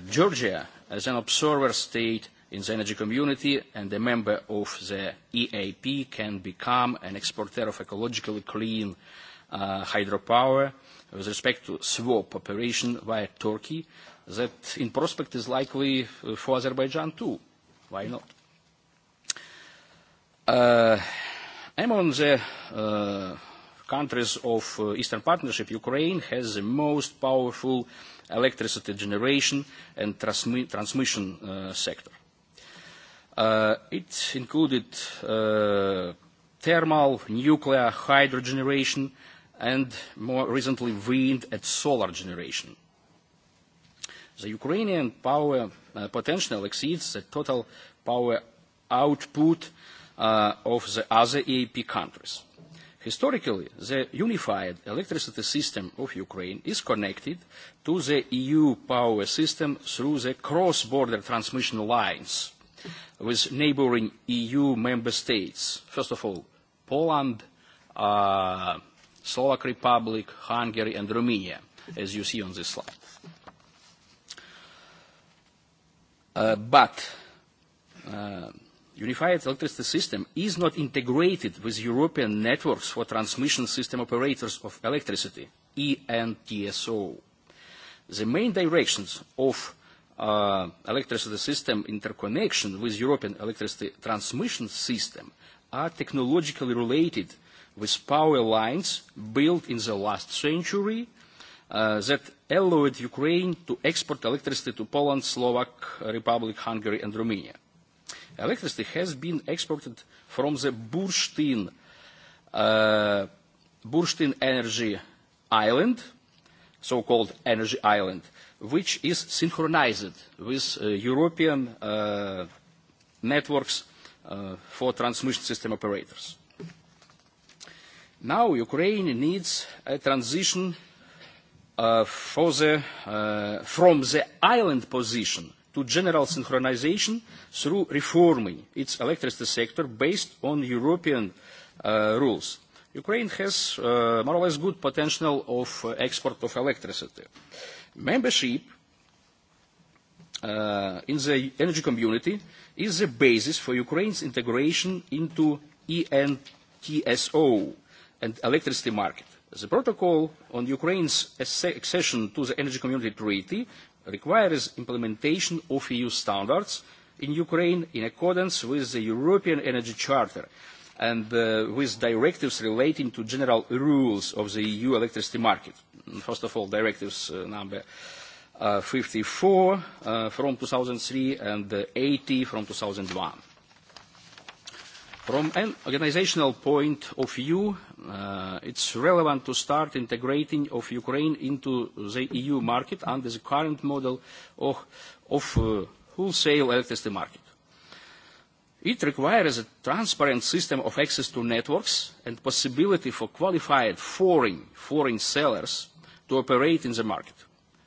Georgia, as an observer state in the energy community and a member of the EAP, can become an exporter of ecologically clean hydropower with respect to swap operation via Turkey that in prospect is likely for Azerbaijan too. Why not? I'm on the countries of Eastern Partnership, Ukraine has the most powerful electricity generation and transmission sector. It included thermal, nuclear, hydro generation and more recently wind and solar generation. The Ukrainian power potential exceeds the total power output of the other EAP countries. Historically, the unified electricity system of Ukraine is connected to the EU power system through the cross-border transmission lines with neighboring EU member states. First of all, Poland, Slovak Republic, Hungary and Romania, as you see on this slide. But unified electricity system is not integrated with European networks for transmission system operators of electricity, ENTSO. The main directions of electricity system interconnection with European electricity transmission system are technologically related with power lines built in the last century that allowed Ukraine to export electricity to Poland, Slovak Republic, Hungary and Romania electricity has been exported from the Burstin Energy Island, so-called Energy Island, which is synchronized with European networks for transmission system operators. Now Ukraine needs a transition from the island position to general synchronization through reforming its electricity sector based on European rules. Ukraine has more or less good potential of export of electricity. Membership in the energy community is the basis for Ukraine's integration into ENTSO and electricity market. The protocol on Ukraine's accession to the Energy Community Treaty requires implementation of EU standards in Ukraine in accordance with the European Energy Charter and with directives relating to general rules of the EU electricity market. First of all, directives number 54 from 2003 and 80 from 2001. From an organizational point of view, it's relevant to start integrating of Ukraine into the EU market under the current model of wholesale electricity market. It requires a transparent system of access to networks and possibility for qualified foreign sellers to operate in the market.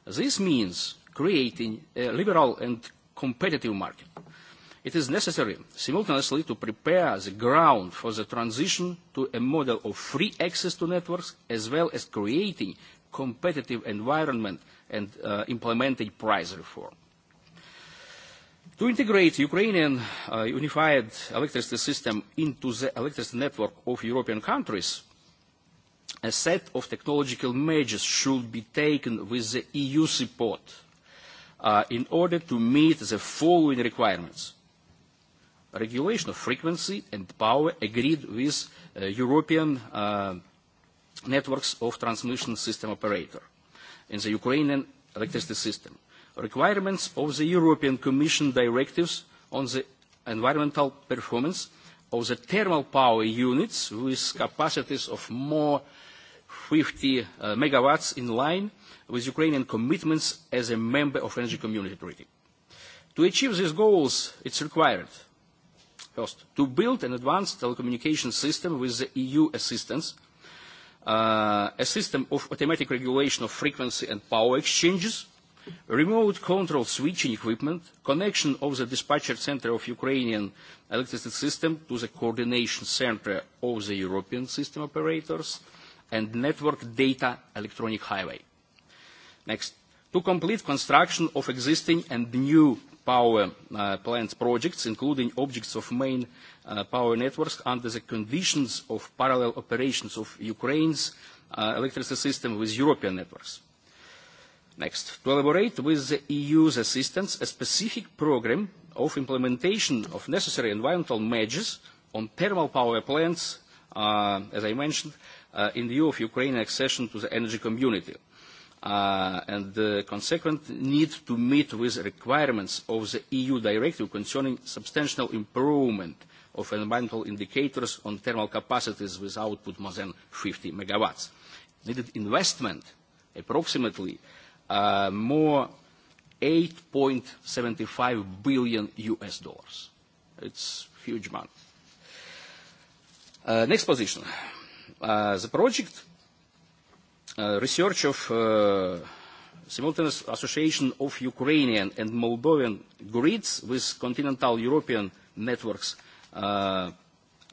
This means creating a liberal and competitive market. It is necessary simultaneously to prepare the ground for the transition to a model of free access to networks as well as creating competitive environment and implementing price reform. To integrate Ukrainian unified electricity system into the electricity network of European countries, a set of technological measures should be taken with the EU support in order to meet the following requirements regulation of frequency and power agreed with European networks of transmission system operator in the Ukrainian electricity system, requirements of the European Commission directives on the environmental performance of the thermal power units with capacities of more 50 megawatts in line with Ukrainian commitments as a member of Energy Community Treaty. To achieve these goals, it's required First, to build an advanced telecommunication system with the EU assistance, a system of automatic regulation of frequency and power exchanges, remote control switching equipment, connection of the dispatcher center of Ukrainian electricity system to the coordination center of the European system operators, and network data electronic highway. Next, to complete construction of existing and new power plants projects, including objects of main power networks, under the conditions of parallel operations of Ukraine's electricity system with European networks. Next, to elaborate with the EU's assistance a specific program of implementation of necessary environmental measures on thermal power plants, as I mentioned, in view of Ukraine's accession to the energy community and the consequent need to meet with requirements of the EU directive concerning substantial improvement of environmental indicators on thermal capacities with output more than 50 megawatts. Needed investment, approximately more 8.75 billion US dollars. It's huge amount. Next position. The project research of simultaneous association of Ukrainian and Moldovan grids with continental European networks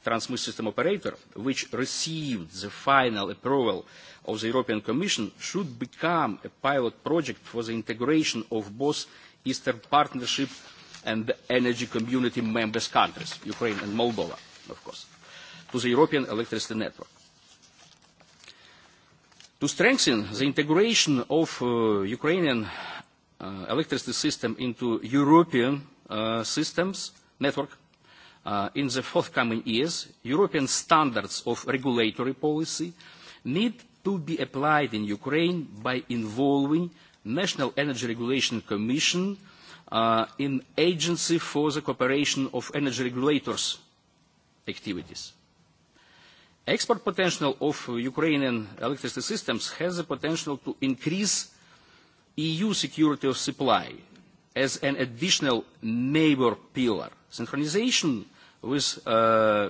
transmission system operator, which received the final approval of the European Commission, should become a pilot project for the integration of both Eastern Partnership and the Energy Community member countries, Ukraine and Moldova, of course, to the European electricity network. To strengthen the integration of Ukrainian electricity system into European systems network in the forthcoming years, European standards of regulatory policy need to be applied in Ukraine by involving National Energy Regulation Commission in Agency for the Cooperation of Energy Regulators activities. Export potential of Ukrainian electricity systems has the potential to increase EU security of supply as an additional neighbor pillar. Synchronization with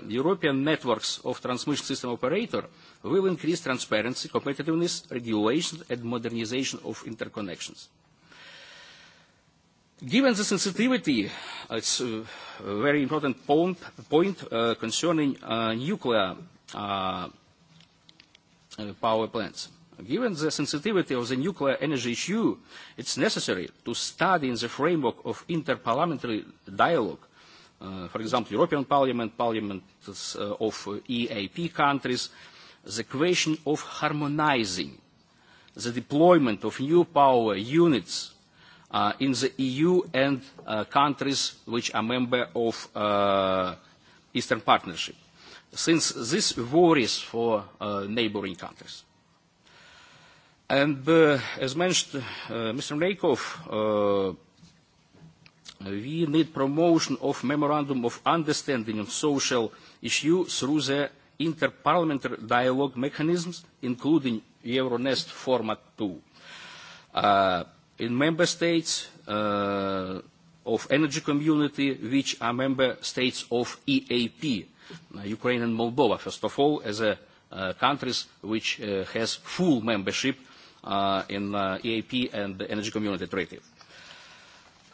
European networks of transmission system operator will increase transparency, competitiveness, regulation and modernization of interconnections. Given the sensitivity, it's a very important point concerning nuclear power plants. Given the sensitivity of the nuclear energy issue, it's necessary to study in the framework of interparliamentary dialogue, for example, European Parliament, parliaments of EAP countries, the question of harmonizing the deployment of new power units in the EU and countries which are member of Eastern Partnership since this worries for neighboring countries. And as mentioned, Mr. Nakov, we need promotion of memorandum of understanding on social issues through the interparliamentary dialogue mechanisms, including Euronest format too. In member states of energy community, which are member states of EAP, Ukraine and Moldova, first of all, as countries which has full membership in EAP and the Energy Community Treaty.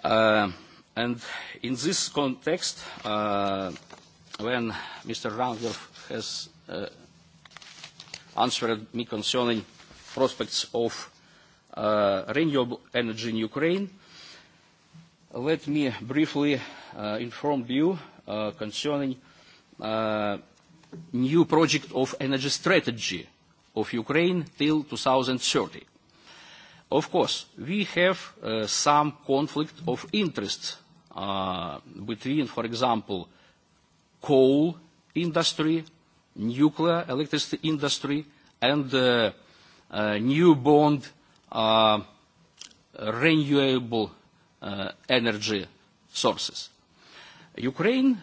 And in this context, when Mr. Randolph has answered me concerning prospects of renewable energy in Ukraine, let me briefly inform you concerning new project of energy strategy of Ukraine till 2030. Of course, we have some conflict of interest between, for example, coal industry, nuclear electricity industry, and new bond renewable energy sources. Ukraine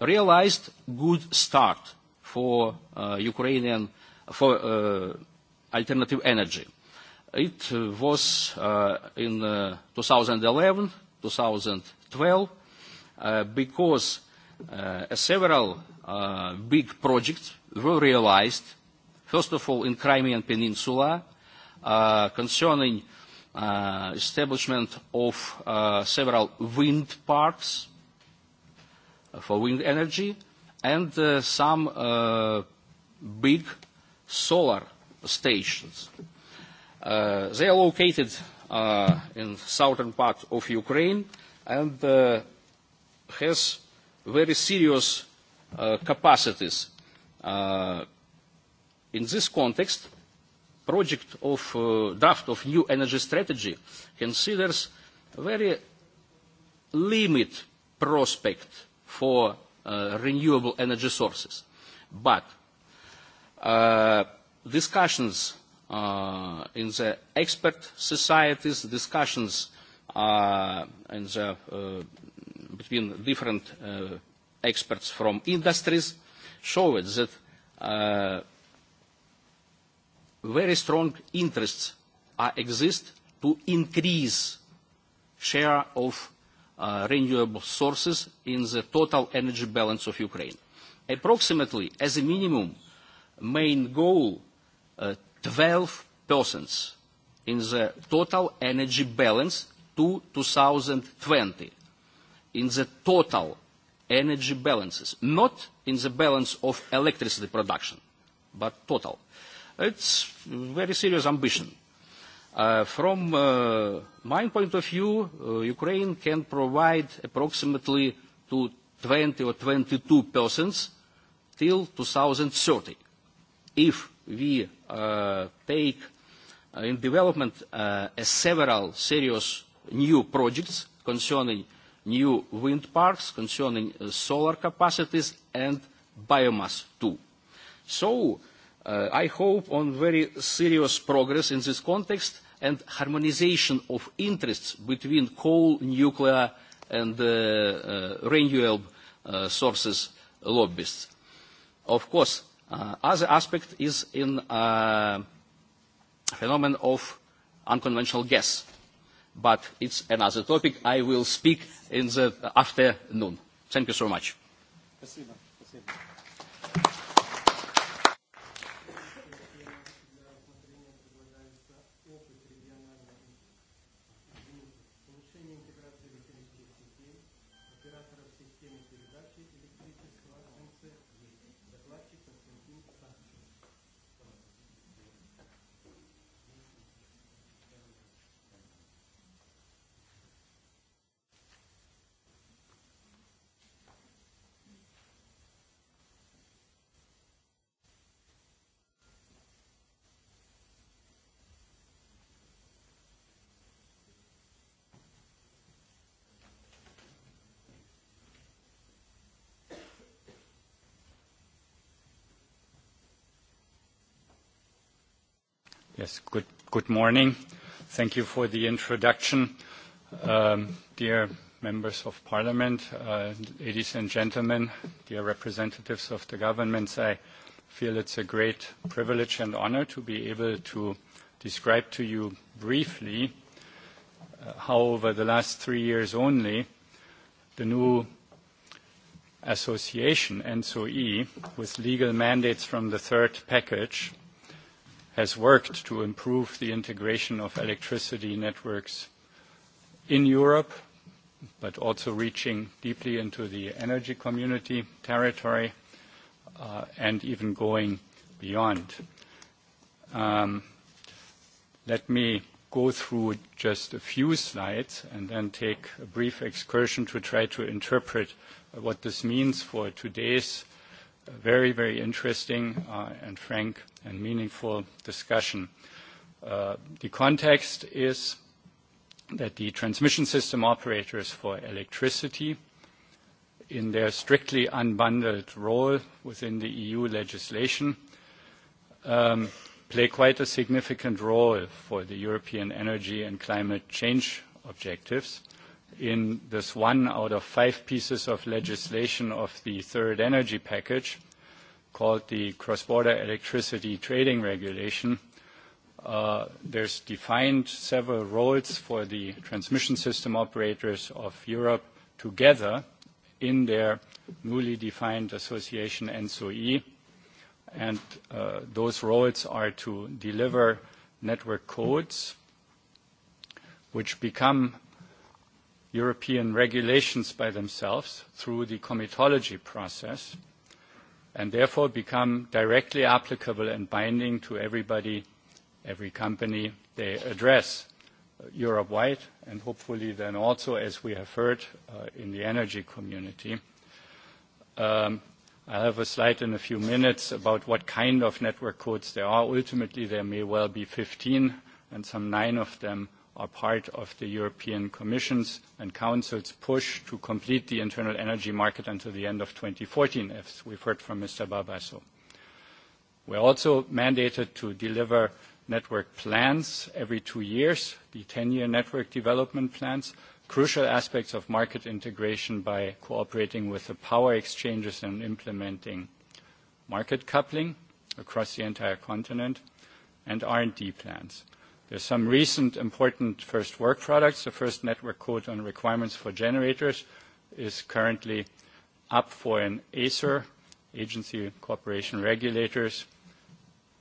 realized good start for Ukrainian for alternative energy. It was in 2011, 2012, because several big projects were realized, first of all in Crimean Peninsula, concerning establishment of several wind parks, for wind energy and some big solar stations. They are located in southern part of Ukraine and has very serious capacities. In this context, project of draft of new energy strategy considers very limit prospect for renewable energy sources. But discussions in the expert societies, discussions in the between different experts from industries showed that very strong interests exist to increase share of renewable sources in the total energy balance of Ukraine. Approximately, as a minimum, main goal, 12% in the total energy balance to 2020, in the total energy balances, not in the balance of electricity production, but total. It's very serious ambition. From my point of view, Ukraine can provide approximately to 20 or 22 persons till 2030. If we take in development several serious new projects concerning new wind parks, concerning solar capacities and biomass too. So I hope on very serious progress in this context and harmonization of interests between coal, nuclear and renewable sources lobbyists. Of course, other aspect is in phenomenon of unconventional gas, but it's another topic I will speak in the afternoon. Thank you so much. Yes, good morning. Thank you for the introduction. Dear members of parliament, ladies and gentlemen, dear representatives of the governments, I feel it's a great privilege and honor to be able to describe to you briefly how over the last three years only the new association, NSOE, with legal mandates from the third package has worked to improve the integration of electricity networks in Europe, but also reaching deeply into the energy community territory and even going beyond. Let me go through just a few slides and then take a brief excursion to try to interpret what this means for today's very, very interesting and frank and meaningful discussion. The context is that the transmission system operators for electricity, in their strictly unbundled role within the EU legislation, play quite a significant role for the European energy and climate change objectives in this one out of five pieces of legislation of the third energy package called the cross-border electricity trading regulation. There's defined several roles for the transmission system operators of Europe together in their newly defined association NSOE, and those roles are to deliver network codes, which become European regulations by themselves through the comitology process and therefore become directly applicable and binding to everybody, every company they address Europe-wide and hopefully then also, as we have heard, in the energy community. I have a slide in a few minutes about what kind of network codes there are. Ultimately, there may well be 15 and some nine of them are part of the European Commission's and Council's push to complete the internal energy market until the end of 2014, as we've heard from Mr. Barbasso. are also mandated to deliver network plans every two years, the 10-year network development plans, crucial aspects of market integration by cooperating with the power exchanges and implementing market coupling across the entire continent, and R&D plans. There's some recent important first work products. The first network code on requirements for generators is currently up for an ACER, Agency Cooperation Regulators,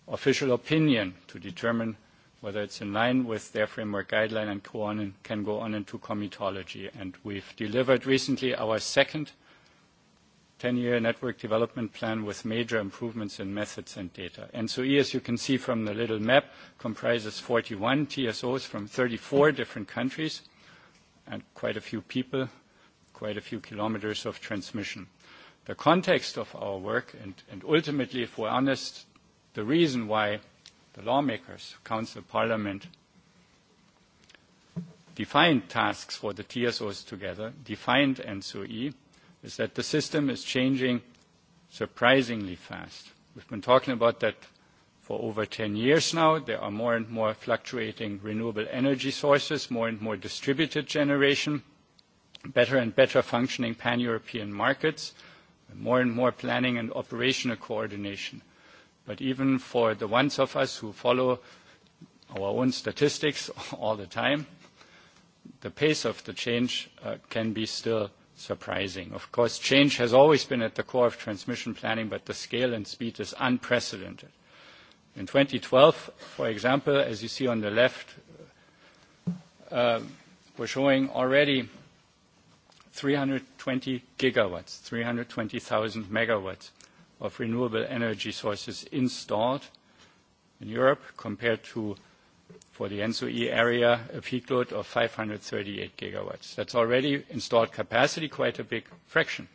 official opinion to determine whether it's in line with their framework guideline and can go on into comitology. And we've delivered recently our second 10-year network development plan with major improvements in methods and data. NSOE, as you can see from the little map, comprises 41 TSOs from 34 different countries and quite a few people, quite a few kilometers of transmission. The context of our work, and ultimately, if we're honest, the reason why the lawmakers, Council, Parliament, defined tasks for the TSOs together, defined NSOE, is that the system is changing surprisingly fast. We've been talking about that for over 10 years now. There are more and more fluctuating renewable energy sources, more and more distributed generation, better and better functioning pan-European markets, more and more planning and operational coordination. But even for the ones of us who follow our own statistics all the time, the pace of the change can be still surprising. Of course, change has always been at the core of transmission planning, but the scale and speed is unprecedented. In 2012, for example, as you see on the left, we're showing already 320 gigawatts, 320,000 megawatts of renewable energy sources installed in Europe compared to for the NSOE area, a peak load of 538 gigawatts. That's already installed capacity, quite a big fraction.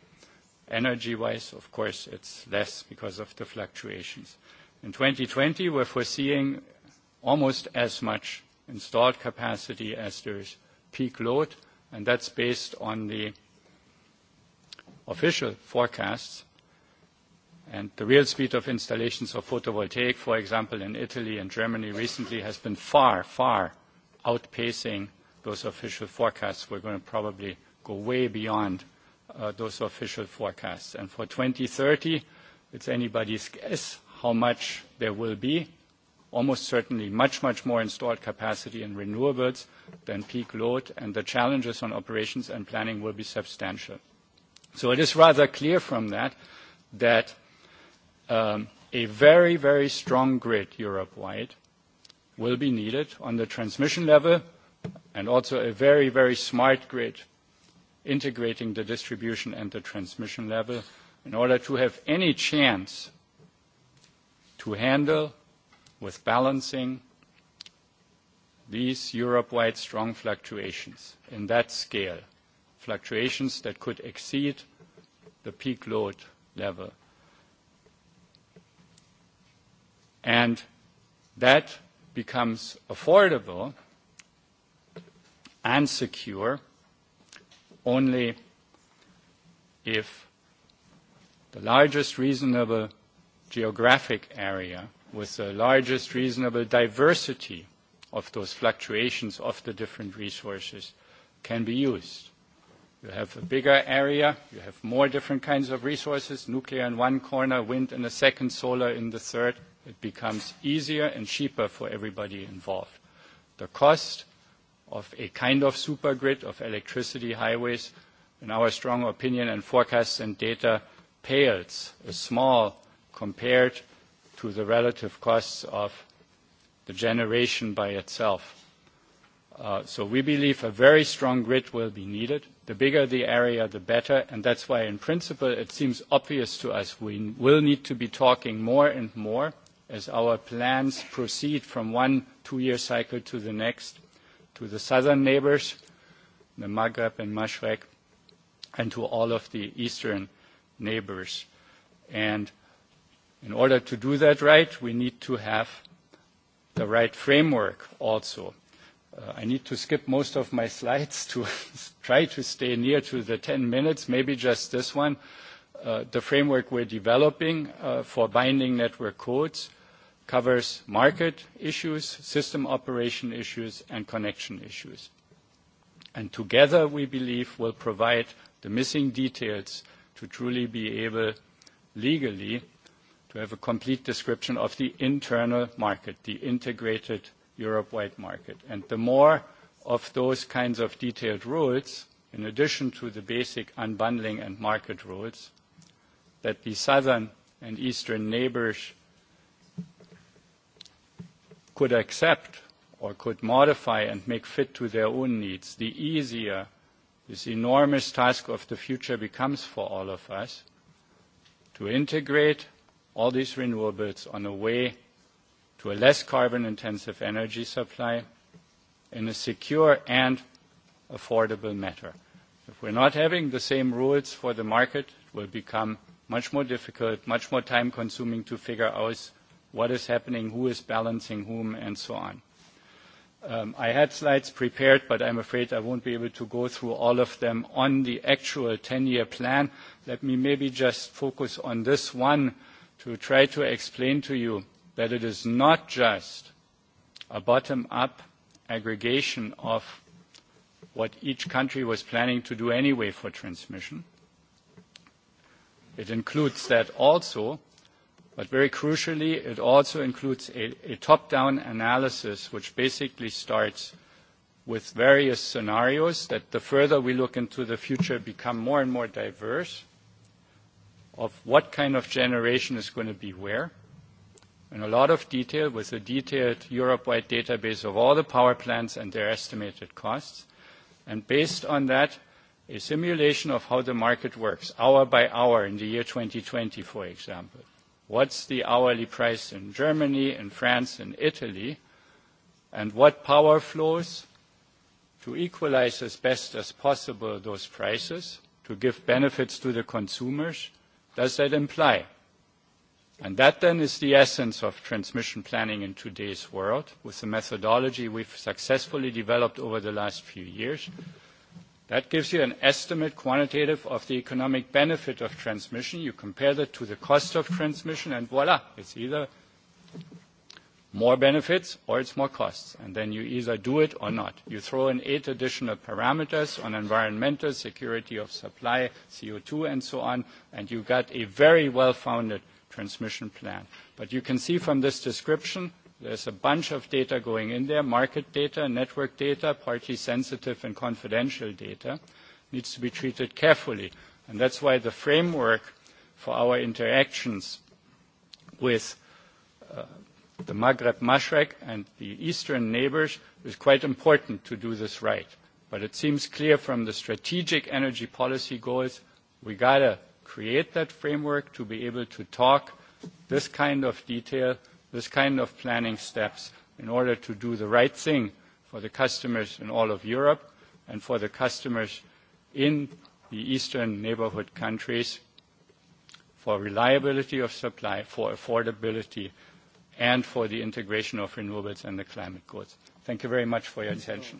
Energy-wise, of course, it's less because of the fluctuations. In 2020, we're foreseeing almost as much installed capacity as there's peak load, and that's based on the official forecasts And the real speed of installations of photovoltaic, for example, in Italy and Germany recently has been far, far outpacing those official forecasts. We're going to probably go way beyond those official forecasts. And for 2030, it's anybody's guess how much there will be. Almost certainly much, much more installed capacity in renewables than peak load, and the challenges on operations and planning will be substantial. So it is rather clear from that that a very, very strong grid Europe-wide will be needed on the transmission level and also a very, very smart grid integrating the distribution and the transmission level in order to have any chance to handle with balancing these Europe-wide strong fluctuations in that scale, fluctuations that could exceed the peak load level. and that becomes affordable and secure only if the largest reasonable geographic area with the largest reasonable diversity of those fluctuations of the different resources can be used. You have a bigger area, you have more different kinds of resources, nuclear in one corner, wind in the second, solar in the third, it becomes easier and cheaper for everybody involved. The cost of a kind of supergrid of electricity highways, in our strong opinion and forecasts and data, pales is small compared to the relative costs of the generation by itself. So we believe a very strong grid will be needed. The bigger the area, the better, and that's why in principle it seems obvious to us we will need to be talking more and more as our plans proceed from one two-year cycle to the next, to the southern neighbors, the Maghreb and Mashrek, and to all of the eastern neighbors. And in order to do that right, we need to have the right framework also. I need to skip most of my slides to try to stay near to the 10 minutes, maybe just this one. The framework we're developing for binding network codes covers market issues, system operation issues, and connection issues. And together, we believe, will provide the missing details to truly be able, legally, to have a complete description of the internal market, the integrated Europe-wide market. And the more of those kinds of detailed rules, in addition to the basic unbundling and market rules, that the southern and eastern neighbors could accept or could modify and make fit to their own needs, the easier this enormous task of the future becomes for all of us to integrate all these renewables on a way to a less carbon-intensive energy supply in a secure and affordable manner. If we're not having the same rules for the market, it will become much more difficult, much more time consuming to figure out what is happening, who is balancing whom, and so on. I had slides prepared, but I'm afraid I won't be able to go through all of them on the actual 10-year plan. Let me maybe just focus on this one to try to explain to you that it is not just a bottom-up aggregation of what each country was planning to do anyway for transmission It includes that also, but very crucially, it also includes a top-down analysis which basically starts with various scenarios that the further we look into the future become more and more diverse of what kind of generation is going to be where in a lot of detail with a detailed Europe-wide database of all the power plants and their estimated costs. And based on that, a simulation of how the market works, hour by hour in the year 2020, for example. What's the hourly price in Germany, in France, in Italy, and what power flows to equalize as best as possible those prices, to give benefits to the consumers, does that imply? And that then is the essence of transmission planning in today's world, with the methodology we've successfully developed over the last few years That gives you an estimate quantitative of the economic benefit of transmission. You compare that to the cost of transmission, and voila, it's either more benefits or it's more costs. And then you either do it or not. You throw in eight additional parameters on environmental, security of supply, CO2, and so on, and you got a very well-founded transmission plan. But you can see from this description There's a bunch of data going in there, market data, network data, party-sensitive and confidential data, needs to be treated carefully. And that's why the framework for our interactions with the Maghreb Mashrek and the eastern neighbors is quite important to do this right. But it seems clear from the strategic energy policy goals, we got to create that framework to be able to talk this kind of detail this kind of planning steps in order to do the right thing for the customers in all of Europe and for the customers in the eastern neighborhood countries for reliability of supply, for affordability, and for the integration of renewables and the climate goals. Thank you very much for your attention.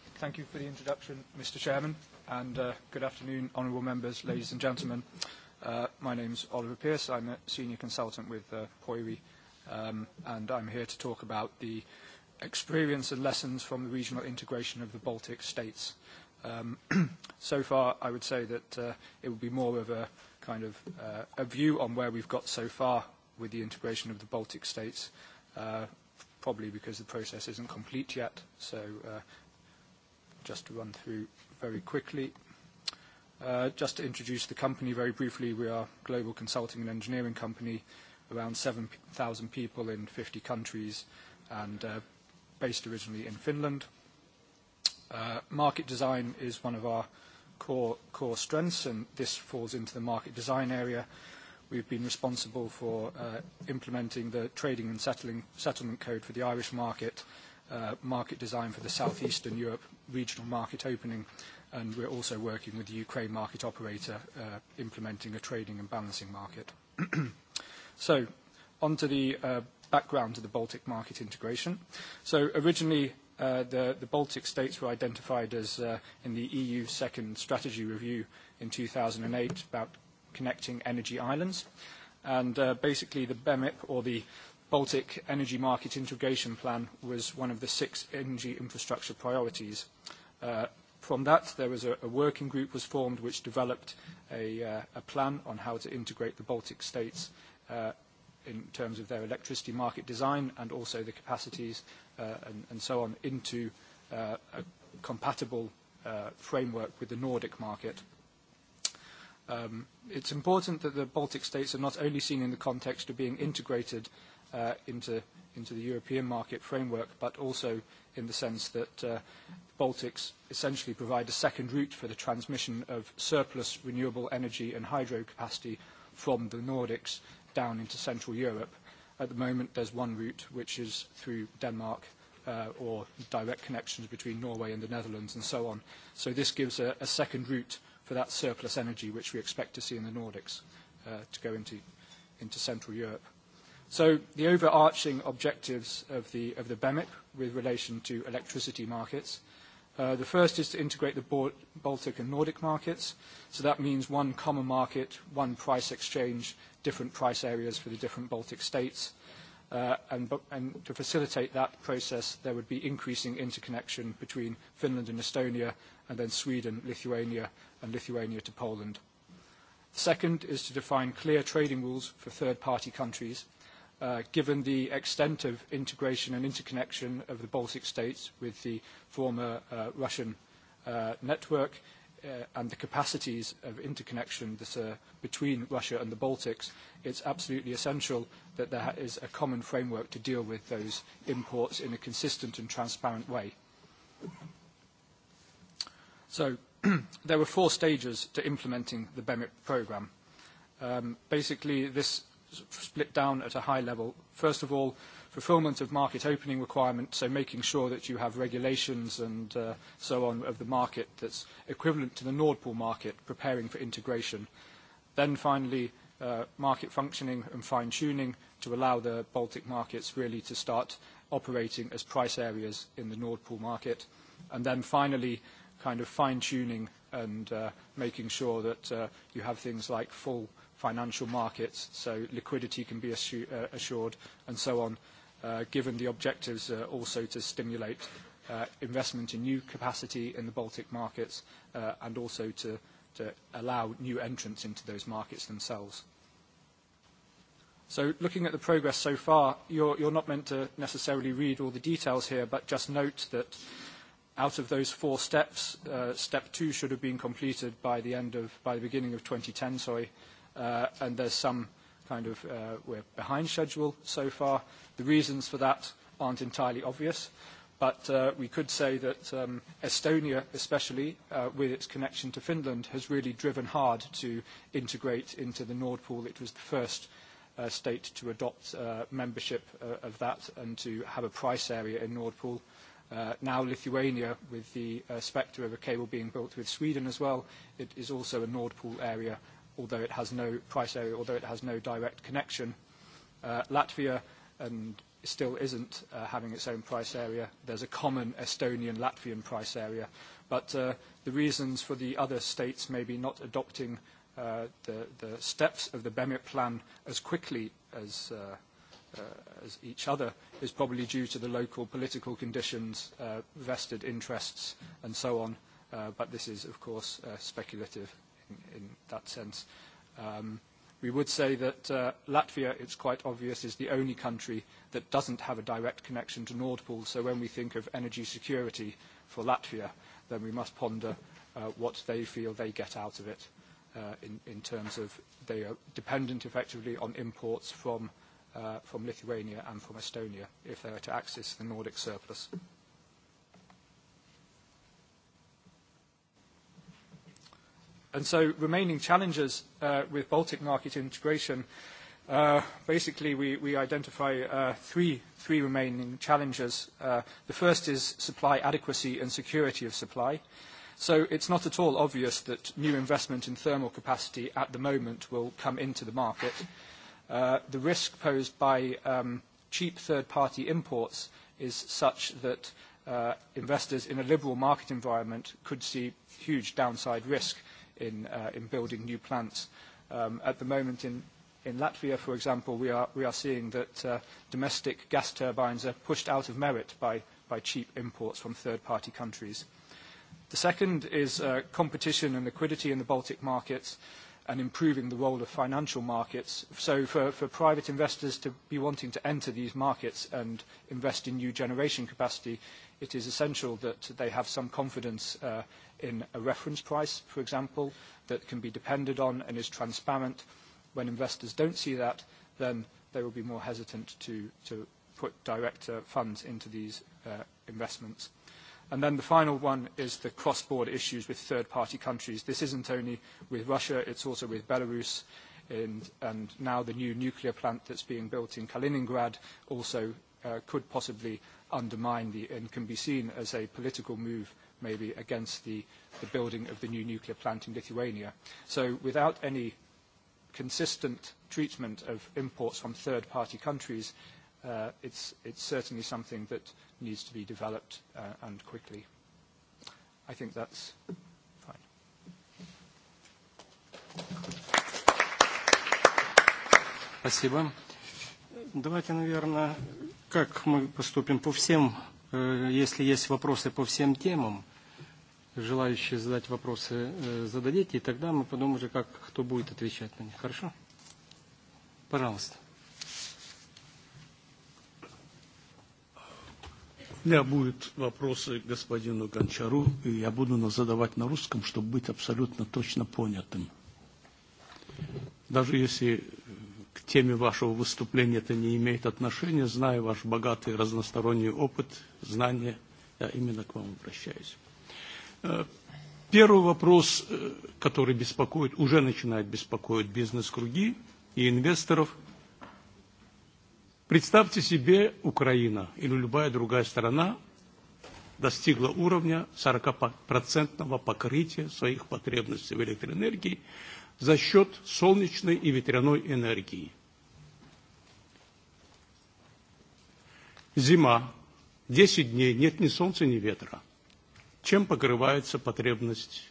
Thank you for the introduction, Mr. Chairman, and good afternoon, honourable members, ladies and gentlemen. My name is Oliver Pierce. I'm a senior consultant with POIRI, and I'm here to talk about the experience and lessons from the regional integration of the Baltic states. So far, I would say that it would be more of a kind of a view on where we've got so far with the integration of the Baltic states, probably because the process isn't complete yet. So just to run through very quickly. Just to introduce the company very briefly, we are a global consulting and engineering company, around 7,000 people in 50 countries and based originally in Finland. Market design is one of our core strengths, and this falls into the market design area. We've been responsible for implementing the Trading and Settlement Code for the Irish market market design for the southeastern Europe regional market opening, and we're also working with the Ukraine market operator implementing a trading and balancing market. So on to the background to the Baltic market integration. So originally, the Baltic states were identified as in the EU second strategy review in 2008 about connecting energy islands. And basically, the BEMIP, or the Baltic Energy Market Integration Plan was one of the six energy infrastructure priorities. From that, there was a working group was formed which developed a plan on how to integrate the Baltic states in terms of their electricity market design and also the capacities and so on into a compatible framework with the Nordic market. It's important that the Baltic states are not only seen in the context of being integrated into the European market framework, but also in the sense that the Baltics essentially provide a second route for the transmission of surplus renewable energy and hydro capacity from the Nordics down into Central Europe. At the moment, there's one route, which is through Denmark or direct connections between Norway and the Netherlands and so on. So this gives a second route for that surplus energy, which we expect to see in the Nordics, to go into Central Europe. So the overarching objectives of the BEMIP with relation to electricity markets, the first is to integrate the Baltic and Nordic markets. So that means one common market, one price exchange, different price areas for the different Baltic states. And to facilitate that process, there would be increasing interconnection between Finland and Estonia, and then Sweden, Lithuania, and Lithuania to Poland. Second is to define clear trading rules for third-party countries given the extent of integration and interconnection of the Baltic states with the former Russian network and the capacities of interconnection between Russia and the Baltics, it's absolutely essential that there is a common framework to deal with those imports in a consistent and transparent way. So there were four stages to implementing the BEMIP programme. Basically, this split down at a high level. First of all, fulfillment of market opening requirements, so making sure that you have regulations and so on of the market that's equivalent to the Nordpool market, preparing for integration. Then finally, market functioning and fine-tuning to allow the Baltic markets really to start operating as price areas in the Nordpool market. And then finally, kind of fine-tuning and making sure that you have things like full financial markets, so liquidity can be assured and so on, given the objectives also to stimulate investment in new capacity in the Baltic markets and also to allow new entrants into those markets themselves. So looking at the progress so far, you're not meant to necessarily read all the details here, but just note that out of those four steps, step two should have been completed by the by the beginning of 2010, sorry, and there's some kind of we're behind schedule so far. The reasons for that aren't entirely obvious, but we could say that Estonia, especially with its connection to Finland, has really driven hard to integrate into the Nord It was the first state to adopt membership of that and to have a price area in Nordpool. Now Lithuania, with the spectre of a cable being built with Sweden as well, it is also a Nordpool area although it has no price area, although it has no direct connection. Latvia and still isn't having its own price area. There's a common Estonian-Latvian price area. But the reasons for the other states maybe not adopting the steps of the Bemit plan as quickly as each other is probably due to the local political conditions, vested interests, and so on. But this is, of course, speculative in that sense. We would say that Latvia, it's quite obvious, is the only country that doesn't have a direct connection to Nord So when we think of energy security for Latvia, then we must ponder what they feel they get out of it in terms of they are dependent effectively on imports from Lithuania and from Estonia if they are to access the Nordic surplus. And so remaining challenges with Baltic market integration, basically we identify three remaining challenges. The first is supply adequacy and security of supply. So it's not at all obvious that new investment in thermal capacity at the moment will come into the market. The risk posed by cheap third-party imports is such that investors in a liberal market environment could see huge downside risk in building new plants. At the moment in Latvia, for example, we are seeing that domestic gas turbines are pushed out of merit by by cheap imports from third-party countries. The second is competition and liquidity in the Baltic markets and improving the role of financial markets. So for private investors to be wanting to enter these markets and invest in new generation capacity, it is essential that they have some confidence in a reference price, for example, that can be depended on and is transparent. When investors don't see that, then they will be more hesitant to put direct funds into these investments. And then the final one is the cross-border issues with third-party countries. This isn't only with Russia, it's also with Belarus and now the new nuclear plant that's being built in Kaliningrad also could possibly undermine and can be seen as a political move maybe against the building of the new nuclear plant in Lithuania. So without any consistent treatment of imports from third-party countries, it's certainly something that needs to be developed and quickly. I think that's fine. вопросы по всем желающие задать вопросы зададите, и тогда мы подумаем уже, как, кто будет отвечать на них. Хорошо? Пожалуйста. У меня будут вопросы господину Гончару, и я буду задавать на русском, чтобы быть абсолютно точно понятым. Даже если к теме вашего выступления это не имеет отношения, знаю ваш богатый разносторонний опыт, знания, я именно к вам обращаюсь. Первый вопрос, который беспокоит, уже начинает беспокоить бизнес-круги и инвесторов. Представьте себе, Украина или любая другая страна достигла уровня 40% покрытия своих потребностей в электроэнергии за счет солнечной и ветряной энергии. Зима. 10 дней нет ни солнца, ни ветра чем покрывается потребность.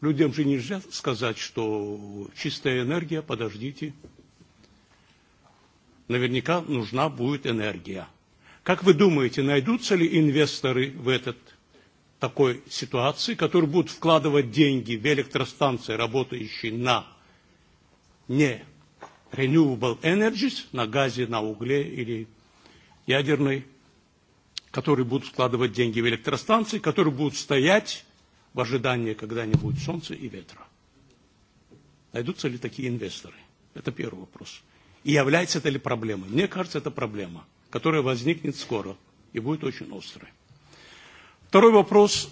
Людям же нельзя сказать, что чистая энергия, подождите. Наверняка нужна будет энергия. Как вы думаете, найдутся ли инвесторы в этот такой ситуации, которые будут вкладывать деньги в электростанции, работающие на не renewable energies, на газе, на угле или ядерной которые будут вкладывать деньги в электростанции, которые будут стоять в ожидании, когда не будет солнца и ветра. Найдутся ли такие инвесторы? Это первый вопрос. И является это ли проблемой? Мне кажется, это проблема, которая возникнет скоро и будет очень острой. Второй вопрос,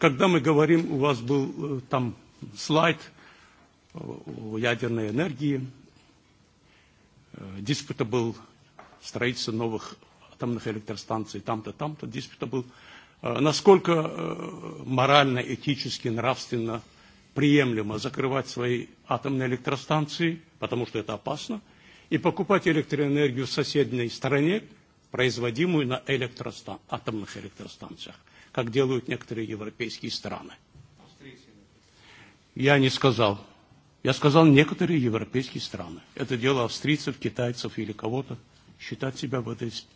когда мы говорим, у вас был там слайд о ядерной энергии, диспута был строительство новых атомных электростанций, там-то, там-то, был насколько морально, этически, нравственно приемлемо закрывать свои атомные электростанции, потому что это опасно, и покупать электроэнергию в соседней стране, производимую на электростан атомных электростанциях, как делают некоторые европейские страны. Я не сказал. Я сказал некоторые европейские страны. Это дело австрийцев, китайцев или кого-то считать себя в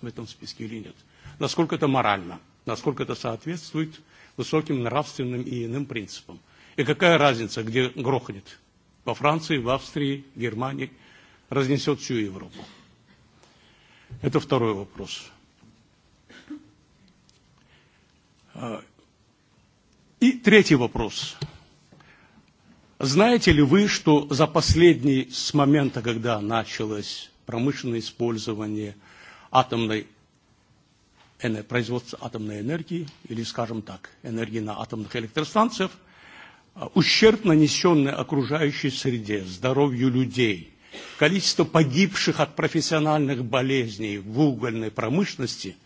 этом списке или нет. Насколько это морально, насколько это соответствует высоким нравственным и иным принципам. И какая разница, где грохнет? Во Франции, в Австрии, в Германии разнесет всю Европу. Это второй вопрос. И третий вопрос. Знаете ли вы, что за последний с момента, когда началась промышленное использование атомной производства атомной энергии или, скажем так, энергии на атомных электростанциях, ущерб, нанесенный окружающей среде, здоровью людей, количество погибших от профессиональных болезней в угольной промышленности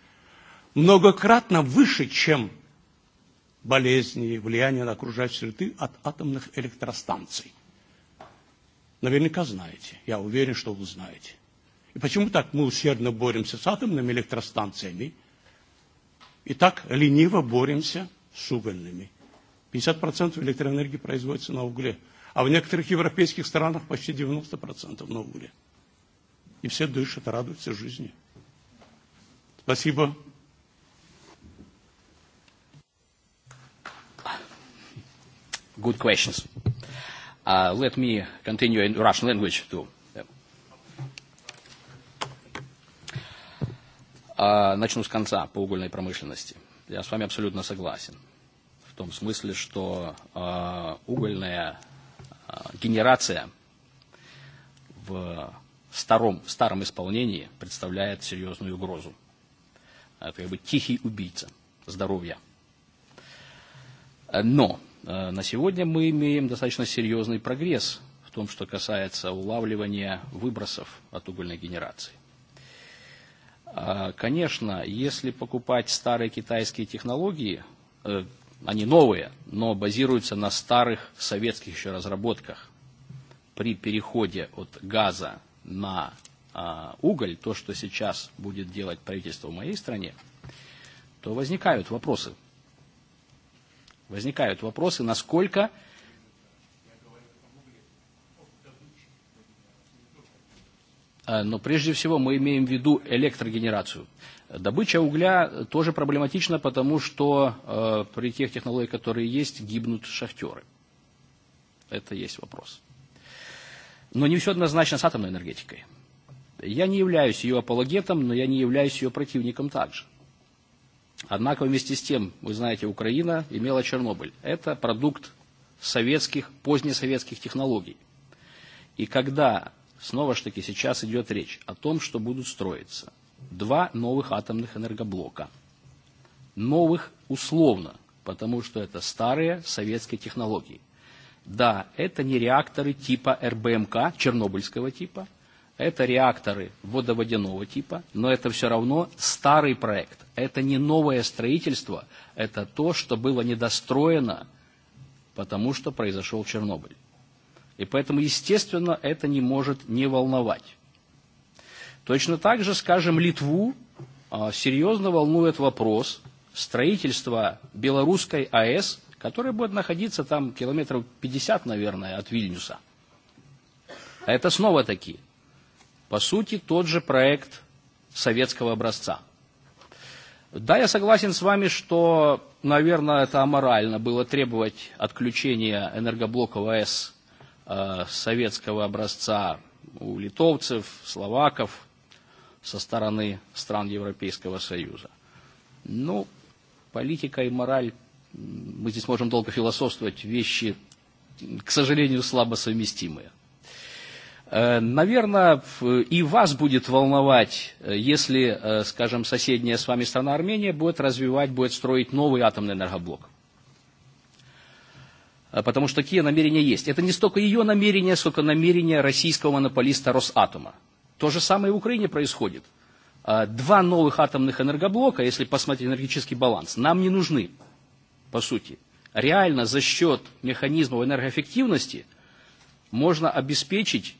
многократно выше, чем болезни, влияние на окружающую среду от атомных электростанций. Наверняка знаете, я уверен, что вы знаете. И почему так мы усердно боремся с атомными электростанциями и так лениво боремся с угольными? 50% электроэнергии производится на угле, а в некоторых европейских странах почти 90% на угле. И все дышат, радуются жизни. Спасибо. Good questions. Uh, let me continue in Russian language too. Начну с конца по угольной промышленности. Я с вами абсолютно согласен. В том смысле, что угольная генерация в старом, старом исполнении представляет серьезную угрозу. Это как бы тихий убийца здоровья. Но на сегодня мы имеем достаточно серьезный прогресс в том, что касается улавливания выбросов от угольной генерации. Конечно, если покупать старые китайские технологии, они новые, но базируются на старых советских еще разработках. При переходе от газа на уголь, то, что сейчас будет делать правительство в моей стране, то возникают вопросы. Возникают вопросы, насколько но прежде всего мы имеем в виду электрогенерацию. Добыча угля тоже проблематична, потому что при тех технологиях, которые есть, гибнут шахтеры. Это есть вопрос. Но не все однозначно с атомной энергетикой. Я не являюсь ее апологетом, но я не являюсь ее противником также. Однако вместе с тем, вы знаете, Украина имела Чернобыль. Это продукт советских, позднесоветских технологий. И когда снова ж таки сейчас идет речь о том, что будут строиться два новых атомных энергоблока. Новых условно, потому что это старые советские технологии. Да, это не реакторы типа РБМК, чернобыльского типа, это реакторы водоводяного типа, но это все равно старый проект. Это не новое строительство, это то, что было недостроено, потому что произошел Чернобыль. И поэтому, естественно, это не может не волновать. Точно так же, скажем, Литву серьезно волнует вопрос строительства белорусской АЭС, которая будет находиться там километров 50, наверное, от Вильнюса. А это снова-таки, по сути, тот же проект советского образца. Да, я согласен с вами, что, наверное, это аморально было требовать отключения энергоблока АЭС советского образца у литовцев, словаков со стороны стран Европейского Союза. Ну, политика и мораль, мы здесь можем долго философствовать, вещи, к сожалению, слабо совместимые. Наверное, и вас будет волновать, если, скажем, соседняя с вами страна Армения будет развивать, будет строить новый атомный энергоблок потому что такие намерения есть. Это не столько ее намерения, сколько намерения российского монополиста Росатома. То же самое и в Украине происходит. Два новых атомных энергоблока, если посмотреть энергетический баланс, нам не нужны, по сути. Реально за счет механизмов энергоэффективности можно обеспечить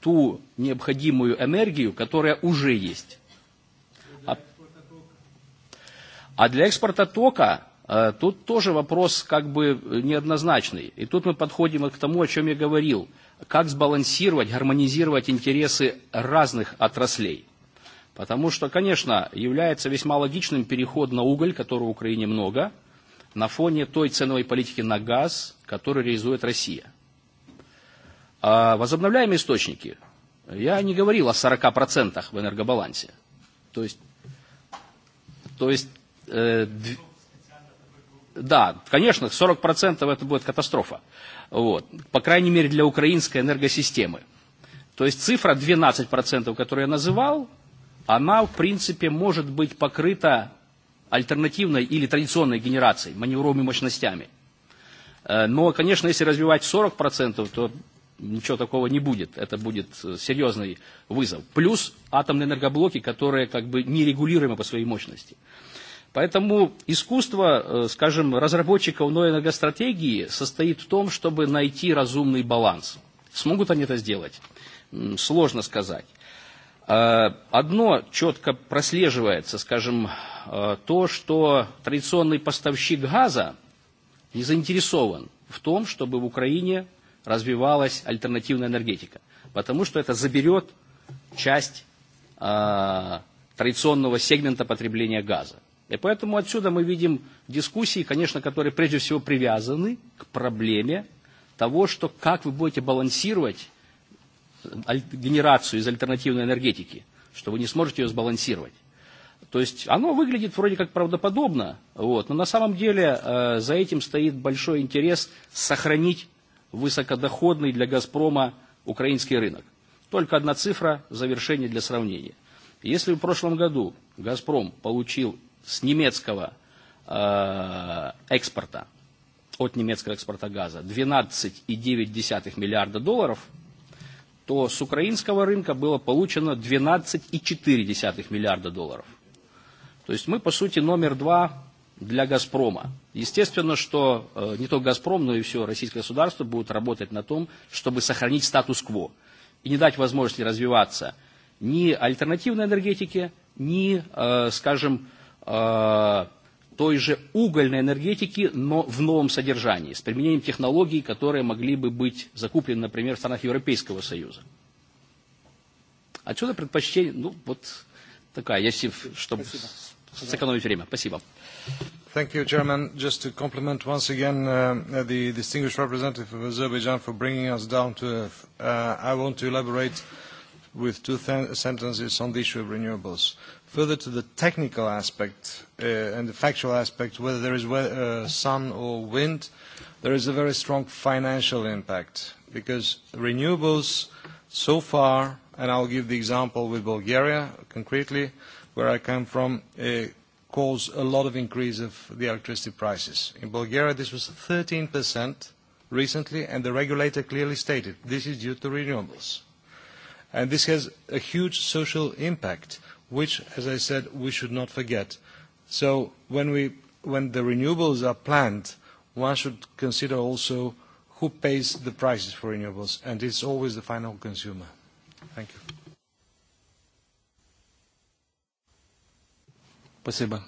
ту необходимую энергию, которая уже есть. А для экспорта тока Тут тоже вопрос как бы неоднозначный. И тут мы подходим к тому, о чем я говорил. Как сбалансировать, гармонизировать интересы разных отраслей. Потому что, конечно, является весьма логичным переход на уголь, которого в Украине много, на фоне той ценовой политики на газ, которую реализует Россия. А возобновляемые источники. Я не говорил о 40% в энергобалансе. То есть, то есть Да, конечно, 40% это будет катастрофа. Вот. По крайней мере, для украинской энергосистемы. То есть цифра 12%, которую я называл, она, в принципе, может быть покрыта альтернативной или традиционной генерацией, маневровыми мощностями. Но, конечно, если развивать 40%, то ничего такого не будет. Это будет серьезный вызов. Плюс атомные энергоблоки, которые как бы нерегулируемы по своей мощности. Поэтому искусство, скажем, разработчиков новой энергостратегии состоит в том, чтобы найти разумный баланс. Смогут они это сделать? Сложно сказать. Одно четко прослеживается, скажем, то, что традиционный поставщик газа не заинтересован в том, чтобы в Украине развивалась альтернативная энергетика, потому что это заберет часть традиционного сегмента потребления газа. И поэтому отсюда мы видим дискуссии, конечно, которые прежде всего привязаны к проблеме того, что как вы будете балансировать генерацию из альтернативной энергетики, что вы не сможете ее сбалансировать. То есть оно выглядит вроде как правдоподобно, вот, но на самом деле э, за этим стоит большой интерес сохранить высокодоходный для «Газпрома» украинский рынок. Только одна цифра завершения для сравнения. Если в прошлом году «Газпром» получил с немецкого экспорта, от немецкого экспорта газа 12,9 миллиарда долларов, то с украинского рынка было получено 12,4 миллиарда долларов. То есть мы, по сути, номер два для «Газпрома». Естественно, что не только «Газпром», но и все российское государство будет работать на том, чтобы сохранить статус-кво и не дать возможности развиваться ни альтернативной энергетике, ни, скажем, той же угольной энергетики, но в новом содержании, с применением технологий, которые могли бы быть закуплены, например, в странах Европейского Союза. Отсюда предпочтение, ну, вот такая, если, чтобы сэкономить время. Спасибо. Thank you, Chairman. Just to compliment once again the distinguished representative of Azerbaijan for bringing us down to earth. I want to elaborate with two sentences on the issue of renewables. Further to the technical aspect and the factual aspect, whether there is sun or wind, there is a very strong financial impact because renewables so far, and I'll give the example with Bulgaria concretely, where I come from, cause a lot of increase of the electricity prices. In Bulgaria, this was 13% recently, and the regulator clearly stated this is due to renewables. And this has a huge social impact which, as I said, we should not forget. So when we when the renewables are planned, one should consider also who pays the prices for renewables, and it's always the final consumer. Thank you. Спасибо.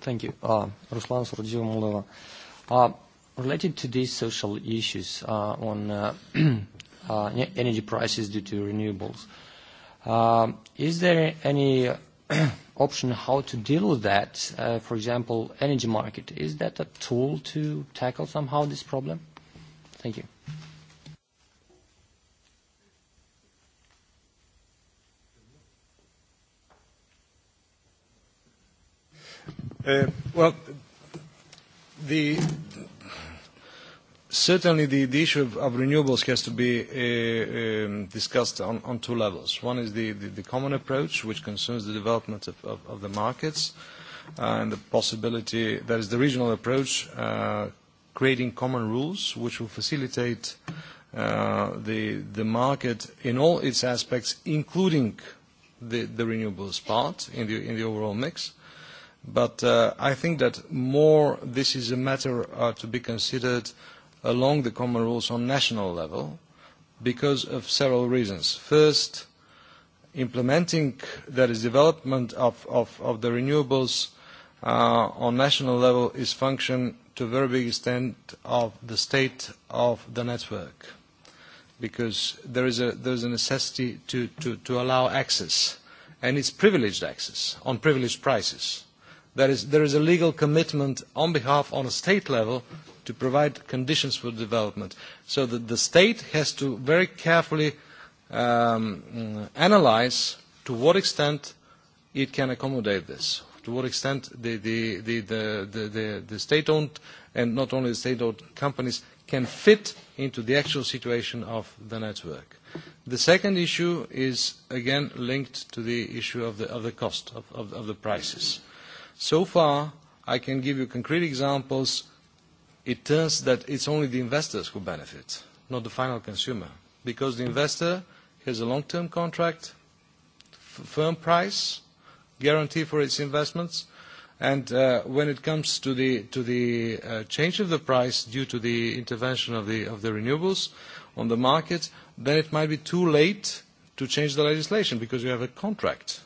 Thank you. Ruslan Related to these social issues on energy prices due to renewables. Is there any option how to deal with that? For example, energy market. Is that a tool to tackle somehow this problem? Thank you. Well, the Certainly, the issue of renewables has to be discussed on two levels. One is the common approach, which concerns the development of the markets and the possibility, that is the regional approach, creating common rules which will facilitate the market in all its aspects, including the renewables part in the overall mix. But I think that more this is a matter to be considered along the common rules on national level because of several reasons. First, implementing, that is, development of the renewables on national level is function to a very big extent of the state of the network because there is a a necessity to allow access, and it's privileged access on privileged prices. is There is a legal commitment on behalf on a state level to provide conditions for development. So that the state has to very carefully analyze to what extent it can accommodate this, to what extent the state-owned and not only the state-owned companies can fit into the actual situation of the network. The second issue is again linked to the issue of the cost, of the prices. So far, I can give you concrete examples it turns that it's only the investors who benefit, not the final consumer, because the investor has a long-term contract, firm price, guarantee for its investments, and when it comes to the to the change of the price due to the intervention of the of the renewables on the market, then it might be too late to change the legislation because you have a contract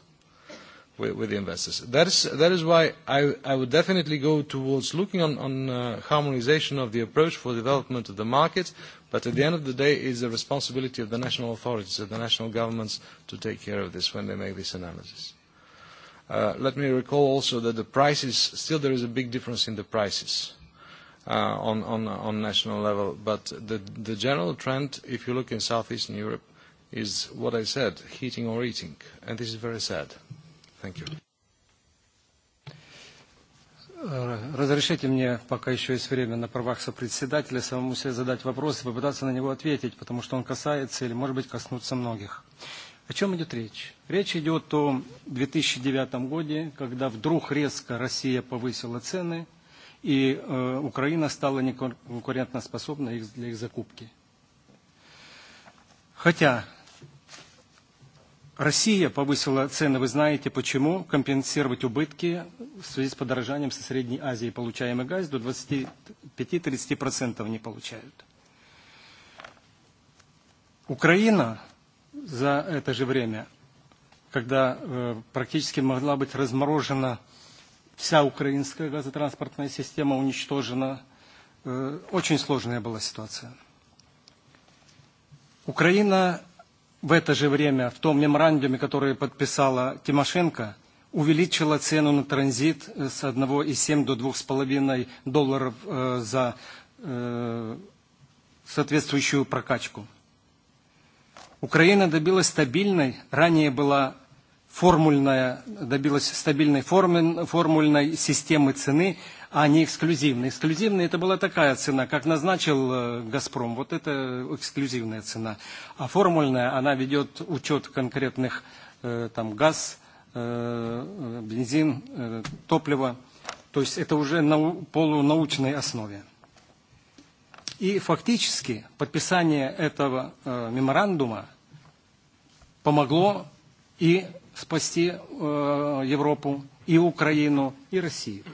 with the investors. That is that is why I I would definitely go towards looking on on harmonization of the approach for development of the market, but at the end of the day, it is the responsibility of the national authorities, of the national governments, to take care of this when they make this analysis. Let me recall also that the prices still there is a big difference in the prices on on on national level, but the general trend, if you look in southeastern Europe, is what I said: heating or eating, and this is very sad. Thank you. Разрешите мне, пока еще есть время, на правах сопредседателя самому себе задать вопрос и попытаться на него ответить, потому что он касается или, может быть, коснуться многих. О чем идет речь? Речь идет о 2009 году, когда вдруг резко Россия повысила цены, и Украина стала неконкурентоспособной для их закупки. Хотя Россия повысила цены, вы знаете почему, компенсировать убытки в связи с подорожанием со Средней Азии получаемый газ до 25-30% не получают. Украина за это же время, когда практически могла быть разморожена вся украинская газотранспортная система, уничтожена, очень сложная была ситуация. Украина в это же время в том меморандуме, который подписала Тимошенко, увеличила цену на транзит с 1,7 до 2,5 долларов за соответствующую прокачку. Украина добилась стабильной, ранее была формульная, добилась стабильной формульной системы цены, а не эксклюзивные. Эксклюзивные это была такая цена, как назначил «Газпром». Вот это эксклюзивная цена. А формульная, она ведет учет конкретных там, газ, бензин, топлива. То есть это уже на полунаучной основе. И фактически подписание этого меморандума помогло и спасти Европу, и Украину, и Россию.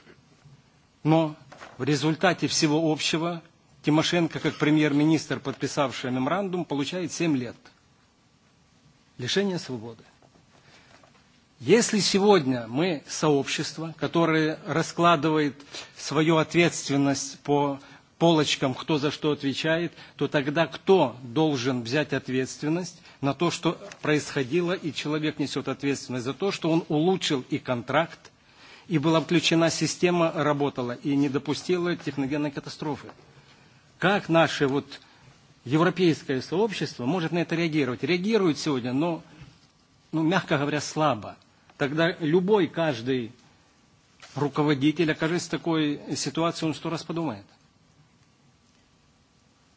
Но в результате всего общего Тимошенко, как премьер-министр, подписавший меморандум, получает 7 лет. Лишение свободы. Если сегодня мы сообщество, которое раскладывает свою ответственность по полочкам, кто за что отвечает, то тогда кто должен взять ответственность на то, что происходило, и человек несет ответственность за то, что он улучшил и контракт, и была включена система, работала и не допустила техногенной катастрофы. Как наше вот европейское сообщество может на это реагировать? Реагирует сегодня, но, ну, мягко говоря, слабо. Тогда любой, каждый руководитель окажется в такой ситуации, он сто раз подумает.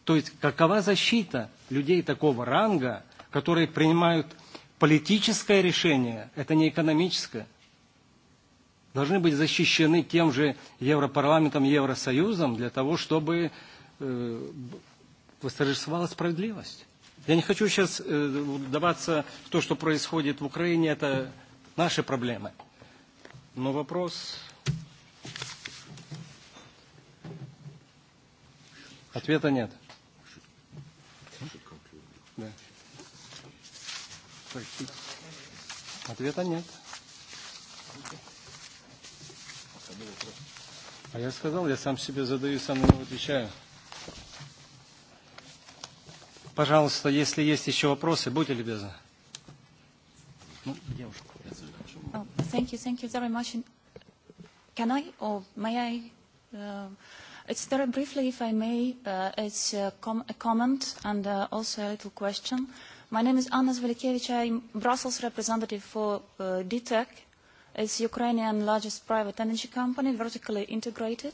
То есть какова защита людей такого ранга, которые принимают политическое решение, это не экономическое, должны быть защищены тем же Европарламентом, Евросоюзом для того, чтобы восторжествовала справедливость. Я не хочу сейчас вдаваться в то, что происходит в Украине, это наши проблемы. Но вопрос... Ответа нет. Ответа нет. А я сказал, я сам себе задаю, сам на него отвечаю. Пожалуйста, если есть еще вопросы, будьте любезны. Ну, девушку. Thank you, thank you very much. Can I, or may I, it's very briefly, if I may, it's a comment and also a little question. My name is Anna Zvelikevich. I'm Brussels representative for DTEC is Ukrainian largest private energy company, vertically integrated,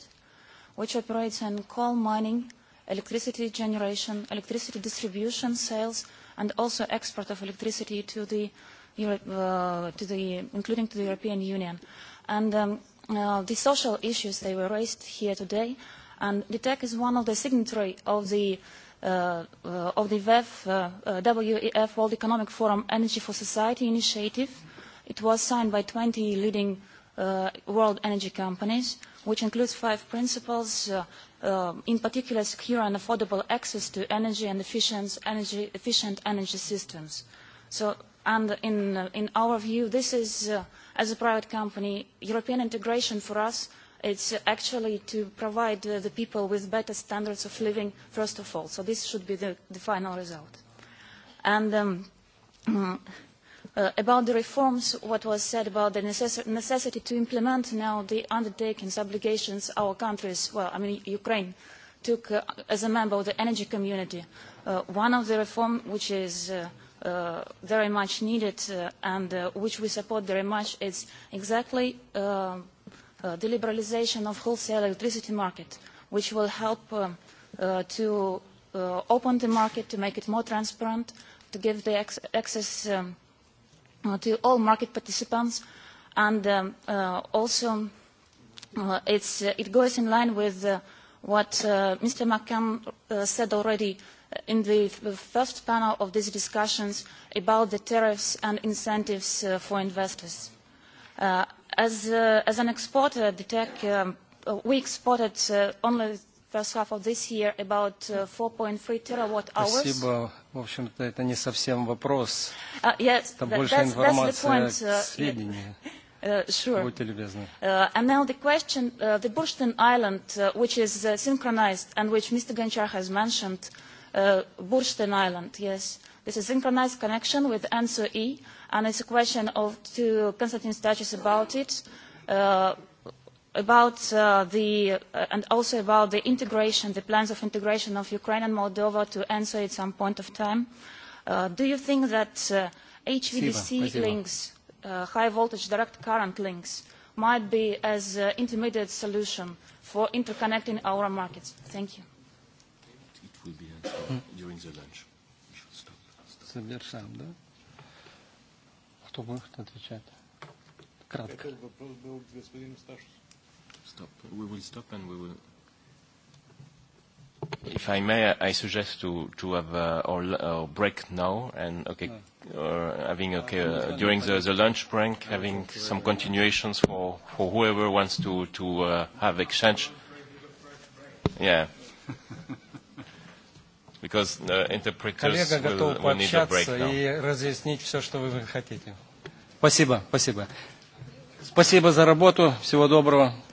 which operates in coal mining, electricity generation, electricity distribution, sales, and also export of electricity to the, including to the European Union. And the social issues, they were raised here today, and the Tech is one of the signatory of the of the WEF World Economic Forum Energy for Society initiative It was signed by 20 leading world energy companies, which includes five principles, in particular secure and affordable access to energy and efficient energy systems. So, and in our view, this is, as a private company, European integration for us, it's actually to provide the people with better standards of living, first of all. So this should be the final result. And About the reforms, what was said about the necessity to implement now the undertakings, obligations our countries, well, I mean Ukraine, took as a member of the energy community. One of the reforms which is very much needed and which we support very much is exactly the liberalisation of wholesale electricity market, which will help to open the market, to make it more transparent, to give the access to all market participants and also it goes in line with what Mr. McCann said already in the first panel of these discussions about the tariffs and incentives for investors. As an exporter, the we exported only first half of this year about 4.3 terawatt hours. Спасибо. В общем-то, это не совсем вопрос. Yes, это больше информация, сведения. Sure. Будьте любезны. And now the question, the Burstyn Island, which is synchronized and which Mr. Ganchar has mentioned, Burstyn Island, yes. This is synchronized connection with answer E, and it's a question of to Konstantin Stachis about it about the and also about the integration, the plans of integration of Ukraine and Moldova to answer at some point of time. Do you think that HVDC links, high voltage direct current links, might be as an intermediate solution for interconnecting our markets? Thank you stop. We will stop and we will. If I may, I suggest to to have a, uh, or break now and okay, or having okay during the, the lunch break, having some continuations for for whoever wants to to uh, have exchange. Yeah. Because uh, interpreters will, will need a break now. и разъяснить все, что вы хотите. Спасибо, спасибо. Спасибо за работу. Всего доброго.